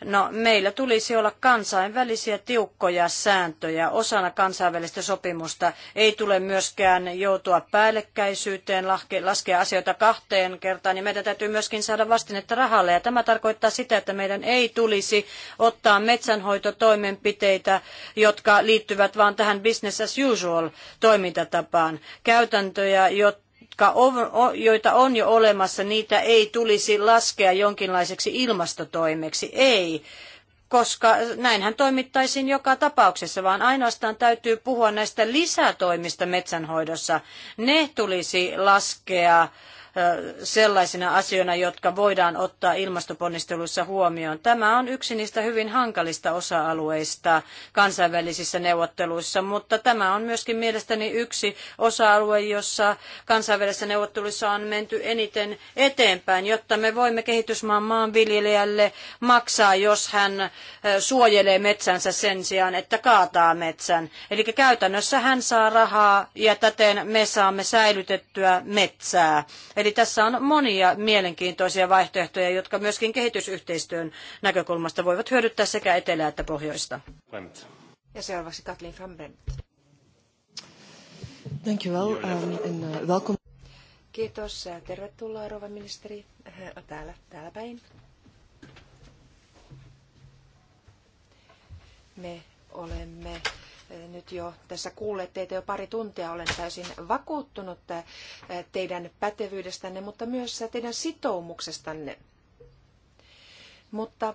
No, meillä tulisi olla kansainvälisiä tiukkoja sääntöjä. Osana kansainvälistä sopimusta ei tule myöskään joutua päällekkäisyyteen, laskea asioita kahteen kertaan, niin meidän täytyy myöskin saada vastinetta rahalle. Ja tämä tarkoittaa sitä, että meidän ei tulisi ottaa metsänhoitotoimenpiteitä, jotka liittyvät vain tähän business as usual toimintatapaan. Käytäntöjä, jotka joita on jo olemassa, niitä ei tulisi laskea jonkinlaiseksi ilmastotoimeksi. Ei, koska näinhän toimittaisiin joka tapauksessa, vaan ainoastaan täytyy puhua näistä lisätoimista metsänhoidossa. Ne tulisi laskea sellaisina asioina, jotka voidaan ottaa ilmastoponnisteluissa huomioon. Tämä on yksi niistä hyvin hankalista osa-alueista kansainvälisissä neuvotteluissa, mutta tämä on myöskin mielestäni yksi osa-alue, jossa kansainvälisissä neuvotteluissa on menty eniten eteenpäin, jotta me voimme kehitysmaan maanviljelijälle maksaa, jos hän suojelee metsänsä sen sijaan, että kaataa metsän. Eli käytännössä hän saa rahaa ja täten me saamme säilytettyä metsää. Eli Eli tässä on monia mielenkiintoisia vaihtoehtoja, jotka myöskin kehitysyhteistyön näkökulmasta voivat hyödyttää sekä etelää että pohjoista. Ja seuraavaksi Kathleen van Brent. Thank you um, and uh, welcome. Kiitos. Tervetuloa, rouva ministeri. Täällä, täällä päin. Me olemme nyt jo tässä kuulleet teitä jo pari tuntia. Olen täysin vakuuttunut teidän pätevyydestänne, mutta myös teidän sitoumuksestanne. Mutta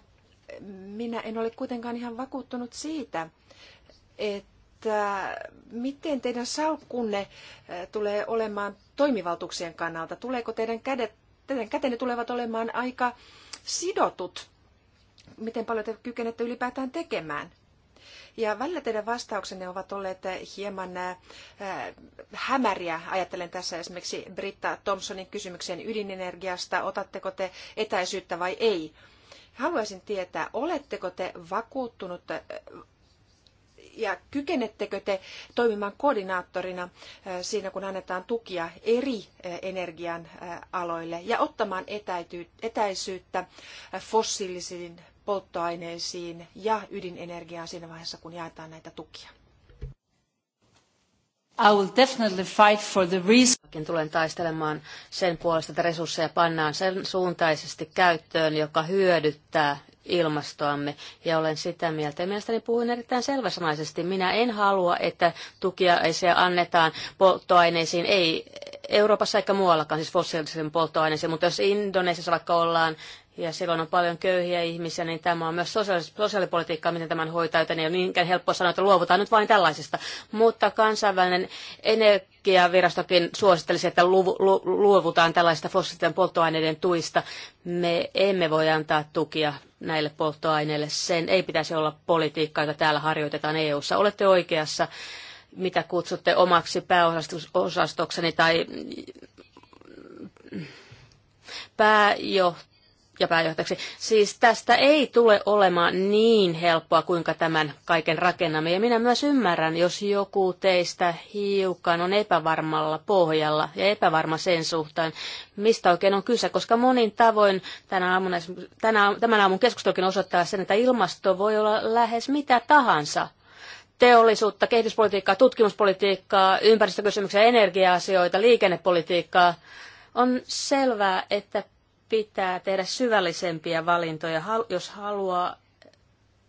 minä en ole kuitenkaan ihan vakuuttunut siitä, että miten teidän salkkunne tulee olemaan toimivaltuuksien kannalta. Tuleeko teidän, kädet, teidän kätenne tulevat olemaan aika sidotut? Miten paljon te kykenette ylipäätään tekemään? Ja välillä teidän vastauksenne ovat olleet eh, hieman eh, eh, hämäriä. Ajattelen tässä esimerkiksi Britta Thompsonin kysymykseen ydinenergiasta. Otatteko te etäisyyttä vai ei? Haluaisin tietää, oletteko te vakuuttunut ja kykenettekö te toimimaan koordinaattorina siinä, kun annetaan tukia eri energian aloille ja ottamaan etäisyyttä fossiilisiin polttoaineisiin ja ydinenergiaan siinä vaiheessa, kun jaetaan näitä tukia. I will definitely fight for the reason. Tulen taistelemaan sen puolesta, että resursseja pannaan sen suuntaisesti käyttöön, joka hyödyttää ilmastoamme. Ja olen sitä mieltä. Ja mielestäni puhuin erittäin selväsanaisesti. Minä en halua, että se annetaan polttoaineisiin, ei Euroopassa eikä muuallakaan, siis fossiilisiin polttoaineisiin. Mutta jos Indonesiassa vaikka ollaan ja silloin on paljon köyhiä ihmisiä, niin tämä on myös sosiaalis- sosiaalipolitiikkaa, miten tämän hoitaa, joten ei ole niinkään helppo sanoa, että luovutaan nyt vain tällaisesta. Mutta kansainvälinen energiavirastokin suosittelisi, että lu- lu- luovutaan tällaista fossiilisten polttoaineiden tuista. Me emme voi antaa tukia näille polttoaineille. Sen ei pitäisi olla politiikkaa, jota täällä harjoitetaan EU-ssa. Olette oikeassa, mitä kutsutte omaksi pääosastokseni tai pääjohtajaksi ja pääjohtajaksi. Siis tästä ei tule olemaan niin helppoa, kuinka tämän kaiken rakennamme. Ja minä myös ymmärrän, jos joku teistä hiukan on epävarmalla pohjalla ja epävarma sen suhteen, mistä oikein on kyse, koska monin tavoin tänä aamuna, tänä, tämän aamun keskustelukin osoittaa sen, että ilmasto voi olla lähes mitä tahansa teollisuutta, kehityspolitiikkaa, tutkimuspolitiikkaa, ympäristökysymyksiä, energia-asioita, liikennepolitiikkaa. On selvää, että pitää tehdä syvällisempiä valintoja, jos haluaa.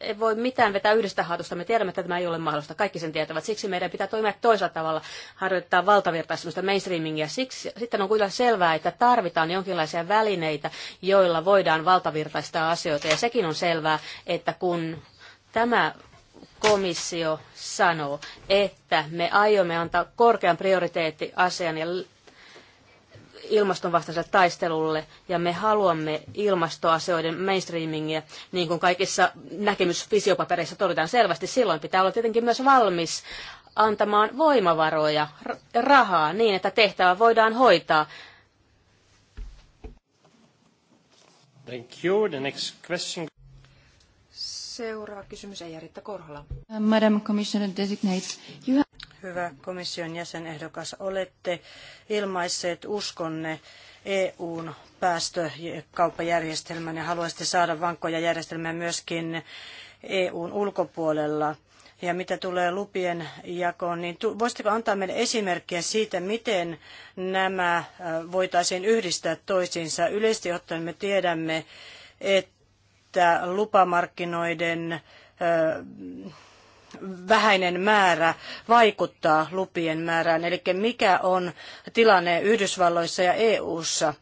Ei voi mitään vetää yhdestä hatusta. Me tiedämme, että tämä ei ole mahdollista. Kaikki sen tietävät. Siksi meidän pitää toimia toisella tavalla, harjoittaa valtavirtaistumista mainstreamingia. Siksi, sitten on kuitenkin selvää, että tarvitaan jonkinlaisia välineitä, joilla voidaan valtavirtaistaa asioita. Ja sekin on selvää, että kun tämä komissio sanoo, että me aiomme antaa korkean prioriteetti asian ja ilmastonvastaiselle taistelulle ja me haluamme ilmastoasioiden mainstreamingia, niin kuin kaikissa näkemysfisiopapereissa todetaan selvästi, silloin pitää olla tietenkin myös valmis antamaan voimavaroja, rahaa niin, että tehtävä voidaan hoitaa. Thank you. The next question. Seuraava kysymys ei Riitta Korhola. Madam Commissioner Designate, you have hyvä komission jäsenehdokas, olette ilmaisseet uskonne EUn päästökauppajärjestelmän ja haluaisitte saada vankkoja järjestelmiä myöskin EUn ulkopuolella. Ja mitä tulee lupien jakoon, niin voisitteko antaa meille esimerkkiä siitä, miten nämä voitaisiin yhdistää toisiinsa? Yleisesti ottaen me tiedämme, että lupamarkkinoiden vähäinen määrä vaikuttaa lupien määrään. Eli mikä on tilanne Yhdysvalloissa ja EU:ssa?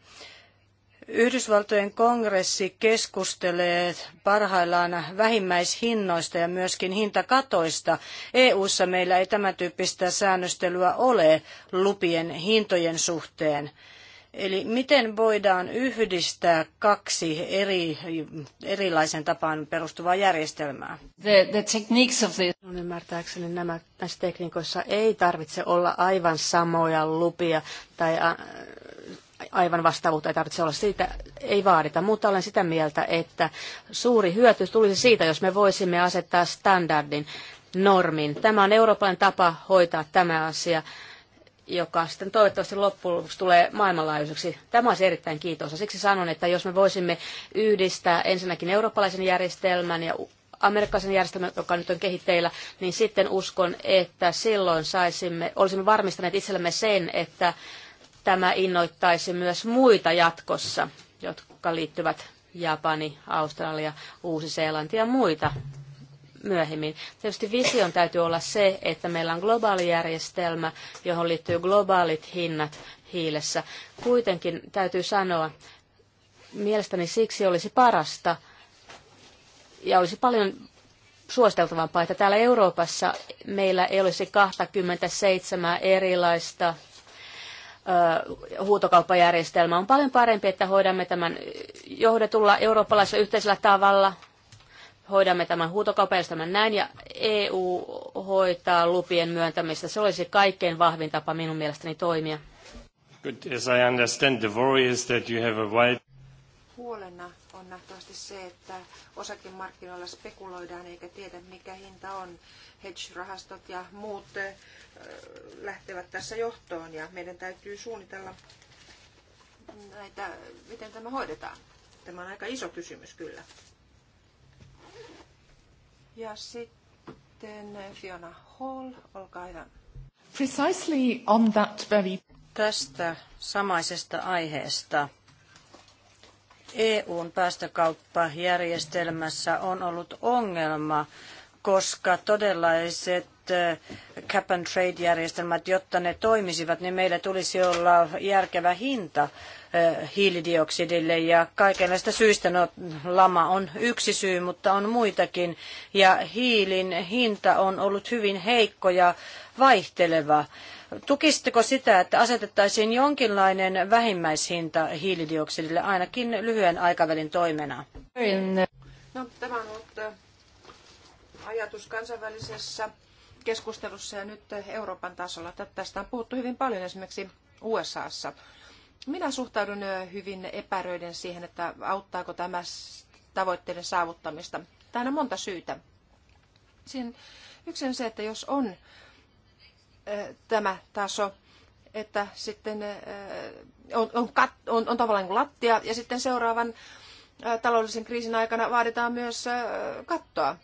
Yhdysvaltojen kongressi keskustelee parhaillaan vähimmäishinnoista ja myöskin hintakatoista. EU:ssa meillä ei tämän tyyppistä säännöstelyä ole lupien hintojen suhteen. Eli miten voidaan yhdistää kaksi eri, erilaisen tapaan perustuvaa järjestelmää? The, the techniques of this. ymmärtääkseni nämä, näissä tekniikoissa ei tarvitse olla aivan samoja lupia tai a, aivan vastaavuutta ei tarvitse olla. Siitä ei vaadita, mutta olen sitä mieltä, että suuri hyöty tulisi siitä, jos me voisimme asettaa standardin normin. Tämä on Euroopan tapa hoitaa tämä asia joka sitten toivottavasti loppujen lopuksi tulee maailmanlaajuiseksi. Tämä olisi erittäin kiitos. Siksi sanon, että jos me voisimme yhdistää ensinnäkin eurooppalaisen järjestelmän ja amerikkalaisen järjestelmän, joka nyt on kehitteillä, niin sitten uskon, että silloin saisimme, olisimme varmistaneet itsellemme sen, että tämä innoittaisi myös muita jatkossa, jotka liittyvät Japani, Australia, Uusi-Seelanti ja muita myöhemmin. Tietysti vision täytyy olla se, että meillä on globaali järjestelmä, johon liittyy globaalit hinnat hiilessä. Kuitenkin täytyy sanoa, mielestäni siksi olisi parasta ja olisi paljon suositeltavampaa, että täällä Euroopassa meillä ei olisi 27 erilaista huutokauppajärjestelmä. On paljon parempi, että hoidamme tämän johdetulla eurooppalaisella yhteisellä tavalla, hoidamme tämän huutokaupajärjestelmän näin ja EU hoitaa lupien myöntämistä. Se olisi kaikkein vahvin tapa minun mielestäni toimia. Good, as I understand, the worry is that you have a wide... Huolena on nähtävästi se, että osakemarkkinoilla spekuloidaan eikä tiedä mikä hinta on. Hedge-rahastot ja muut eh, lähtevät tässä johtoon ja meidän täytyy suunnitella näitä, miten tämä hoidetaan. Tämä on aika iso kysymys kyllä. Ja sitten Fiona Hall, olkaa hyvä. Precisely on that very... Tästä samaisesta aiheesta. EUn päästökauppajärjestelmässä on ollut ongelma koska todellaiset eh, cap and trade-järjestelmät, jotta ne toimisivat, niin meillä tulisi olla järkevä hinta eh, hiilidioksidille ja kaikenlaista syistä, no lama on yksi syy, mutta on muitakin. Ja hiilin hinta on ollut hyvin heikko ja vaihteleva. Tukisitteko sitä, että asetettaisiin jonkinlainen vähimmäishinta hiilidioksidille ainakin lyhyen aikavälin toimena? No, tämä on ollut ajatus kansainvälisessä keskustelussa ja nyt Euroopan tasolla. Tästä on puhuttu hyvin paljon esimerkiksi USAssa. Minä suhtaudun hyvin epäröiden siihen, että auttaako tämä tavoitteiden saavuttamista. Tähän on monta syytä. yksi on se, että jos on tämä taso, että sitten on, on, kat, on, on tavallaan niin kuin lattia ja sitten seuraavan taloudellisen kriisin aikana vaaditaan myös kattoa.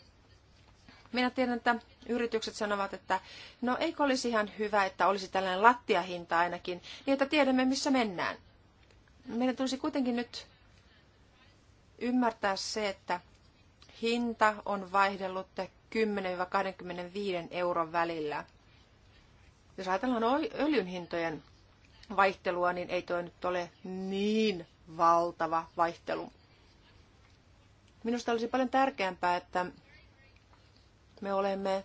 Minä tiedän, että yritykset sanovat, että no eikö olisi ihan hyvä, että olisi tällainen lattiahinta ainakin, niin että tiedämme, missä mennään. Meidän tulisi kuitenkin nyt ymmärtää se, että hinta on vaihdellut 10-25 euron välillä. Jos ajatellaan öljyn hintojen vaihtelua, niin ei tuo nyt ole niin valtava vaihtelu. Minusta olisi paljon tärkeämpää, että me olemme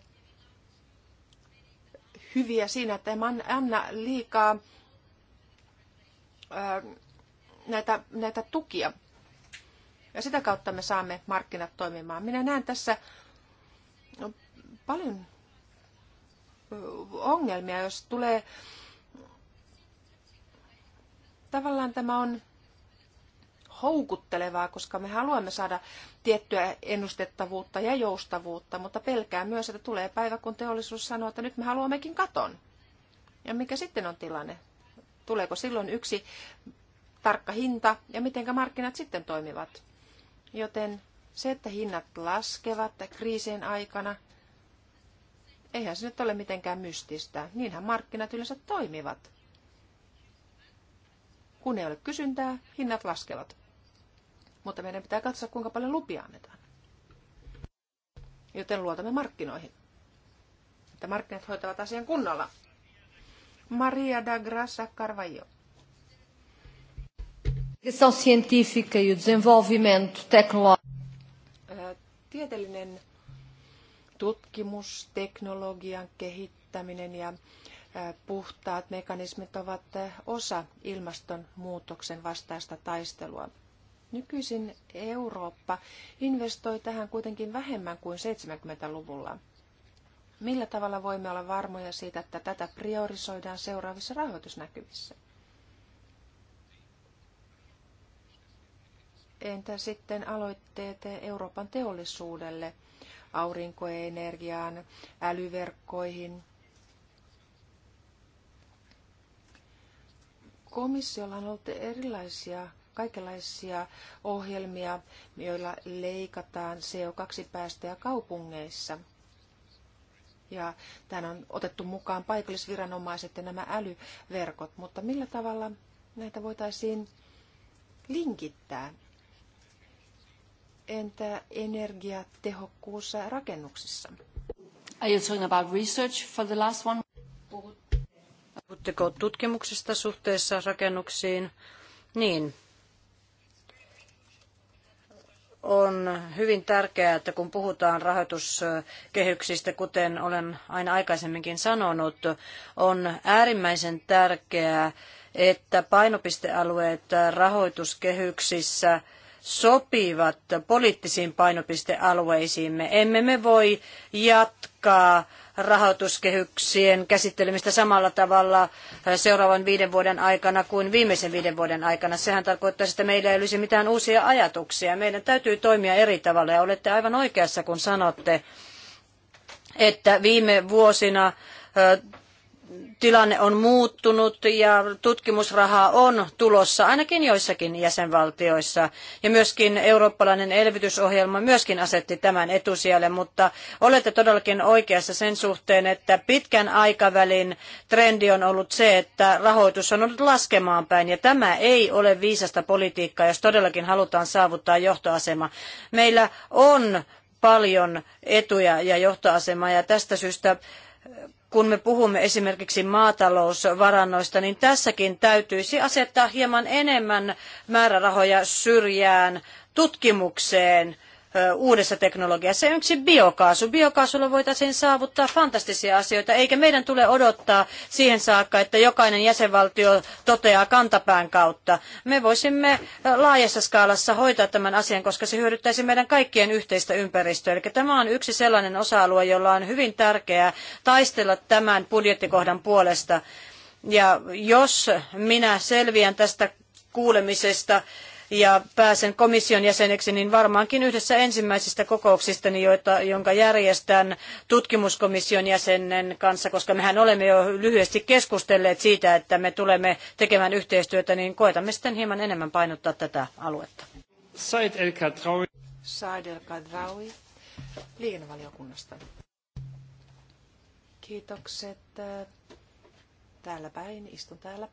hyviä siinä, että emme anna liikaa näitä, näitä tukia. Ja sitä kautta me saamme markkinat toimimaan. Minä näen tässä paljon ongelmia, jos tulee tavallaan tämä on houkuttelevaa, koska me haluamme saada tiettyä ennustettavuutta ja joustavuutta, mutta pelkään myös, että tulee päivä, kun teollisuus sanoo, että nyt me haluammekin katon. Ja mikä sitten on tilanne? Tuleeko silloin yksi tarkka hinta ja miten markkinat sitten toimivat? Joten se, että hinnat laskevat kriisien aikana, eihän se nyt ole mitenkään mystistä. Niinhän markkinat yleensä toimivat. Kun ei ole kysyntää, hinnat laskevat mutta meidän pitää katsoa, kuinka paljon lupia annetaan. Joten luotamme markkinoihin. Että markkinat hoitavat asian kunnolla. Maria da Graça Carvalho. Tieteellinen tutkimus, teknologian kehittäminen ja puhtaat mekanismit ovat osa ilmastonmuutoksen vastaista taistelua. Nykyisin Eurooppa investoi tähän kuitenkin vähemmän kuin 70-luvulla. Millä tavalla voimme olla varmoja siitä, että tätä priorisoidaan seuraavissa rahoitusnäkymissä? Entä sitten aloitteet Euroopan teollisuudelle, aurinkoenergiaan, älyverkkoihin? Komissiolla on ollut erilaisia kaikenlaisia ohjelmia, joilla leikataan CO2-päästöjä kaupungeissa. Ja tämän on otettu mukaan paikallisviranomaiset ja nämä älyverkot, mutta millä tavalla näitä voitaisiin linkittää? Entä energiatehokkuus rakennuksissa? Are you talking about research for the last one? Puhutteko tutkimuksista suhteessa rakennuksiin? Niin, on hyvin tärkeää, että kun puhutaan rahoituskehyksistä, kuten olen aina aikaisemminkin sanonut, on äärimmäisen tärkeää, että painopistealueet rahoituskehyksissä – sopivat poliittisiin painopistealueisiimme. Emme me voi jatkaa rahoituskehyksien käsittelemistä samalla tavalla seuraavan viiden vuoden aikana kuin viimeisen viiden vuoden aikana. Sehän tarkoittaa, että meillä ei olisi mitään uusia ajatuksia. Meidän täytyy toimia eri tavalla ja olette aivan oikeassa, kun sanotte, että viime vuosina tilanne on muuttunut ja tutkimusrahaa on tulossa ainakin joissakin jäsenvaltioissa. Ja myöskin eurooppalainen elvytysohjelma myöskin asetti tämän etusijalle, mutta olette todellakin oikeassa sen suhteen, että pitkän aikavälin trendi on ollut se, että rahoitus on ollut laskemaan päin ja tämä ei ole viisasta politiikkaa, jos todellakin halutaan saavuttaa johtoasema. Meillä on paljon etuja ja johtoasemaa ja tästä syystä kun me puhumme esimerkiksi maatalousvarannoista, niin tässäkin täytyisi asettaa hieman enemmän määrärahoja syrjään tutkimukseen – uudessa teknologiassa. Ja yksi biokaasu. Biokaasulla voitaisiin saavuttaa fantastisia asioita, eikä meidän tule odottaa siihen saakka, että jokainen jäsenvaltio toteaa kantapään kautta. Me voisimme laajassa skaalassa hoitaa tämän asian, koska se hyödyttäisi meidän kaikkien yhteistä ympäristöä. Eli tämä on yksi sellainen osa-alue, jolla on hyvin tärkeää taistella tämän budjettikohdan puolesta. Ja jos minä selviän tästä kuulemisesta ja pääsen komission jäseneksi, niin varmaankin yhdessä ensimmäisistä kokouksistani, jonka järjestän tutkimuskomission jäsenen kanssa, koska mehän olemme jo lyhyesti keskustelleet siitä, että me tulemme tekemään yhteistyötä, niin koetamme sitten hieman enemmän painottaa tätä aluetta. Said El Kadraoui. Said El Kadraoui liikennevaliokunnasta. Kiitokset. Täällä päin, istun täällä.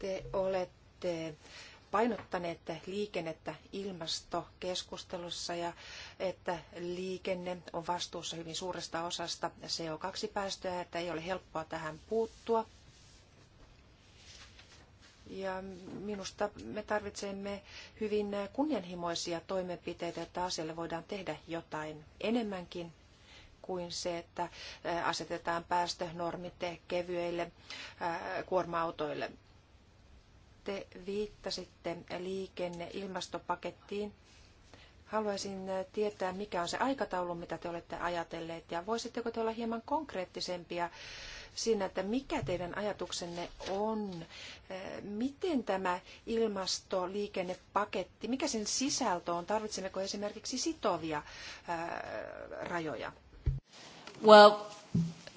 Te olette painottaneet liikennettä ilmastokeskustelussa ja että liikenne on vastuussa hyvin suuresta osasta CO2-päästöjä, että ei ole helppoa tähän puuttua. Ja minusta me tarvitsemme hyvin kunnianhimoisia toimenpiteitä, että asialle voidaan tehdä jotain enemmänkin kuin se, että asetetaan päästönormit kevyille kuorma-autoille. Te viittasitte liikenne-ilmastopakettiin. Haluaisin äh, tietää, mikä on se aikataulu, mitä te olette ajatelleet, ja voisitteko te olla hieman konkreettisempia siinä, että mikä teidän ajatuksenne on, äh, miten tämä ilmastoliikennepaketti, mikä sen sisältö on, tarvitsemmeko esimerkiksi sitovia äh, rajoja? Well,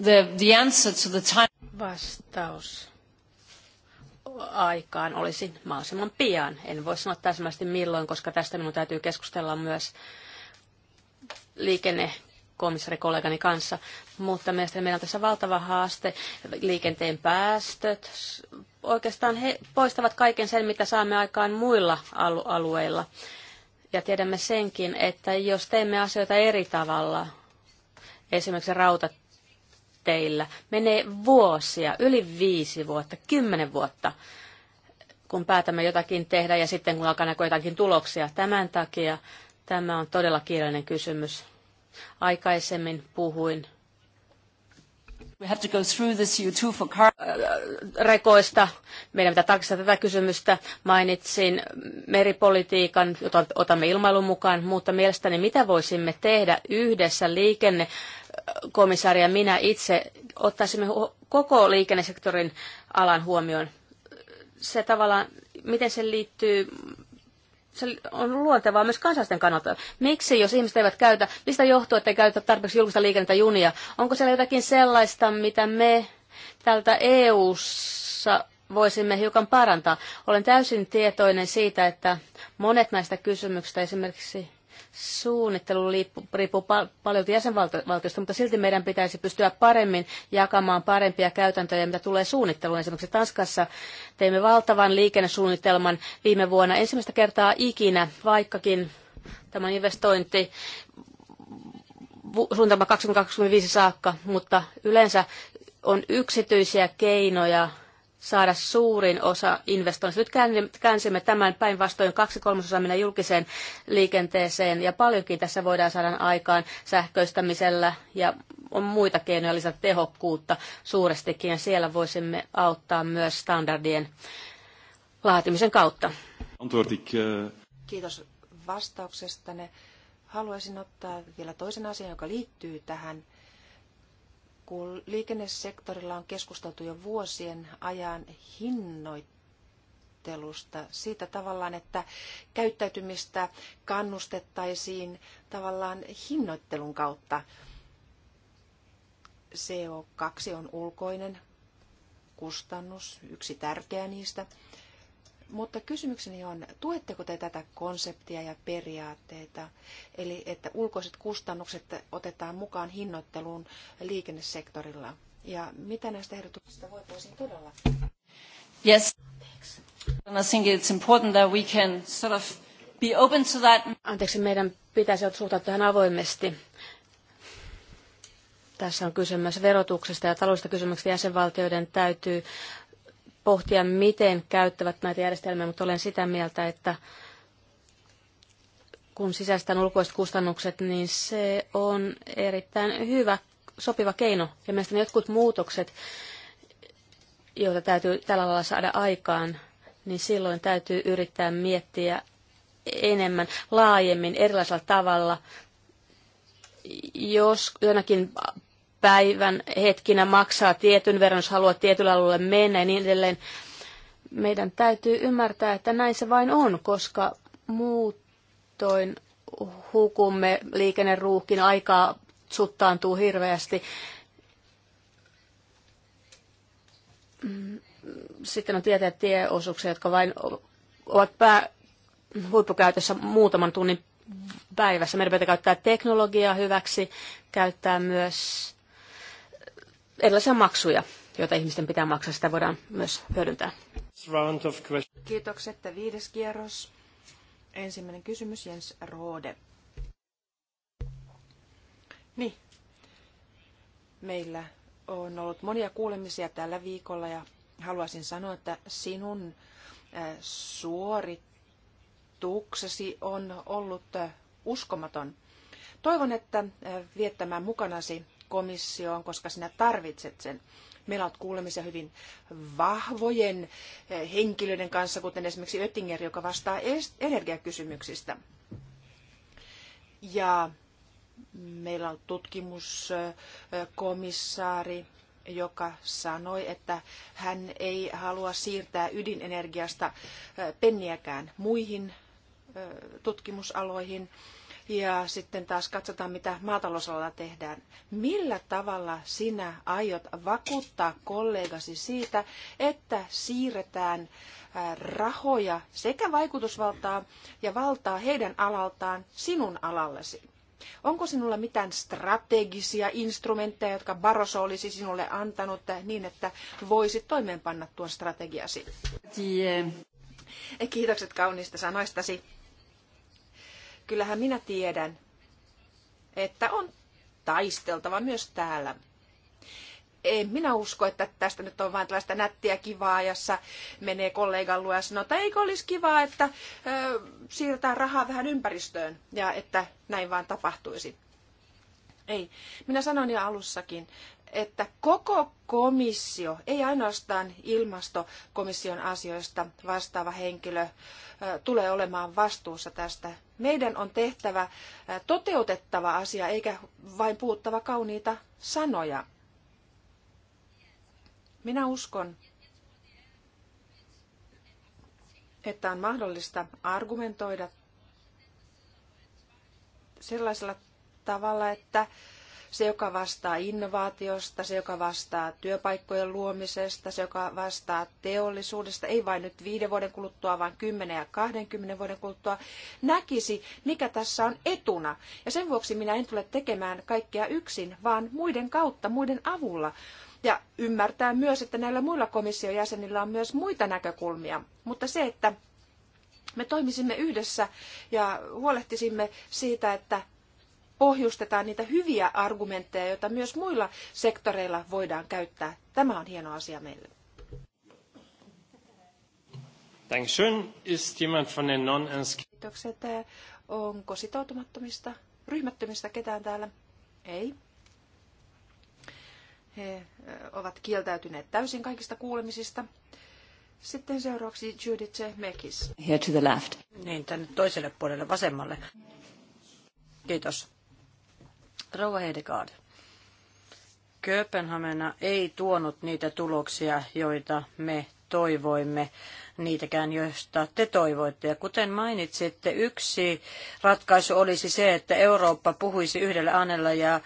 the, the answer to the time... Vastaus aikaan olisi mahdollisimman pian. En voi sanoa täsmästi milloin, koska tästä minun täytyy keskustella myös liikennekomissarikollegani kanssa. Mutta mielestäni meillä on tässä valtava haaste. Liikenteen päästöt oikeastaan he poistavat kaiken sen, mitä saamme aikaan muilla alueilla. Ja tiedämme senkin, että jos teemme asioita eri tavalla, esimerkiksi rautat teillä menee vuosia, yli viisi vuotta, kymmenen vuotta, kun päätämme jotakin tehdä ja sitten kun alkaa näkyä jotakin tuloksia. Tämän takia tämä on todella kiireinen kysymys. Aikaisemmin puhuin We have to go through this U2 for car- äh, rekoista. Meidän pitää tarkistaa tätä kysymystä. Mainitsin meripolitiikan, jota otamme ilmailun mukaan, mutta mielestäni mitä voisimme tehdä yhdessä liikenne komissaari ja minä itse ottaisimme koko liikennesektorin alan huomioon. Se tavallaan, miten se liittyy se on luontevaa myös kansalaisten kannalta. Miksi, jos ihmiset eivät käytä, mistä johtuu, että ei käytä tarpeeksi julkista liikennettä junia? Onko siellä jotakin sellaista, mitä me tältä EU-ssa voisimme hiukan parantaa? Olen täysin tietoinen siitä, että monet näistä kysymyksistä, esimerkiksi suunnittelu riippuu paljon jäsenvaltiosta, mutta silti meidän pitäisi pystyä paremmin jakamaan parempia käytäntöjä, mitä tulee suunnitteluun. Esimerkiksi Tanskassa teimme valtavan liikennesuunnitelman viime vuonna ensimmäistä kertaa ikinä, vaikkakin tämä investointi suunnitelma 2025 saakka, mutta yleensä on yksityisiä keinoja saada suurin osa investoinnista. Nyt käänsimme tämän päinvastoin kaksi kolmasosaa mennä julkiseen liikenteeseen ja paljonkin tässä voidaan saada aikaan sähköistämisellä ja on muita keinoja lisätä tehokkuutta suurestikin ja siellä voisimme auttaa myös standardien laatimisen kautta. Eh. Kiitos vastauksestanne. Haluaisin ottaa vielä toisen asian, joka liittyy tähän – kun liikennesektorilla on keskusteltu jo vuosien ajan hinnoittelusta, siitä tavallaan, että käyttäytymistä kannustettaisiin tavallaan hinnoittelun kautta. CO2 on ulkoinen kustannus, yksi tärkeä niistä. Mutta kysymykseni on, tuetteko te tätä konseptia ja periaatteita, eli että ulkoiset kustannukset otetaan mukaan hinnoitteluun liikennesektorilla? Ja mitä näistä ehdotuksista voitaisiin todella? Yes. And I think it's important that we can sort of be open to that. Anteeksi, meidän pitäisi suhtautua tähän avoimesti. Tässä on kysymys verotuksesta ja taloudellisesta kysymyksestä. Jäsenvaltioiden täytyy pohtia, miten käyttävät näitä järjestelmiä, mutta olen sitä mieltä, että kun sisäistään ulkoiset kustannukset, niin se on erittäin hyvä, sopiva keino. Ja mielestäni jotkut muutokset, joita täytyy tällä lailla saada aikaan, niin silloin täytyy yrittää miettiä enemmän, laajemmin, erilaisella tavalla. Jos jonakin päivän hetkinä maksaa tietyn verran, jos haluaa tietyllä alueella mennä ja niin edelleen. Meidän täytyy ymmärtää, että näin se vain on, koska muutoin hukumme liikenneruuhkin aikaa suttaantuu hirveästi. Sitten on tietää tieosuuksia, jotka vain ovat pää, huippukäytössä muutaman tunnin päivässä. Meidän pitää käyttää teknologiaa hyväksi, käyttää myös erilaisia maksuja, joita ihmisten pitää maksaa. Sitä voidaan myös hyödyntää. Kiitokset. Viides kierros. Ensimmäinen kysymys Jens Rode. Niin. Meillä on ollut monia kuulemisia tällä viikolla ja haluaisin sanoa, että sinun äh, suorituksesi on ollut äh, uskomaton. Toivon, että äh, viettämään mukanasi komissioon, koska sinä tarvitset sen. Meillä on kuulemisia hyvin vahvojen eh, henkilöiden kanssa, kuten esimerkiksi Oettinger, joka vastaa energiakysymyksistä. Ja meillä on tutkimuskomissaari, eh, joka sanoi, että hän ei halua siirtää ydinenergiasta eh, penniäkään muihin tutkimusaloihin ja sitten taas katsotaan, mitä maatalousalalla tehdään. Millä tavalla sinä aiot vakuuttaa kollegasi siitä, että siirretään rahoja sekä vaikutusvaltaa ja valtaa heidän alaltaan sinun alallesi? Onko sinulla mitään strategisia instrumentteja, jotka Barroso olisi sinulle antanut niin, että voisit toimeenpanna tuon strategiasi? Yeah. Kiitokset kauniista sanoistasi. Kyllähän minä tiedän, että on taisteltava myös täällä. En minä usko, että tästä nyt on vain tällaista nättiä kivaa, jossa menee kollegan luo ja sanoo, että eikö olisi kivaa, että ö, siirretään rahaa vähän ympäristöön ja että näin vaan tapahtuisi. Ei. Minä sanoin jo alussakin, että koko komissio, ei ainoastaan ilmastokomission asioista vastaava henkilö, tulee olemaan vastuussa tästä. Meidän on tehtävä toteutettava asia, eikä vain puhuttava kauniita sanoja. Minä uskon, että on mahdollista argumentoida sellaisella tavalla, että se, joka vastaa innovaatiosta, se, joka vastaa työpaikkojen luomisesta, se, joka vastaa teollisuudesta, ei vain nyt viiden vuoden kuluttua, vaan kymmenen ja 20 vuoden kuluttua, näkisi, mikä tässä on etuna. Ja sen vuoksi minä en tule tekemään kaikkea yksin, vaan muiden kautta, muiden avulla. Ja ymmärtää myös, että näillä muilla komission jäsenillä on myös muita näkökulmia. Mutta se, että me toimisimme yhdessä ja huolehtisimme siitä, että pohjustetaan niitä hyviä argumentteja, joita myös muilla sektoreilla voidaan käyttää. Tämä on hieno asia meille. Dankeschön. Ist jemand von den non Kiitokset. Onko sitoutumattomista, ryhmättömistä ketään täällä? Ei. He ovat kieltäytyneet täysin kaikista kuulemisista. Sitten seuraavaksi Judith Mekis. Here to the left. Niin, tänne toiselle puolelle vasemmalle. Kiitos. Rouva Hedegaard. Kööpenhamena ei tuonut niitä tuloksia, joita me toivoimme, niitäkään, joista te toivoitte. Ja kuten mainitsitte, yksi ratkaisu olisi se, että Eurooppa puhuisi yhdellä äänellä ja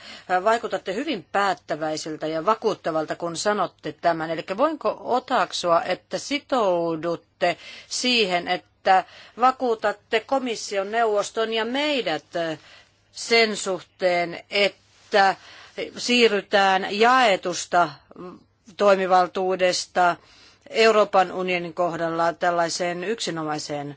vaikutatte hyvin päättäväiseltä ja vakuuttavalta, kun sanotte tämän. Eli voinko otaksua, että sitoudutte siihen, että vakuutatte komission, neuvoston ja meidät sen suhteen, että siirrytään jaetusta toimivaltuudesta Euroopan unionin kohdalla tällaiseen yksinomaiseen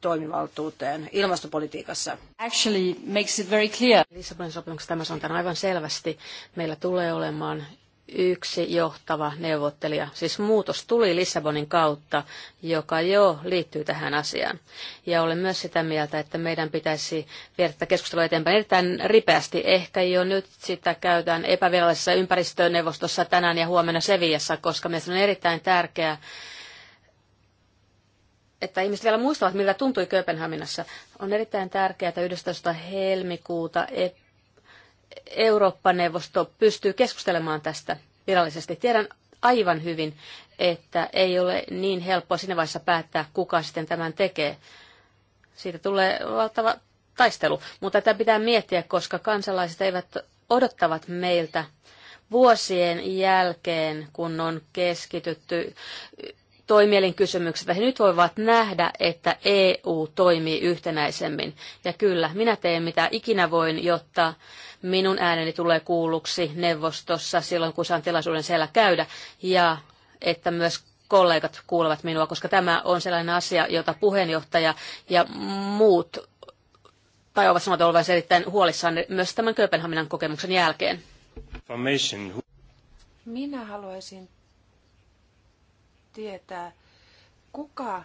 toimivaltuuteen ilmastopolitiikassa? Actually makes it very clear. Lissabonin sopimuksessa tämä sanotaan aivan selvästi. Meillä tulee olemaan yksi johtava neuvottelija. Siis muutos tuli Lissabonin kautta, joka jo liittyy tähän asiaan. Ja olen myös sitä mieltä, että meidän pitäisi viedä tätä keskustelua eteenpäin erittäin ripeästi. Ehkä jo nyt sitä käytään epävirallisessa ympäristöneuvostossa tänään ja huomenna Seviassa, koska mielestäni on erittäin tärkeää, että ihmiset vielä muistavat, miltä tuntui Kööpenhaminassa. On erittäin tärkeää, että 11. helmikuuta Eurooppa-neuvosto pystyy keskustelemaan tästä virallisesti. Tiedän aivan hyvin, että ei ole niin helppoa siinä vaiheessa päättää, kuka sitten tämän tekee. Siitä tulee valtava taistelu, mutta tätä pitää miettiä, koska kansalaiset eivät odottavat meiltä vuosien jälkeen, kun on keskitytty toimielin kysymyksestä. He nyt voivat nähdä, että EU toimii yhtenäisemmin. Ja kyllä, minä teen mitä ikinä voin, jotta minun ääneni tulee kuulluksi neuvostossa silloin, kun saan tilaisuuden siellä käydä. Ja että myös kollegat kuulevat minua, koska tämä on sellainen asia, jota puheenjohtaja ja muut tai ovat samat olevansa erittäin huolissaan myös tämän Kööpenhaminan kokemuksen jälkeen. Minä haluaisin tietää, kuka,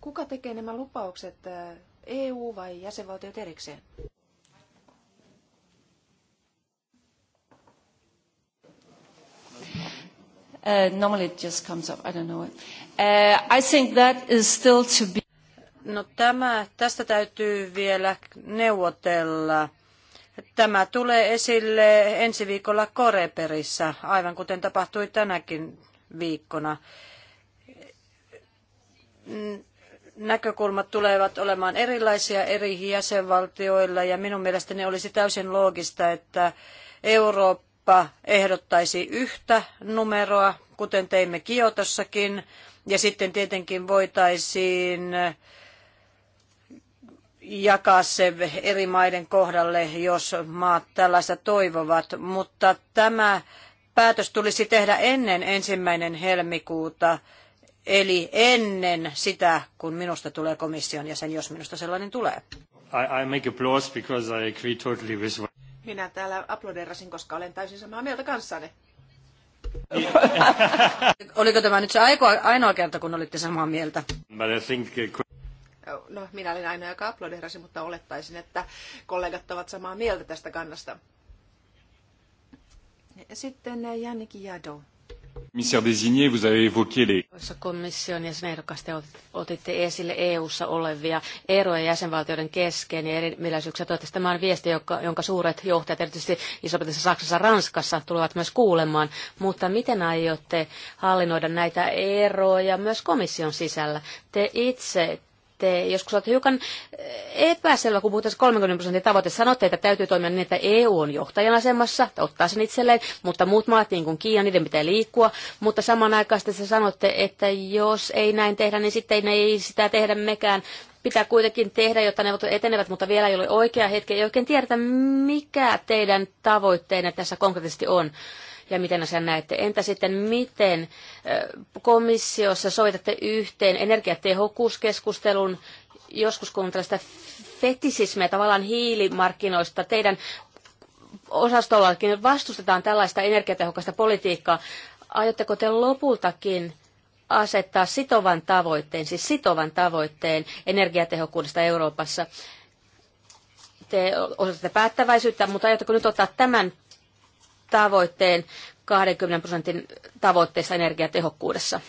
kuka tekee nämä lupaukset, EU vai jäsenvaltiot erikseen? Uh, normally it just comes up. I don't know it. Uh, I think that is still to be. No tämä, tästä täytyy vielä neuvotella. Tämä tulee esille ensi viikolla Koreperissä, aivan kuten tapahtui tänäkin viikkona. Näkökulmat tulevat olemaan erilaisia eri jäsenvaltioilla ja minun mielestäni olisi täysin loogista, että Eurooppa ehdottaisi yhtä numeroa, kuten teimme Kiotossakin, ja sitten tietenkin voitaisiin jakaa se eri maiden kohdalle, jos maat tällaista toivovat, mutta tämä päätös tulisi tehdä ennen ensimmäinen helmikuuta, eli ennen sitä, kun minusta tulee komission jäsen, jos minusta sellainen tulee. I, I make applause because I agree totally with what... Minä täällä aplodeerasin, koska olen täysin samaa mieltä kanssanne. *laughs* Oliko tämä nyt se ainoa kerta, kun olitte samaa mieltä? But I think... Uh, No, minä olin ainoa, joka aplodeerasi, mutta olettaisin, että kollegat ovat samaa mieltä tästä kannasta. Sitten eh, Jannikin Jado. Commissaire désigné, vous avez évoqué les... Komission jäsenehdokkaasti otitte esille EU-ssa olevia eroja jäsenvaltioiden kesken ja erimielisyyksiä. Toivottavasti tämä on viesti, joka, jonka suuret johtajat, erityisesti iso Saksassa ja Ranskassa, tulevat myös kuulemaan. Mutta miten aiotte hallinnoida näitä eroja myös komission sisällä? Te itse lähtee. Joskus olet hiukan eh, epäselvä, kun puhutaan 30 prosentin tavoite. Sanotte, että täytyy toimia niin, että EU on johtajan asemassa, että ottaa sen itselleen, mutta muut maat, niin kuin Kiina, niiden pitää liikkua. Mutta samanaikaisesti sitten sanotte, että jos ei näin tehdä, niin sitten ei sitä tehdä mekään pitää kuitenkin tehdä, jotta ne etenevät, mutta vielä ei ole oikea hetki. Ei oikein tiedetä, mikä teidän tavoitteenne tässä konkreettisesti on ja miten asian näette? Entä sitten miten komissiossa soitatte yhteen energiatehokkuuskeskustelun joskus kun tällaista fetisismeä tavallaan hiilimarkkinoista teidän osastollakin vastustetaan tällaista energiatehokasta politiikkaa. Aiotteko te lopultakin asettaa sitovan tavoitteen, siis sitovan tavoitteen energiatehokkuudesta Euroopassa? Te osoitatte päättäväisyyttä, mutta aiotteko nyt ottaa tämän tavoitteen 20 prosentin tavoitteessa energiatehokkuudessa?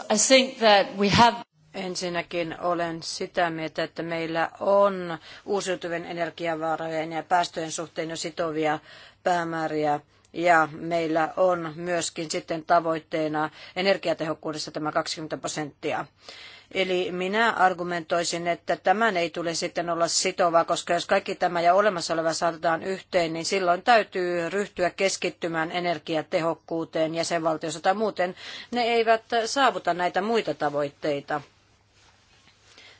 I think that we have... Ensinnäkin olen sitä mieltä, että meillä on uusiutuvien energiavarojen ja päästöjen suhteen jo sitovia päämääriä ja meillä on myöskin sitten tavoitteena energiatehokkuudessa tämä 20 prosenttia. Eli minä argumentoisin, että tämän ei tule sitten olla sitovaa, koska jos kaikki tämä ja olemassa oleva saatetaan yhteen, niin silloin täytyy ryhtyä keskittymään energiatehokkuuteen jäsenvaltiossa tai muuten ne eivät saavuta näitä muita tavoitteita.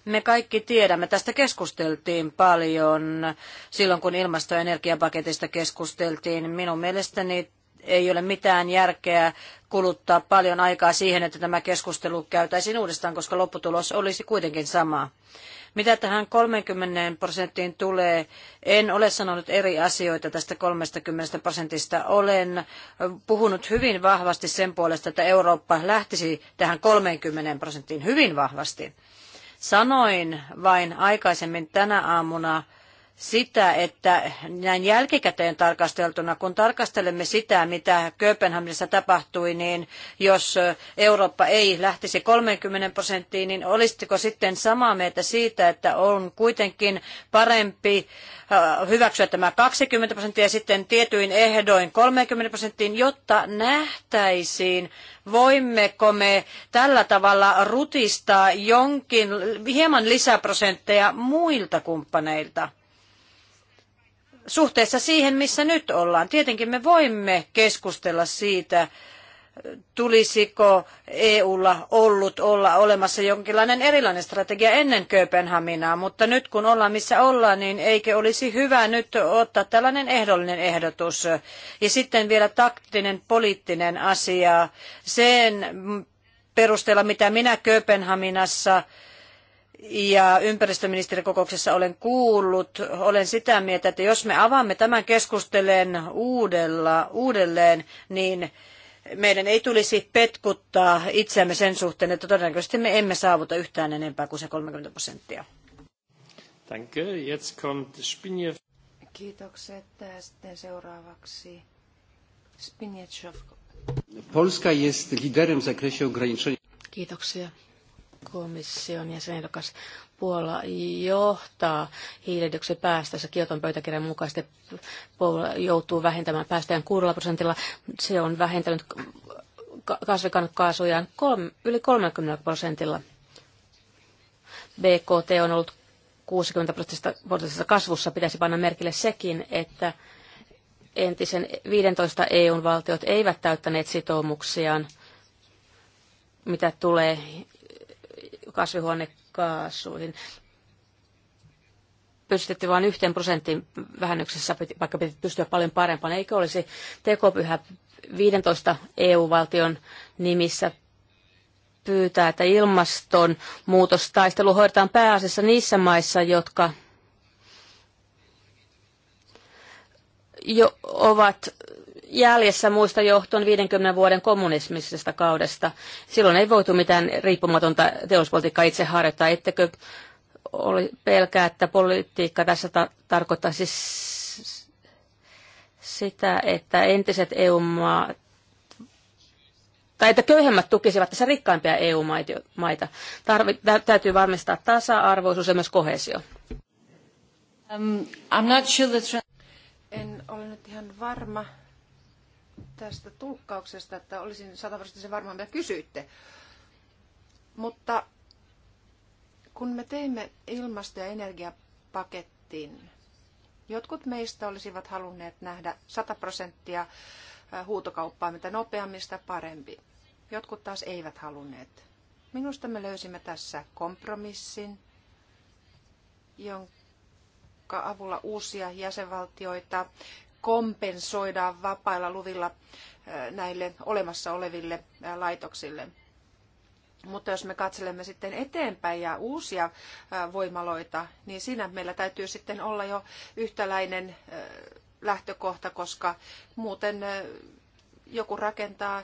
Me kaikki tiedämme, tästä keskusteltiin paljon silloin, kun ilmasto- ja energiapaketista keskusteltiin. Minun mielestäni ei ole mitään järkeä kuluttaa paljon aikaa siihen, että tämä keskustelu käytäisiin uudestaan, koska lopputulos olisi kuitenkin sama. Mitä tähän 30 prosenttiin tulee, en ole sanonut eri asioita tästä 30 prosentista. Olen puhunut hyvin vahvasti sen puolesta, että Eurooppa lähtisi tähän 30 prosenttiin hyvin vahvasti. Sanoin vain aikaisemmin tänä aamuna, sitä, että näin jälkikäteen tarkasteltuna, kun tarkastelemme sitä, mitä Kööpenhaminassa tapahtui, niin jos Eurooppa ei lähtisi 30 prosenttiin, niin olisitko sitten samaa mieltä siitä, että on kuitenkin parempi äh, hyväksyä tämä 20 prosenttia ja sitten tietyin ehdoin 30 prosenttiin, jotta nähtäisiin, voimmeko me tällä tavalla rutistaa jonkin hieman lisäprosentteja muilta kumppaneilta? suhteessa siihen, missä nyt ollaan. Tietenkin me voimme keskustella siitä, tulisiko EUlla ollut olla olemassa jonkinlainen erilainen strategia ennen Kööpenhaminaa, mutta nyt kun ollaan missä ollaan, niin eikö olisi hyvä nyt ottaa tällainen ehdollinen ehdotus. Ja sitten vielä taktinen poliittinen asia. Sen perusteella, mitä minä Kööpenhaminassa ja ympäristöministerikokouksessa olen kuullut, olen sitä mieltä, että jos me avaamme tämän keskusteleen uudella, uudelleen, niin meidän ei tulisi petkuttaa itseämme sen suhteen, että todennäköisesti me emme saavuta yhtään enempää kuin se 30 prosenttia. Danke, jetzt kommt Spinjev. Kiitokset. Sitten seuraavaksi Spinjetschow. Polska jest liderem w zakresie ograniczenia. Kiitoksia komission jäsenehdokas Puola johtaa hiilidioksidin päästössä Kioton pöytäkirjan mukaisesti. Puola joutuu vähentämään päästöjään 6 prosentilla. Se on vähentänyt kasvikannekaasujaan yli 30 prosentilla. BKT on ollut 60 prosentissa kasvussa. Pitäisi panna merkille sekin, että entisen 15 EUn valtiot eivät täyttäneet sitoumuksiaan, mitä tulee kasvihuonekaasuihin. pystytti vain yhteen prosentin vähennyksessä, vaikka piti pystyä paljon parempaan. Eikö olisi tekopyhä 15 EU-valtion nimissä pyytää, että ilmastonmuutostaistelu hoidetaan pääasiassa niissä maissa, jotka jo ovat jäljessä muista johtuen 50 vuoden kommunismisesta kaudesta. Silloin ei voitu mitään riippumatonta teollisuuspolitiikkaa itse harjoittaa. Ettekö oli pelkää, että politiikka tässä ta- tarkoittaa siis sitä, että entiset EU-maat tai että köyhemmät tukisivat tässä rikkaimpia EU-maita. Tarvi, täytyy varmistaa tasa-arvoisuus ja myös kohesio. Um, I'm not sure the en ole nyt ihan varma tästä tulkkauksesta, että olisin sataprosenttisen varma, mitä kysyitte. Mutta kun me teimme ilmasto- ja energiapakettiin, jotkut meistä olisivat halunneet nähdä 100 prosenttia huutokauppaa, mitä nopeammin parempi. Jotkut taas eivät halunneet. Minusta me löysimme tässä kompromissin, jonka avulla uusia jäsenvaltioita kompensoidaan vapailla luvilla näille olemassa oleville laitoksille. Mutta jos me katselemme sitten eteenpäin ja uusia voimaloita, niin siinä meillä täytyy sitten olla jo yhtäläinen lähtökohta, koska muuten joku rakentaa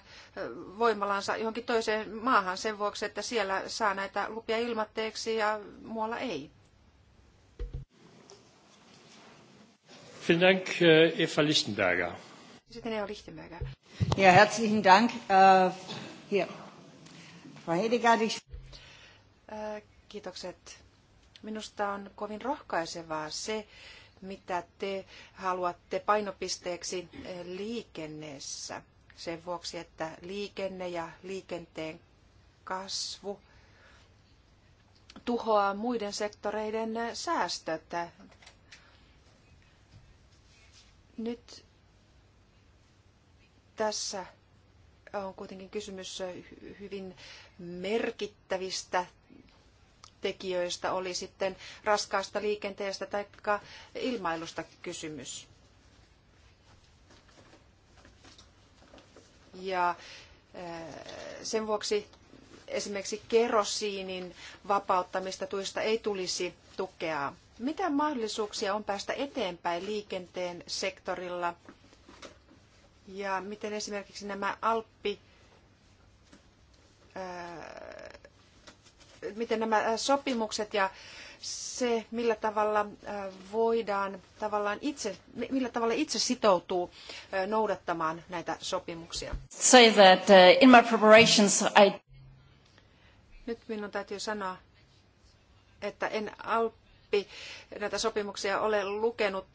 voimalansa johonkin toiseen maahan sen vuoksi, että siellä saa näitä lupia ilmatteeksi ja muualla ei. Vielen Dank, äh, Eva Lichtenberger. Sitten Eva Lichtenberger. Ja, herzlichen Dank. Äh, hier. Frau Hedegaard, ich... Äh, kiitokset. Minusta on kovin rohkaisevaa se, mitä te haluatte painopisteeksi äh, liikenneessä. Sen vuoksi, että liikenne ja liikenteen kasvu tuhoaa muiden sektoreiden säästöt. Nyt tässä on kuitenkin kysymys hyvin merkittävistä tekijöistä, oli sitten raskaasta liikenteestä tai ilmailusta kysymys. Ja eh, sen vuoksi esimerkiksi kerosiinin vapauttamista tuista ei tulisi tukea mitä mahdollisuuksia on päästä eteenpäin liikenteen sektorilla ja miten esimerkiksi nämä Alppi, ää, miten nämä sopimukset ja se, millä tavalla voidaan tavallaan itse, millä tavalla itse sitoutuu noudattamaan näitä sopimuksia. Say that uh, in my preparations I... Nyt minun täytyy sanoa, että en Alppi Koppi näitä sopimuksia olen lukenut,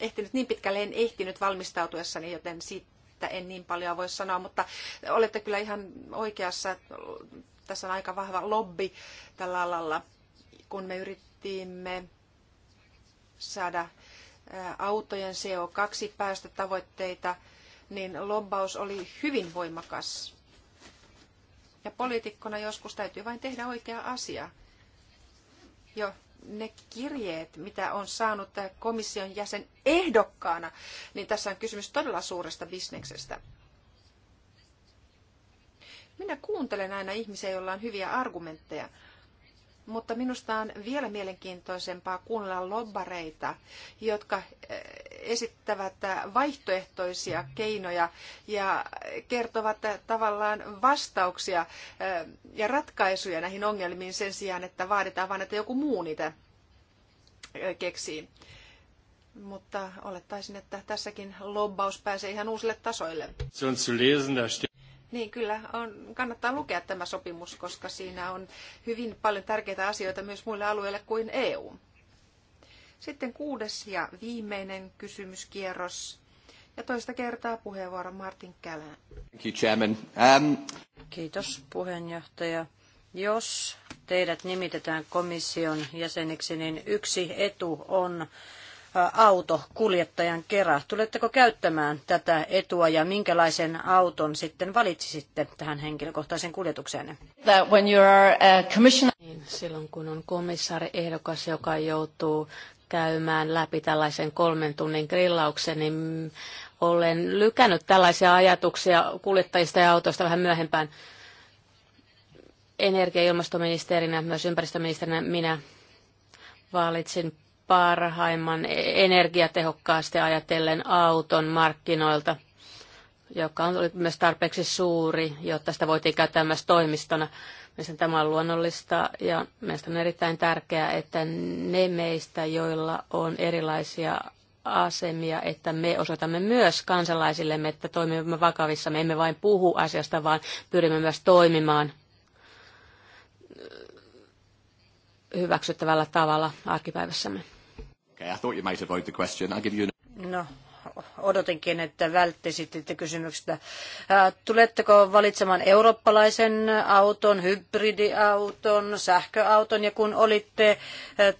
ehtinyt niin pitkälle, en ehtinyt valmistautuessani, joten siitä en niin paljon voi sanoa, mutta olette kyllä ihan oikeassa, tässä on aika vahva lobby tällä alalla, kun me yritimme saada autojen CO2-päästötavoitteita, niin lobbaus oli hyvin voimakas. Ja poliitikkona joskus täytyy vain tehdä oikea asia jo ne kirjeet, mitä on saanut komission jäsen ehdokkaana, niin tässä on kysymys todella suuresta bisneksestä. Minä kuuntelen aina ihmisiä, joilla on hyviä argumentteja – mutta minusta on vielä mielenkiintoisempaa kuunnella lobbareita, jotka eh, esittävät eh, vaihtoehtoisia keinoja ja kertovat eh, tavallaan vastauksia ja ratkaisuja näihin ongelmiin sen sijaan, että vaaditaan vain, että joku muu niitä keksii. Mutta olettaisin, että tässäkin lobbaus pääsee ihan uusille tasoille. Niin kyllä, on, kannattaa lukea tämä sopimus, koska siinä on hyvin paljon tärkeitä asioita myös muille alueille kuin EU. Sitten kuudes ja viimeinen kysymyskierros. Ja toista kertaa puheenvuoro Martin Kälän. Um, Kiitos puheenjohtaja. Jos teidät nimitetään komission jäseniksi, niin yksi etu on autokuljettajan kera. Tuletteko käyttämään tätä etua ja minkälaisen auton sitten valitsisitte tähän henkilökohtaisen kuljetukseen? Niin, silloin kun on komissaari ehdokas, joka joutuu käymään läpi tällaisen kolmen tunnin grillauksen, niin olen lykännyt tällaisia ajatuksia kuljettajista ja autoista vähän myöhempään. Energia- ja ilmastoministerinä, myös ympäristöministerinä minä valitsin parhaimman energiatehokkaasti ajatellen auton markkinoilta, joka on ollut myös tarpeeksi suuri, jotta sitä voitiin käyttää myös toimistona. Mielestäni tämä on luonnollista ja mielestäni on erittäin tärkeää, että ne meistä, joilla on erilaisia asemia, että me osoitamme myös kansalaisillemme, että toimimme vakavissa. Me emme vain puhu asiasta, vaan pyrimme myös toimimaan hyväksyttävällä tavalla arkipäivässämme. Okay, I thought you might avoid the question. I'll give you... No, odotinkin, että välttisitte kysymyksestä. Tuletteko valitsemaan eurooppalaisen auton, hybridiauton, sähköauton ja kun olitte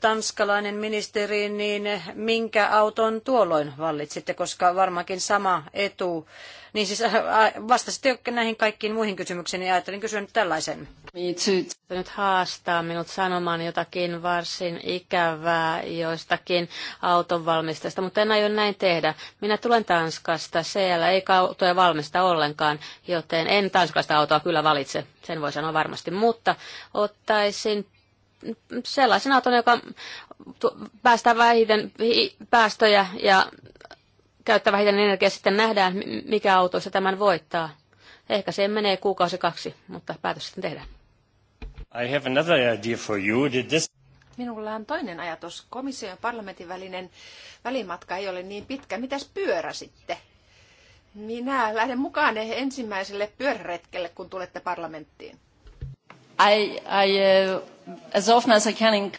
tanskalainen ministeri, niin minkä auton tuolloin valitsitte, koska varmaankin sama etu niin siis äh, äh, vastasitte jo näihin kaikkiin muihin kysymyksiin ja niin ajattelin kysyä nyt tällaisen. Nyt haastaa minut sanomaan jotakin varsin ikävää joistakin autonvalmistajista, mutta en aio näin tehdä. Minä tulen Tanskasta, siellä ei autoja valmista ollenkaan, joten en Tanskasta autoa kyllä valitse, sen voi sanoa varmasti, mutta ottaisin sellaisen auton, joka päästää vähiten päästöjä ja käyttää vähiten energiaa, sitten nähdään, mikä autoissa tämän voittaa. Ehkä se menee kuukausi kaksi, mutta päätös sitten tehdään. I have another idea for you. Did this... Minulla on toinen ajatus. Komission ja parlamentin välinen välimatka ei ole niin pitkä. Mitäs pyörä sitten? Minä lähden mukaan ensimmäiselle pyöräretkelle, kun tulette parlamenttiin. I, I, uh, as often as I can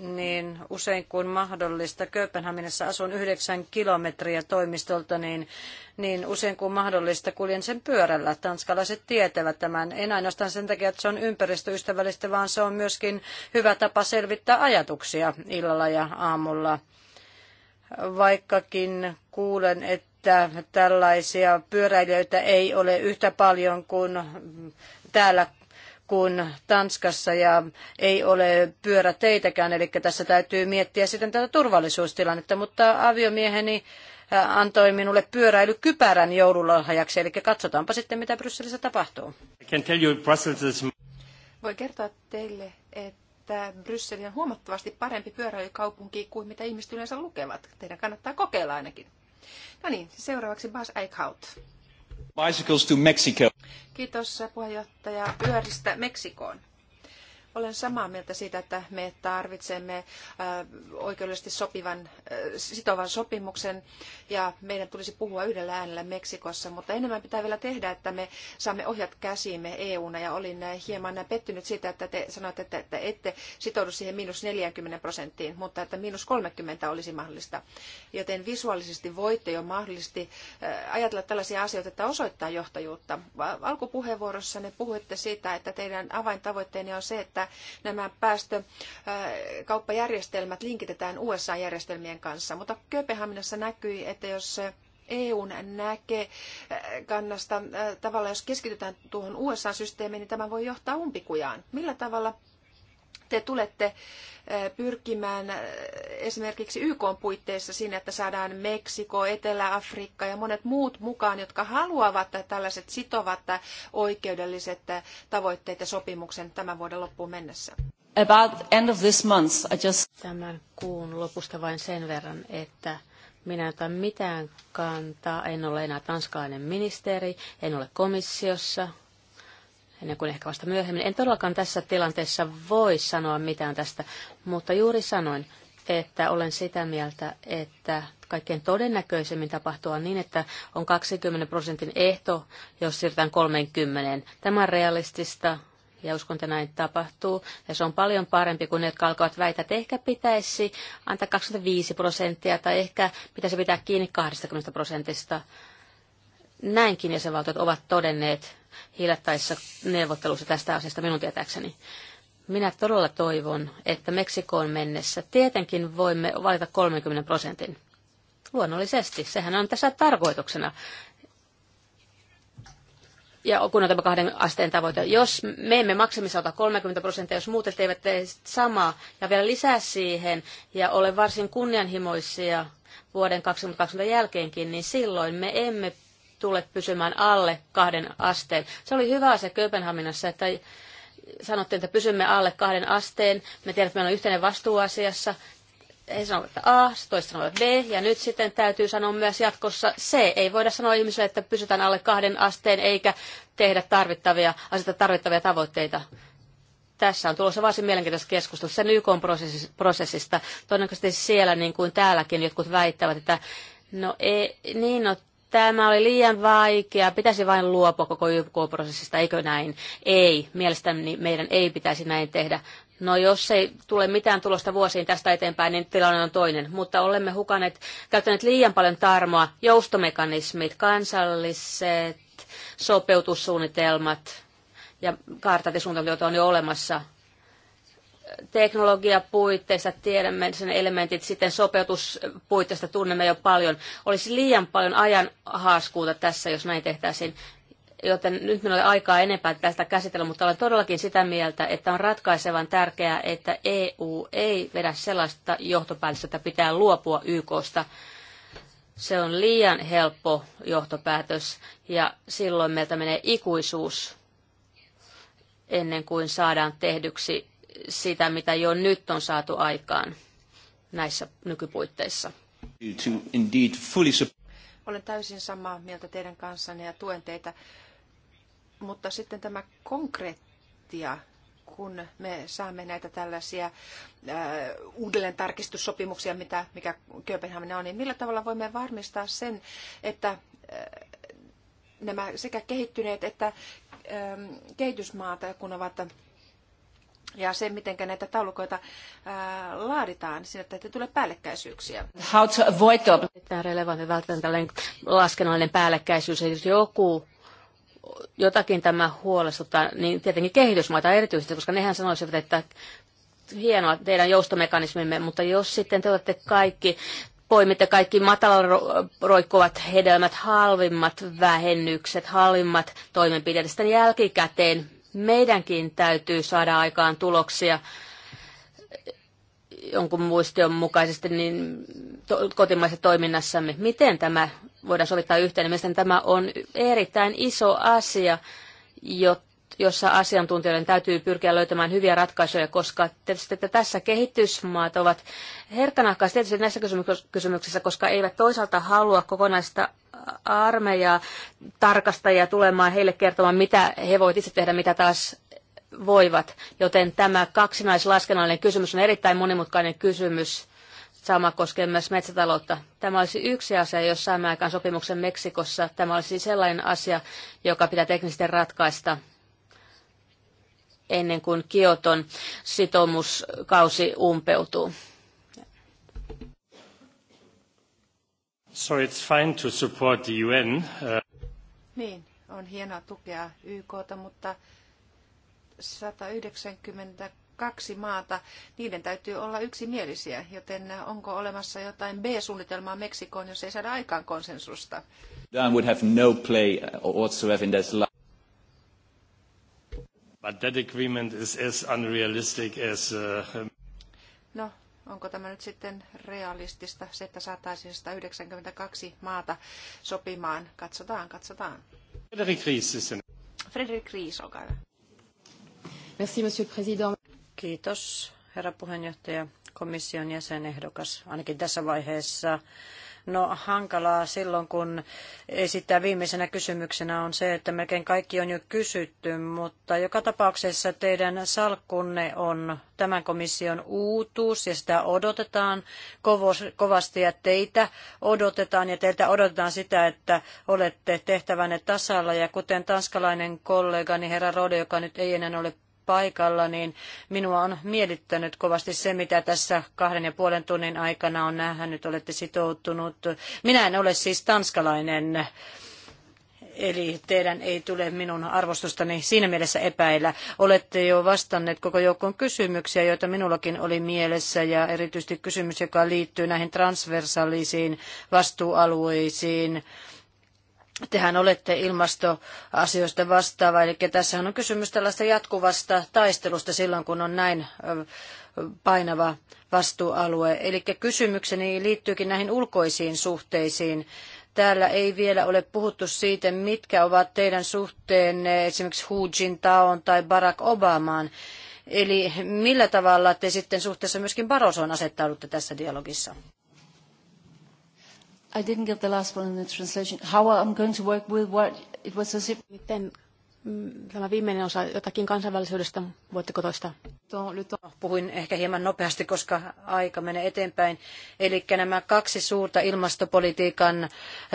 niin usein kuin mahdollista, Kööpenhaminassa asun yhdeksän kilometriä toimistolta, niin, niin usein kuin mahdollista kuljen sen pyörällä. Tanskalaiset tietävät tämän. En ainoastaan sen takia, että se on ympäristöystävällistä, vaan se on myöskin hyvä tapa selvittää ajatuksia illalla ja aamulla. Vaikkakin kuulen, että että tällaisia pyöräilijöitä ei ole yhtä paljon kuin täällä kuin Tanskassa ja ei ole pyöräteitäkään, eli tässä täytyy miettiä sitten tätä turvallisuustilannetta, mutta aviomieheni äh, antoi minulle pyöräilykypärän joululahjaksi, eli katsotaanpa sitten, mitä Brysselissä tapahtuu. Voi kertoa teille, että Brysseli on huomattavasti parempi pyöräilykaupunki kuin mitä ihmiset yleensä lukevat. Teidän kannattaa kokeilla ainakin. No niin, seuraavaksi Bas Eichhout. Bicycles to Mexico. Kiitos puheenjohtaja pyöristä Meksikoon. Olen samaa mieltä siitä, että me tarvitsemme äh, oikeudellisesti sopivan, äh, sitovan sopimuksen ja meidän tulisi puhua yhdellä äänellä Meksikossa, mutta enemmän pitää vielä tehdä, että me saamme ohjat käsiimme EUna ja olin äh, hieman pettynyt siitä, että te sanoitte, että, että ette sitoudu siihen miinus 40 prosenttiin, mutta että miinus 30 olisi mahdollista. Joten visuaalisesti voitte jo mahdollisesti ajatella tällaisia asioita, että osoittaa johtajuutta. Alkupuheenvuorossanne puhuitte siitä, että teidän avaintavoitteenne on se, että että nämä päästökauppajärjestelmät linkitetään USA-järjestelmien kanssa. Mutta Kööpenhaminassa näkyi, että jos EUn e näke kannasta tavalla, jos keskitytään tuohon USA-systeemiin, niin tämä voi johtaa umpikujaan. Millä tavalla te tulette pyrkimään esimerkiksi YK puitteissa sinne, että saadaan Meksiko, Etelä-Afrikka ja monet muut mukaan, jotka haluavat tällaiset sitovat oikeudelliset tavoitteet ja sopimuksen tämän vuoden loppuun mennessä. About end of this month, I just... Tämän kuun lopusta vain sen verran, että minä en ota mitään kantaa. En ole enää tanskalainen ministeri, en ole komissiossa, ennen kuin ehkä vasta myöhemmin. En todellakaan tässä tilanteessa voi sanoa mitään tästä, mutta juuri sanoin, että olen sitä mieltä, että kaikkein todennäköisemmin tapahtua niin, että on 20 prosentin ehto, jos siirrytään 30. Tämä on realistista ja uskon, että näin tapahtuu. Ja se on paljon parempi kuin ne, jotka alkavat väitä, että ehkä pitäisi antaa 25 prosenttia tai ehkä pitäisi pitää kiinni 20 prosentista. Näinkin jäsenvaltiot ovat todenneet hiljattaissa neuvottelussa tästä asiasta minun tietääkseni. Minä todella toivon, että Meksikoon mennessä tietenkin voimme valita 30 prosentin. Luonnollisesti, sehän on tässä tarkoituksena. Ja kun on tämä kahden asteen tavoite, jos me emme maksimissa ota 30 prosenttia, jos muut eivät tee samaa ja vielä lisää siihen ja ole varsin kunnianhimoisia vuoden 2020 jälkeenkin, niin silloin me emme tule pysymään alle kahden asteen. Se oli hyvä asia Kööpenhaminassa, että sanottiin, että pysymme alle kahden asteen. Me tiedämme, että meillä on yhteinen vastuu asiassa. Ei sanoa, että A, toista sanoivat B, ja nyt sitten täytyy sanoa myös jatkossa C. Ei voida sanoa ihmisille, että pysytään alle kahden asteen, eikä tehdä tarvittavia, aseta tarvittavia tavoitteita tässä on tulossa varsin mielenkiintoista keskustelua sen YK-prosessista. Todennäköisesti siellä, niin kuin täälläkin jotkut väittävät, että no ei, niin, no tämä oli liian vaikea, pitäisi vain luopua koko YK-prosessista, eikö näin? Ei, mielestäni meidän ei pitäisi näin tehdä. No jos ei tule mitään tulosta vuosiin tästä eteenpäin, niin tilanne on toinen. Mutta olemme hukaneet, käyttäneet liian paljon tarmoa, joustomekanismit, kansalliset sopeutussuunnitelmat ja kartat ja suunnitelmat, joita on jo olemassa – teknologiapuitteissa tiedämme sen elementit, sitten sopeutuspuitteista tunnemme jo paljon. Olisi liian paljon ajan haaskuuta tässä, jos näin tehtäisiin. Joten nyt minulla ei ole aikaa enempää tästä käsitellä, mutta olen todellakin sitä mieltä, että on ratkaisevan tärkeää, että EU ei vedä sellaista johtopäätöstä, että pitää luopua YKsta. Se on liian helppo johtopäätös ja silloin meiltä menee ikuisuus ennen kuin saadaan tehdyksi sitä, mitä jo nyt on saatu aikaan näissä nykypuitteissa. Olen täysin samaa mieltä teidän kanssanne ja tuen teitä, mutta sitten tämä konkreettia, kun me saamme näitä tällaisia äh, uudelleen tarkistussopimuksia, mitä, mikä Kööpenhamina on, niin millä tavalla voimme varmistaa sen, että äh, nämä sekä kehittyneet että äh, kehitysmaat, kun ovat ja se, miten näitä taulukoita ää, laaditaan, siinä täytyy tulee päällekkäisyyksiä. How to avoid Tämä relevantti välttämättä laskennallinen päällekkäisyys, jos joku jotakin tämä huolestuttaa, niin tietenkin kehitysmaita erityisesti, koska nehän sanoisivat, että hienoa teidän joustomekanismimme, mutta jos sitten te olette kaikki poimitte kaikki roikkuvat hedelmät, halvimmat vähennykset, halvimmat toimenpiteet. Sitten jälkikäteen meidänkin täytyy saada aikaan tuloksia jonkun muistion mukaisesti niin to, kotimaisessa toiminnassamme. Miten tämä voidaan sovittaa yhteen? Mielestäni tämä on erittäin iso asia, jossa asiantuntijoiden täytyy pyrkiä löytämään hyviä ratkaisuja, koska tietysti että tässä kehitysmaat ovat herkkänahkaisia tietysti näissä kysymyksissä, koska eivät toisaalta halua kokonaista armeijaa tarkastajia tulemaan heille kertomaan, mitä he voivat itse tehdä, mitä taas voivat. Joten tämä kaksinaislaskennallinen kysymys on erittäin monimutkainen kysymys. Sama koskee myös metsätaloutta. Tämä olisi yksi asia, jos saamme aikaan sopimuksen Meksikossa. Tämä olisi sellainen asia, joka pitää teknisesti ratkaista ennen kuin Kioton sitoumuskausi umpeutuu. So it's fine to support the UN. Uh, niin, on hienoa tukea YKta, mutta 192 maata, niiden täytyy olla yksimielisiä, joten onko olemassa jotain B-suunnitelmaa Meksikoon, jos ei saada aikaan konsensusta? Dan would have no play uh, whatsoever in this But that agreement is as unrealistic as... Uh... No, Onko tämä nyt sitten realistista, se, että saataisiin 192 maata sopimaan? Katsotaan, katsotaan. Frederik Ries, Frederik Ries olkaa hyvä. Merci, monsieur le président. Kiitos, herra puheenjohtaja, komission jäsenehdokas, ainakin tässä vaiheessa No hankalaa silloin, kun esittää viimeisenä kysymyksenä on se, että melkein kaikki on jo kysytty, mutta joka tapauksessa teidän salkkunne on tämän komission uutuus ja sitä odotetaan kovasti ja teitä odotetaan ja teiltä odotetaan sitä, että olette tehtävänne tasalla ja kuten tanskalainen kollegani herra Rode, joka nyt ei enää ole paikalla, niin minua on mietittänyt kovasti se, mitä tässä kahden ja puolen tunnin aikana on nähnyt. Olette sitoutunut. Minä en ole siis tanskalainen. Eli teidän ei tule minun arvostustani siinä mielessä epäillä. Olette jo vastanneet koko joukkoon kysymyksiä, joita minullakin oli mielessä, ja erityisesti kysymys, joka liittyy näihin transversaalisiin vastuualueisiin tehän olette ilmastoasioista vastaava, eli tässä on kysymys tällaista jatkuvasta taistelusta silloin, kun on näin painava vastuualue. Eli kysymykseni liittyykin näihin ulkoisiin suhteisiin. Täällä ei vielä ole puhuttu siitä, mitkä ovat teidän suhteenne esimerkiksi Hu Jintaon tai Barack Obamaan. Eli millä tavalla te sitten suhteessa myöskin Barosoon asettaudutte tässä dialogissa? I didn't get the last one in the translation. How I'm going to work with what it was as if... Miten mm, tämä viimeinen osa jotakin kansainvälisyydestä, voitteko toistaa? No, puhuin ehkä hieman nopeasti, koska aika menee eteenpäin. Eli nämä kaksi suurta ilmastopolitiikan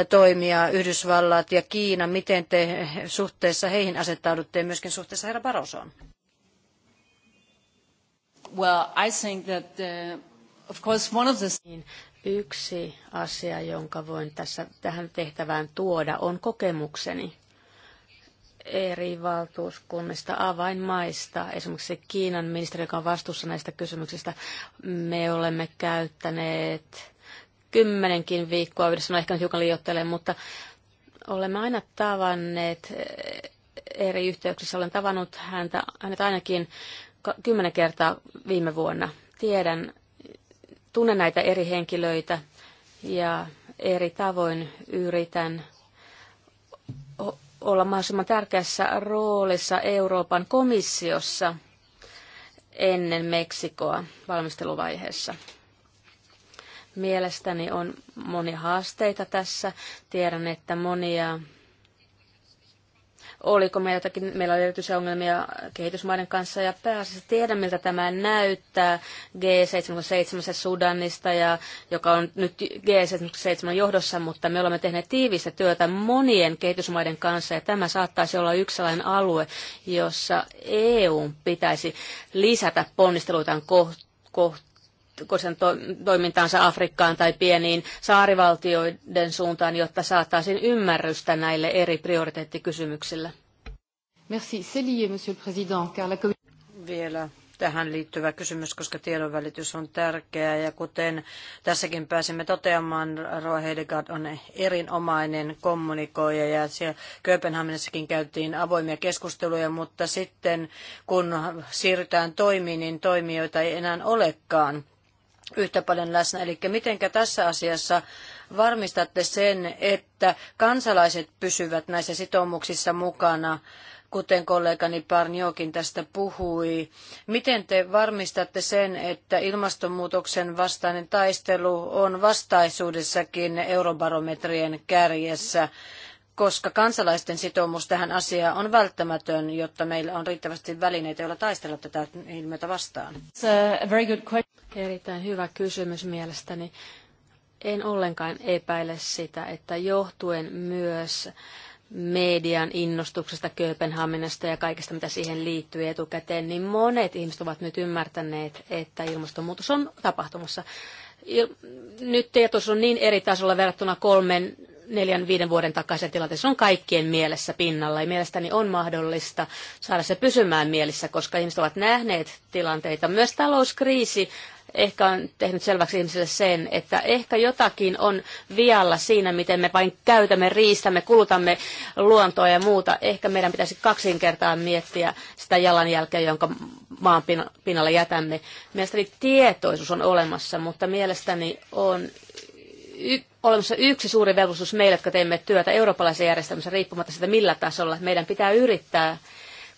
toimia, Yhdysvallat ja Kiina, miten te suhteessa heihin asettaudutte ja myöskin suhteessa herra Barrosoon? Well, I think that, uh, of course, one of the... Niin, Yksi asia, jonka voin tässä, tähän tehtävään tuoda, on kokemukseni eri valtuuskunnista, avainmaista, esimerkiksi Kiinan ministeri, joka on vastuussa näistä kysymyksistä, me olemme käyttäneet kymmenenkin viikkoa yhdessä, no ehkä nyt hiukan liioittelen, mutta olemme aina tavanneet eh, eri yhteyksissä. Olen tavannut häntä, hänet ainakin kymmenen kertaa viime vuonna. Tiedän tunne näitä eri henkilöitä ja eri tavoin yritän olla mahdollisimman tärkeässä roolissa Euroopan komissiossa ennen Meksikoa valmisteluvaiheessa. Mielestäni on monia haasteita tässä. Tiedän, että monia oliko meillä jotakin, meillä oli erityisiä ongelmia kehitysmaiden kanssa ja pääasiassa tiedän, miltä tämä näyttää G77 Sudanista, ja, joka on nyt G77 johdossa, mutta me olemme tehneet tiivistä työtä monien kehitysmaiden kanssa ja tämä saattaisi olla yksi sellainen alue, jossa EU pitäisi lisätä ponnisteluitaan kohtaan sen toimintaansa Afrikkaan tai pieniin saarivaltioiden suuntaan, jotta saataisiin ymmärrystä näille eri prioriteettikysymyksille. Merci. lié, monsieur le président, car la... Vielä tähän liittyvä kysymys, koska tiedonvälitys on tärkeää. Ja kuten tässäkin pääsimme toteamaan, Roa Hedegaard on erinomainen kommunikoija ja siellä Kööpenhaminassakin käytiin avoimia keskusteluja, mutta sitten kun siirrytään toimiin, niin toimijoita ei enää olekaan yhtä paljon läsnä. Eli miten tässä asiassa varmistatte sen, että kansalaiset pysyvät näissä sitoumuksissa mukana, kuten kollegani Parniokin tästä puhui. Miten te varmistatte sen, että ilmastonmuutoksen vastainen taistelu on vastaisuudessakin eurobarometrien kärjessä? koska kansalaisten sitoumus tähän asiaan on välttämätön, jotta meillä on riittävästi välineitä, joilla taistella tätä ilmiötä vastaan? Erittäin hyvä kysymys mielestäni. En ollenkaan epäile sitä, että johtuen myös median innostuksesta Kööpenhaminasta ja kaikesta, mitä siihen liittyy etukäteen, niin monet ihmiset ovat nyt ymmärtäneet, että ilmastonmuutos on tapahtumassa. Nyt tietoisuus on niin eri tasolla verrattuna kolmen, neljän, viiden vuoden takaisin tilanteeseen. Se on kaikkien mielessä pinnalla ja mielestäni on mahdollista saada se pysymään mielissä, koska ihmiset ovat nähneet tilanteita. Myös talouskriisi ehkä on tehnyt selväksi ihmisille sen, että ehkä jotakin on vialla siinä, miten me vain käytämme, riistämme, kulutamme luontoa ja muuta. Ehkä meidän pitäisi kaksinkertaa miettiä sitä jalanjälkeä, jonka maan pinnalla jätämme. Mielestäni tietoisuus on olemassa, mutta mielestäni on y- olemassa yksi suuri velvollisuus meille, jotka teemme työtä eurooppalaisen järjestelmässä riippumatta siitä, millä tasolla meidän pitää yrittää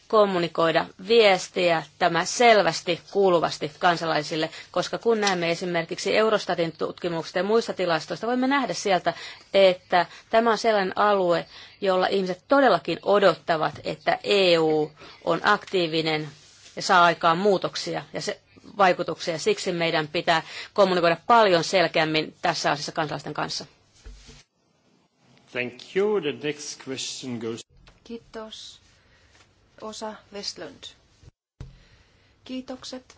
kommunikoida viestiä tämä selvästi kuuluvasti kansalaisille, koska kun näemme esimerkiksi Eurostatin tutkimuksista ja muista tilastoista, voimme nähdä sieltä, että tämä on sellainen alue, jolla ihmiset todellakin odottavat, että EU on aktiivinen ja saa aikaan muutoksia. Ja se, vaikutuksia. Siksi meidän pitää kommunikoida paljon selkeämmin tässä asiassa kansalaisten kanssa. Thank you. The next question goes... Kiitos. Osa Westlund. Kiitokset.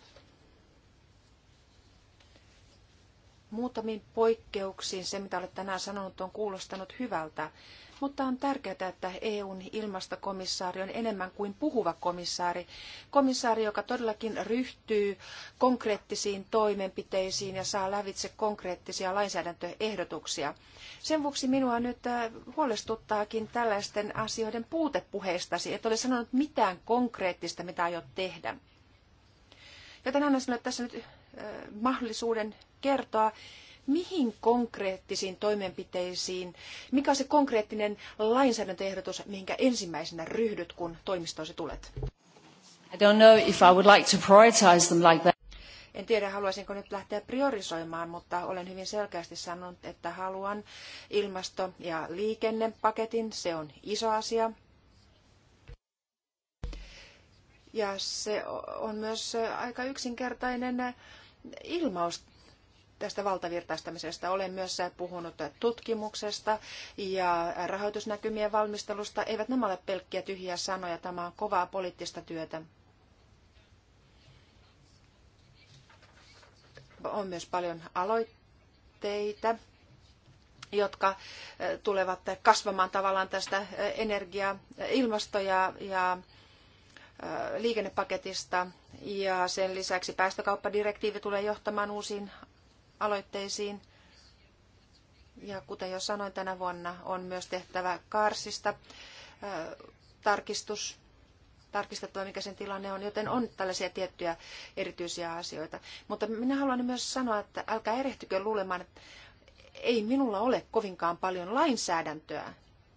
Muutamiin poikkeuksiin se, mitä olet tänään sanonut, on kuulostanut hyvältä mutta on tärkeää, että EUn ilmastokomissaari on enemmän kuin puhuva komissaari. Komissaari, joka todellakin ryhtyy konkreettisiin toimenpiteisiin ja saa lävitse konkreettisia lainsäädäntöehdotuksia. Sen vuoksi minua nyt äh, huolestuttaakin tällaisten asioiden puute puheistasi, et ole sanonut mitään konkreettista, mitä aiot tehdä. Joten annan sinulle tässä nyt äh, mahdollisuuden kertoa, mihin konkreettisiin toimenpiteisiin, mikä on se konkreettinen lainsäädäntöehdotus, minkä ensimmäisenä ryhdyt, kun toimistoosi tulet? I don't know if I would like to prioritize them like that. En tiedä, haluaisinko nyt lähteä priorisoimaan, mutta olen hyvin selkeästi sanonut, että haluan ilmasto- ja liikennepaketin. Se on iso asia. Ja se on myös aika yksinkertainen ilmaus tästä valtavirtaistamisesta. Olen myös puhunut tutkimuksesta ja rahoitusnäkymien valmistelusta. Eivät nämä ole pelkkiä tyhjiä sanoja. Tämä on kovaa poliittista työtä. On myös paljon aloitteita jotka e, tulevat kasvamaan tavallaan tästä e, energia-, e, ilmasto- ja, ja liikennepaketista ja sen lisäksi päästökauppadirektiivi tulee johtamaan uusiin aloitteisiin. Ja kuten jo sanoin, tänä vuonna on myös tehtävä karsista tarkistus, tarkistettua mikä sen tilanne on, joten on tällaisia tiettyjä erityisiä asioita. Mutta minä haluan myös sanoa, että älkää erehtykö luulemaan, että ei minulla ole kovinkaan paljon lainsäädäntöä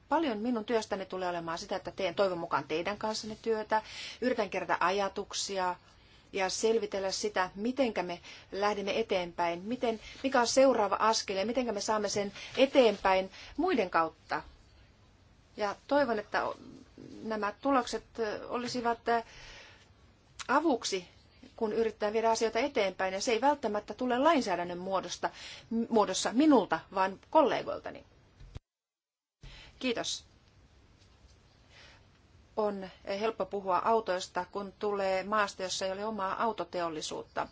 paljon minun työstäni tulee olemaan sitä, että teen toivon mukaan teidän kanssanne työtä, yritän kerätä ajatuksia, ja selvitellä sitä, miten me lähdemme eteenpäin, miten, mikä on seuraava askel ja miten me saamme sen eteenpäin muiden kautta. Ja toivon, että nämä tulokset olisivat avuksi, kun yrittää viedä asioita eteenpäin. Ja se ei välttämättä tule lainsäädännön muodosta, muodossa minulta, vaan kollegoiltani. Kiitos on helppo puhua autoista, kun tulee maasta, jossa ei ole omaa autoteollisuutta.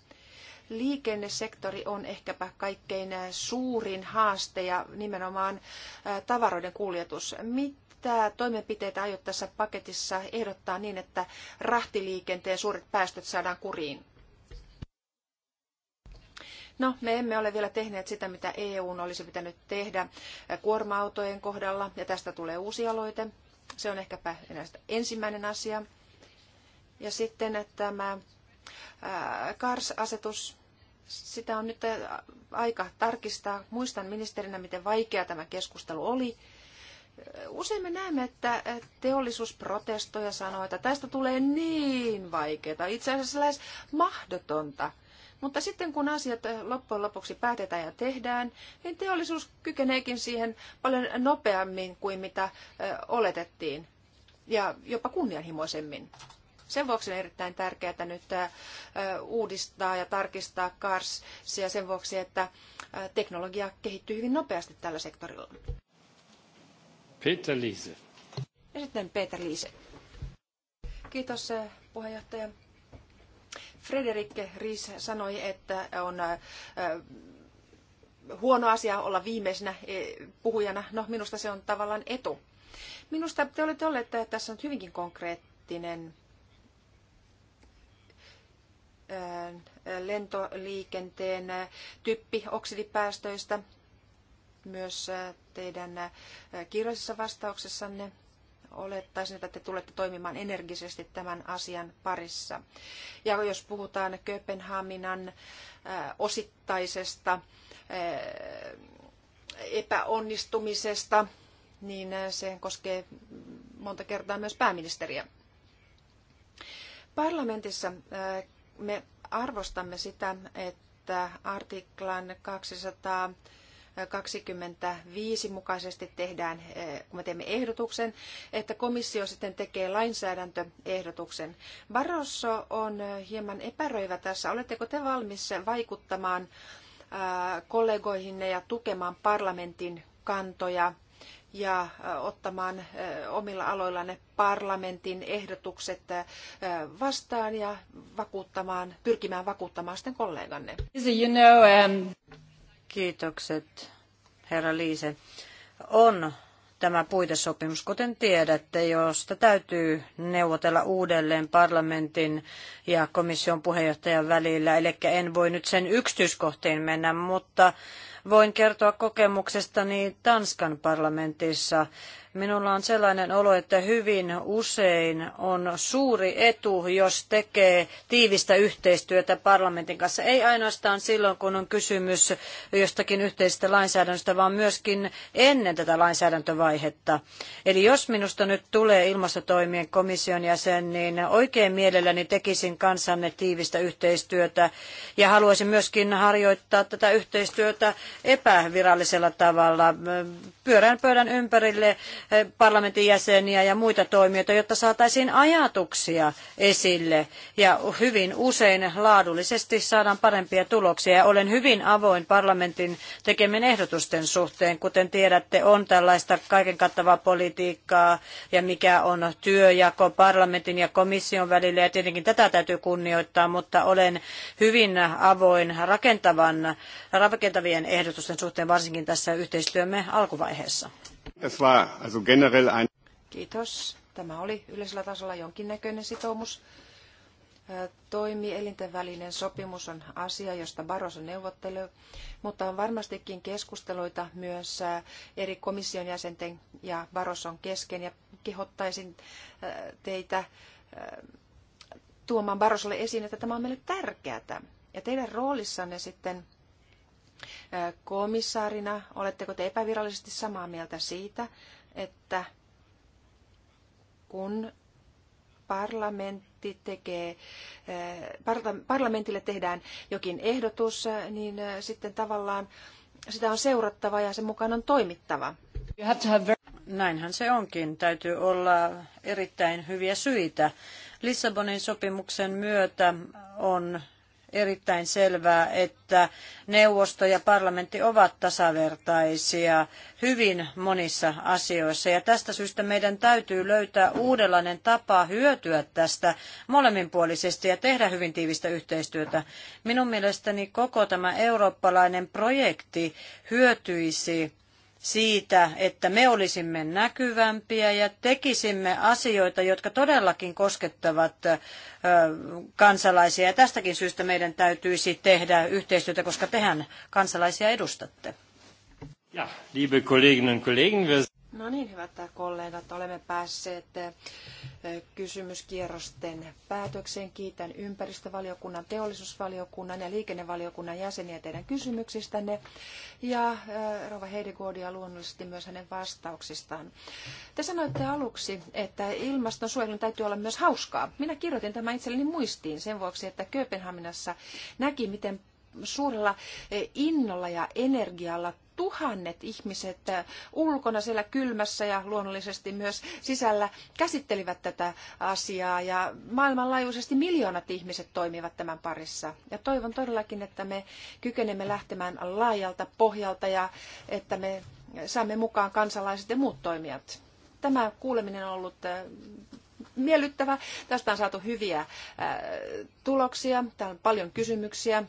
Liikennesektori on ehkäpä kaikkein suurin haaste ja nimenomaan tavaroiden kuljetus. Mitä toimenpiteitä aiot tässä paketissa ehdottaa niin, että rahtiliikenteen suuret päästöt saadaan kuriin? No, me emme ole vielä tehneet sitä, mitä EUn olisi pitänyt tehdä kuorma-autojen kohdalla, ja tästä tulee uusi aloite. Se on ehkäpä ensimmäinen asia. Ja sitten että tämä CARS-asetus, sitä on nyt aika tarkistaa. Muistan ministerinä, miten vaikea tämä keskustelu oli. Usein me näemme, että teollisuus protestoi ja sanoo, että tästä tulee niin vaikeaa, itse asiassa lähes mahdotonta – mutta sitten kun asiat eh, loppujen lopuksi päätetään ja tehdään, niin teollisuus kykeneekin siihen paljon nopeammin kuin mitä eh, oletettiin ja jopa kunnianhimoisemmin. Sen vuoksi on erittäin tärkeää nyt eh, uudistaa ja tarkistaa CARS ja sen vuoksi, että teknologia kehittyy hyvin nopeasti tällä sektorilla. Peter Liise. Ja sitten Peter Liise. Kiitos puheenjohtaja. Frederik Ries sanoi, että on huono asia olla viimeisenä e, puhujana. No, minusta se on tavallaan etu. Minusta te olette olleet että tässä on hyvinkin konkreettinen lentoliikenteen typpi oksidipäästöistä myös teidän kirjallisessa vastauksessanne olettaisin, että te tulette toimimaan energisesti tämän asian parissa. Ja jos puhutaan Kööpenhaminan äh, osittaisesta äh, epäonnistumisesta, niin se koskee monta kertaa myös pääministeriä. Parlamentissa äh, me arvostamme sitä, että artiklan 200 25 mukaisesti tehdään, eh, kun me teemme ehdotuksen, että komissio sitten tekee lainsäädäntöehdotuksen. Barroso on eh, hieman epäröivä tässä. Oletteko te valmis vaikuttamaan eh, kollegoihinne ja tukemaan parlamentin kantoja ja ottamaan omilla aloillanne parlamentin ehdotukset vastaan ja vakuuttamaan, pyrkimään vakuuttamaan sitten kolleganne. You know, um... Kiitokset, herra Liise. On tämä puitesopimus, kuten tiedätte, josta täytyy neuvotella uudelleen parlamentin ja komission puheenjohtajan välillä. Eli en voi nyt sen yksityiskohtiin mennä, mutta voin kertoa kokemuksestani Tanskan parlamentissa. Minulla on sellainen olo, että hyvin usein on suuri etu, jos tekee tiivistä yhteistyötä parlamentin kanssa. Ei ainoastaan silloin, kun on kysymys jostakin yhteisestä lainsäädännöstä, vaan myöskin ennen tätä lainsäädäntövaihetta. Eli jos minusta nyt tulee ilmastotoimien komission jäsen, niin oikein mielelläni tekisin kanssanne tiivistä yhteistyötä ja haluaisin myöskin harjoittaa tätä yhteistyötä epävirallisella tavalla pyörän pöydän ympärille eh, parlamentin jäseniä ja muita toimijoita, jotta saataisiin ajatuksia esille. Ja hyvin usein laadullisesti saadaan parempia tuloksia. Ja olen hyvin avoin parlamentin tekemien ehdotusten suhteen. Kuten tiedätte, on tällaista kaiken kattavaa politiikkaa ja mikä on työjako parlamentin ja komission välillä. Ja tietenkin tätä täytyy kunnioittaa, mutta olen hyvin avoin rakentavan, rakentavien ehdotusten suhteen, varsinkin tässä yhteistyömme alkuvaiheessa vaiheessa. Kiitos. Tämä oli yleisellä tasolla jonkinnäköinen sitoumus. Toimielinten välinen sopimus on asia, josta Barroso neuvottelee, mutta on varmastikin keskusteluita myös eri komission jäsenten ja Barroson kesken. Ja kehottaisin teitä tuomaan Barrosolle esiin, että tämä on meille tärkeää. Ja teidän roolissanne sitten komissaarina, oletteko te epävirallisesti samaa mieltä siitä, että kun parlamentti tekee, parlamentille tehdään jokin ehdotus, niin sitten tavallaan sitä on seurattava ja sen mukaan on toimittava. Näinhän se onkin. Täytyy olla erittäin hyviä syitä. Lissabonin sopimuksen myötä on erittäin selvää, että neuvosto ja parlamentti ovat tasavertaisia hyvin monissa asioissa. Ja tästä syystä meidän täytyy löytää uudenlainen tapa hyötyä tästä molemminpuolisesti ja tehdä hyvin tiivistä yhteistyötä. Minun mielestäni koko tämä eurooppalainen projekti hyötyisi siitä, että me olisimme näkyvämpiä ja tekisimme asioita, jotka todellakin koskettavat kansalaisia. Ja tästäkin syystä meidän täytyisi tehdä yhteistyötä, koska tehän kansalaisia edustatte. Ja, liebe Kolleginnen und Kollegen, wir... No niin, hyvät kollegat, olemme päässeet eh, kysymyskierrosten päätökseen. Kiitän ympäristövaliokunnan, teollisuusvaliokunnan ja liikennevaliokunnan jäseniä teidän kysymyksistänne ja eh, Rova Heidegoodia luonnollisesti myös hänen vastauksistaan. Te sanoitte aluksi, että ilmastonsuojelun täytyy olla myös hauskaa. Minä kirjoitin tämän itselleni muistiin sen vuoksi, että Kööpenhaminassa näki, miten suurella eh, innolla ja energialla tuhannet ihmiset eh, ulkona siellä kylmässä ja luonnollisesti myös sisällä käsittelivät tätä asiaa ja maailmanlaajuisesti miljoonat ihmiset toimivat tämän parissa. Ja toivon todellakin, että me kykenemme lähtemään laajalta pohjalta ja että me saamme mukaan kansalaiset ja muut toimijat. Tämä kuuleminen on ollut eh, miellyttävä. Tästä on saatu hyviä tuloksia. Täällä on paljon kysymyksiä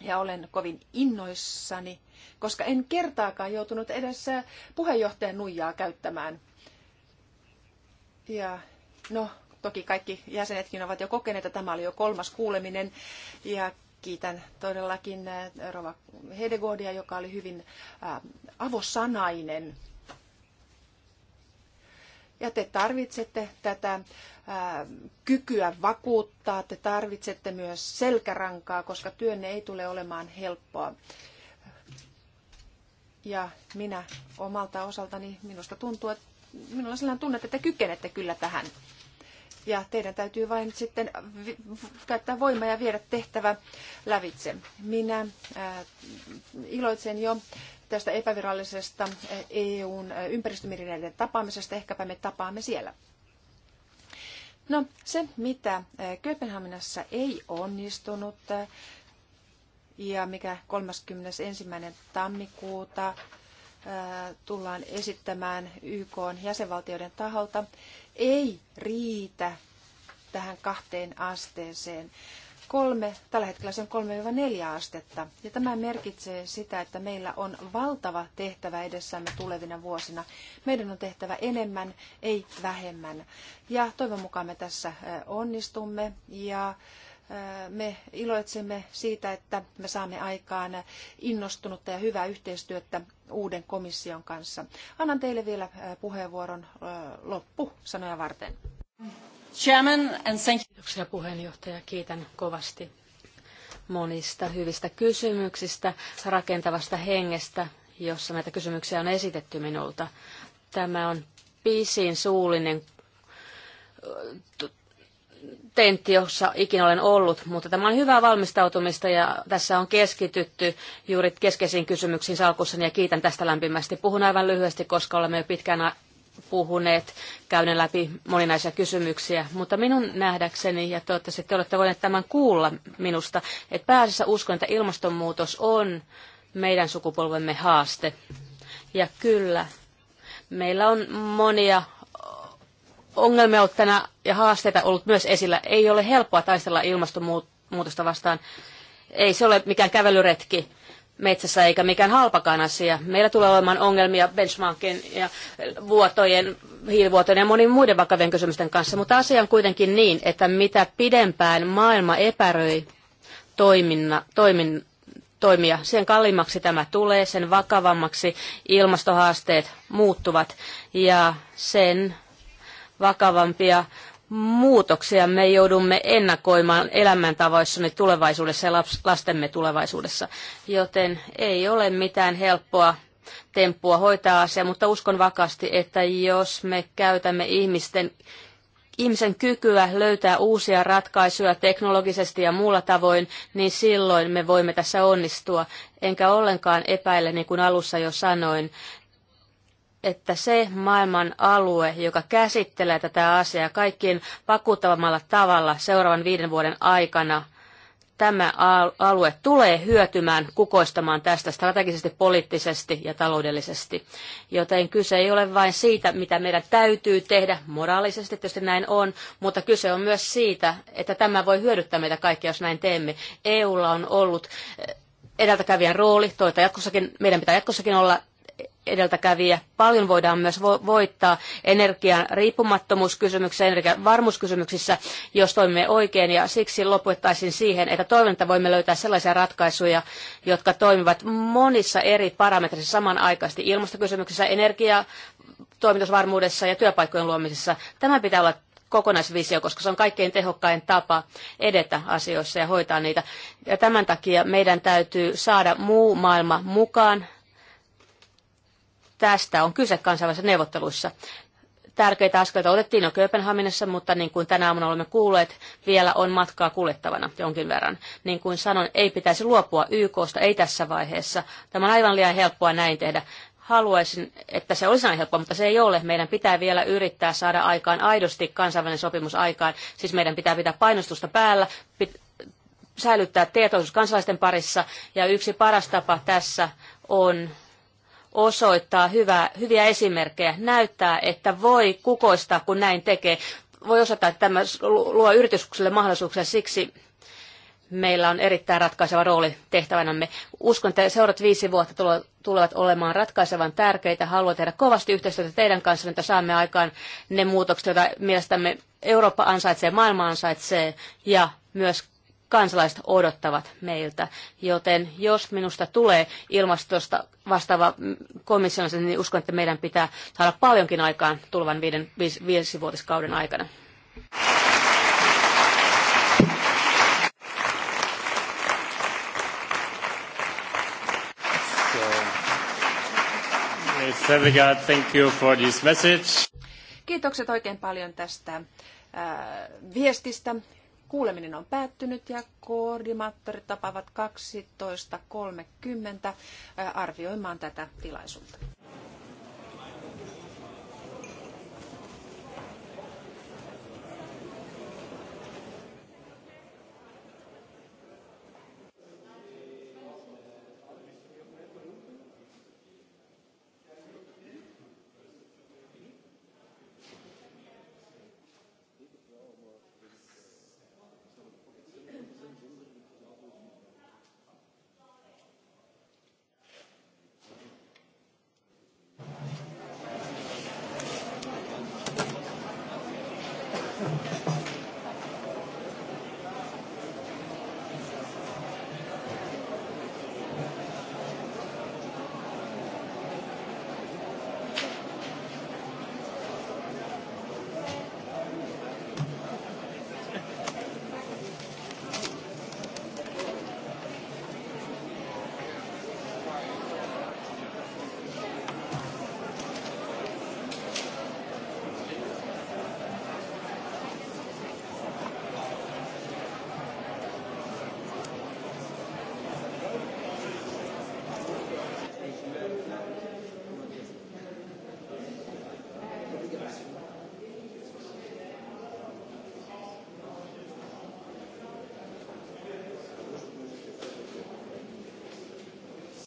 ja olen kovin innoissani, koska en kertaakaan joutunut edes äh, puheenjohtajan nuijaa käyttämään. Ja no, toki kaikki jäsenetkin ovat jo kokeneet, että tämä oli jo kolmas kuuleminen ja kiitän todellakin äh, Rova hedegodia, joka oli hyvin äh, avosanainen ja te tarvitsette tätä ää, kykyä vakuuttaa, te tarvitsette myös selkärankaa, koska työnne ei tule olemaan helppoa. Ja minä omalta osaltani, minusta tuntuu, että minulla on sellainen tunne, että te kykenette kyllä tähän ja teidän täytyy vain sitten käyttää voimaa ja viedä tehtävä lävitse. Minä äh, iloitsen jo tästä epävirallisesta äh, EUn äh, ympäristöministeriöiden tapaamisesta. Ehkäpä me tapaamme siellä. No se, mitä Kööpenhaminassa ei onnistunut ja mikä 31. tammikuuta tullaan esittämään YK jäsenvaltioiden taholta, ei riitä tähän kahteen asteeseen. Kolme, tällä hetkellä se on 3-4 astetta. Ja tämä merkitsee sitä, että meillä on valtava tehtävä edessämme tulevina vuosina. Meidän on tehtävä enemmän, ei vähemmän. Ja toivon mukaan me tässä onnistumme ja me iloitsemme siitä, että me saamme aikaan innostunutta ja hyvää yhteistyötä uuden komission kanssa. Annan teille vielä äh, puheenvuoron äh, loppu sanoja varten. Chairman and thank Kiitoksia puheenjohtaja. Kiitän kovasti monista hyvistä kysymyksistä, rakentavasta hengestä, jossa näitä kysymyksiä on esitetty minulta. Tämä on pisin suullinen äh, tentti, jossa ikinä olen ollut, mutta tämä on hyvää valmistautumista ja tässä on keskitytty juuri keskeisiin kysymyksiin salkussani ja kiitän tästä lämpimästi. Puhun aivan lyhyesti, koska olemme jo pitkään puhuneet, käyneet läpi moninaisia kysymyksiä, mutta minun nähdäkseni, ja toivottavasti te olette voineet tämän kuulla minusta, että pääasiassa uskon, että ilmastonmuutos on meidän sukupolvemme haaste. Ja kyllä, meillä on monia ongelmia ollut tänä ja haasteita ollut myös esillä. Ei ole helppoa taistella ilmastonmuutosta vastaan. Ei se ole mikään kävelyretki metsässä eikä mikään halpakaan asia. Meillä tulee olemaan ongelmia benchmarkin ja vuotojen, hiilivuotojen ja monin muiden vakavien kysymysten kanssa, mutta asia on kuitenkin niin, että mitä pidempään maailma epäröi toiminna, toimin, toimia, sen kalliimmaksi tämä tulee, sen vakavammaksi ilmastohaasteet muuttuvat ja sen vakavampia muutoksia me joudumme ennakoimaan elämäntavoissamme tulevaisuudessa ja lastemme tulevaisuudessa. Joten ei ole mitään helppoa temppua hoitaa asia, mutta uskon vakaasti, että jos me käytämme ihmisten ihmisen kykyä löytää uusia ratkaisuja teknologisesti ja muulla tavoin, niin silloin me voimme tässä onnistua. Enkä ollenkaan epäile, niin kuin alussa jo sanoin, että se maailman alue, joka käsittelee tätä asiaa kaikkien vakuuttavammalla tavalla seuraavan viiden vuoden aikana, tämä alue tulee hyötymään kukoistamaan tästä strategisesti, poliittisesti ja taloudellisesti. Joten kyse ei ole vain siitä, mitä meidän täytyy tehdä, moraalisesti tietysti näin on, mutta kyse on myös siitä, että tämä voi hyödyttää meitä kaikkia, jos näin teemme. EUlla on ollut eh, edeltäkävijän rooli, toita jatkossakin, meidän pitää jatkossakin olla edeltäkävijä. Paljon voidaan myös voittaa energian riippumattomuuskysymyksissä, energian varmuuskysymyksissä, jos toimimme oikein. Ja siksi lopettaisin siihen, että toivon, että voimme löytää sellaisia ratkaisuja, jotka toimivat monissa eri parametreissa samanaikaisesti ilmastokysymyksissä, energia, toimitusvarmuudessa ja työpaikkojen luomisessa. Tämä pitää olla kokonaisvisio, koska se on kaikkein tehokkain tapa edetä asioissa ja hoitaa niitä. Ja tämän takia meidän täytyy saada muu maailma mukaan tästä on kyse kansainvälisissä neuvotteluissa. Tärkeitä askelta otettiin jo Kööpenhaminassa, mutta niin kuin tänä aamuna olemme kuulleet, vielä on matkaa kuljettavana jonkin verran. Niin kuin sanon, ei pitäisi luopua YKsta, ei tässä vaiheessa. Tämä on aivan liian helppoa näin tehdä. Haluaisin, että se olisi näin helppoa, mutta se ei ole. Meidän pitää vielä yrittää saada aikaan aidosti kansainvälinen sopimus aikaan. Siis meidän pitää pitää painostusta päällä, pit- säilyttää tietoisuus kansalaisten parissa, ja yksi paras tapa tässä on osoittaa hyvää, hyviä esimerkkejä, näyttää, että voi kukoistaa, kun näin tekee. Voi osata, että tämä luo yrityksille mahdollisuuksia siksi, meillä on erittäin ratkaiseva rooli tehtävänämme. Uskon, että seurat viisi vuotta tulevat olemaan ratkaisevan tärkeitä. Haluan tehdä kovasti yhteistyötä teidän kanssa, että saamme aikaan ne muutokset, joita mielestämme Eurooppa ansaitsee, maailma ansaitsee ja myös kansalaiset odottavat meiltä. Joten jos minusta tulee ilmastosta vastaava komissionsa, niin uskon, että meidän pitää saada paljonkin aikaan tulevan viiden, viis, viisivuotiskauden aikana. thank you for this message. Kiitokset oikein paljon tästä äh, viestistä Kuuleminen on päättynyt ja koordinaattorit tapaavat 12.30 arvioimaan tätä tilaisuutta.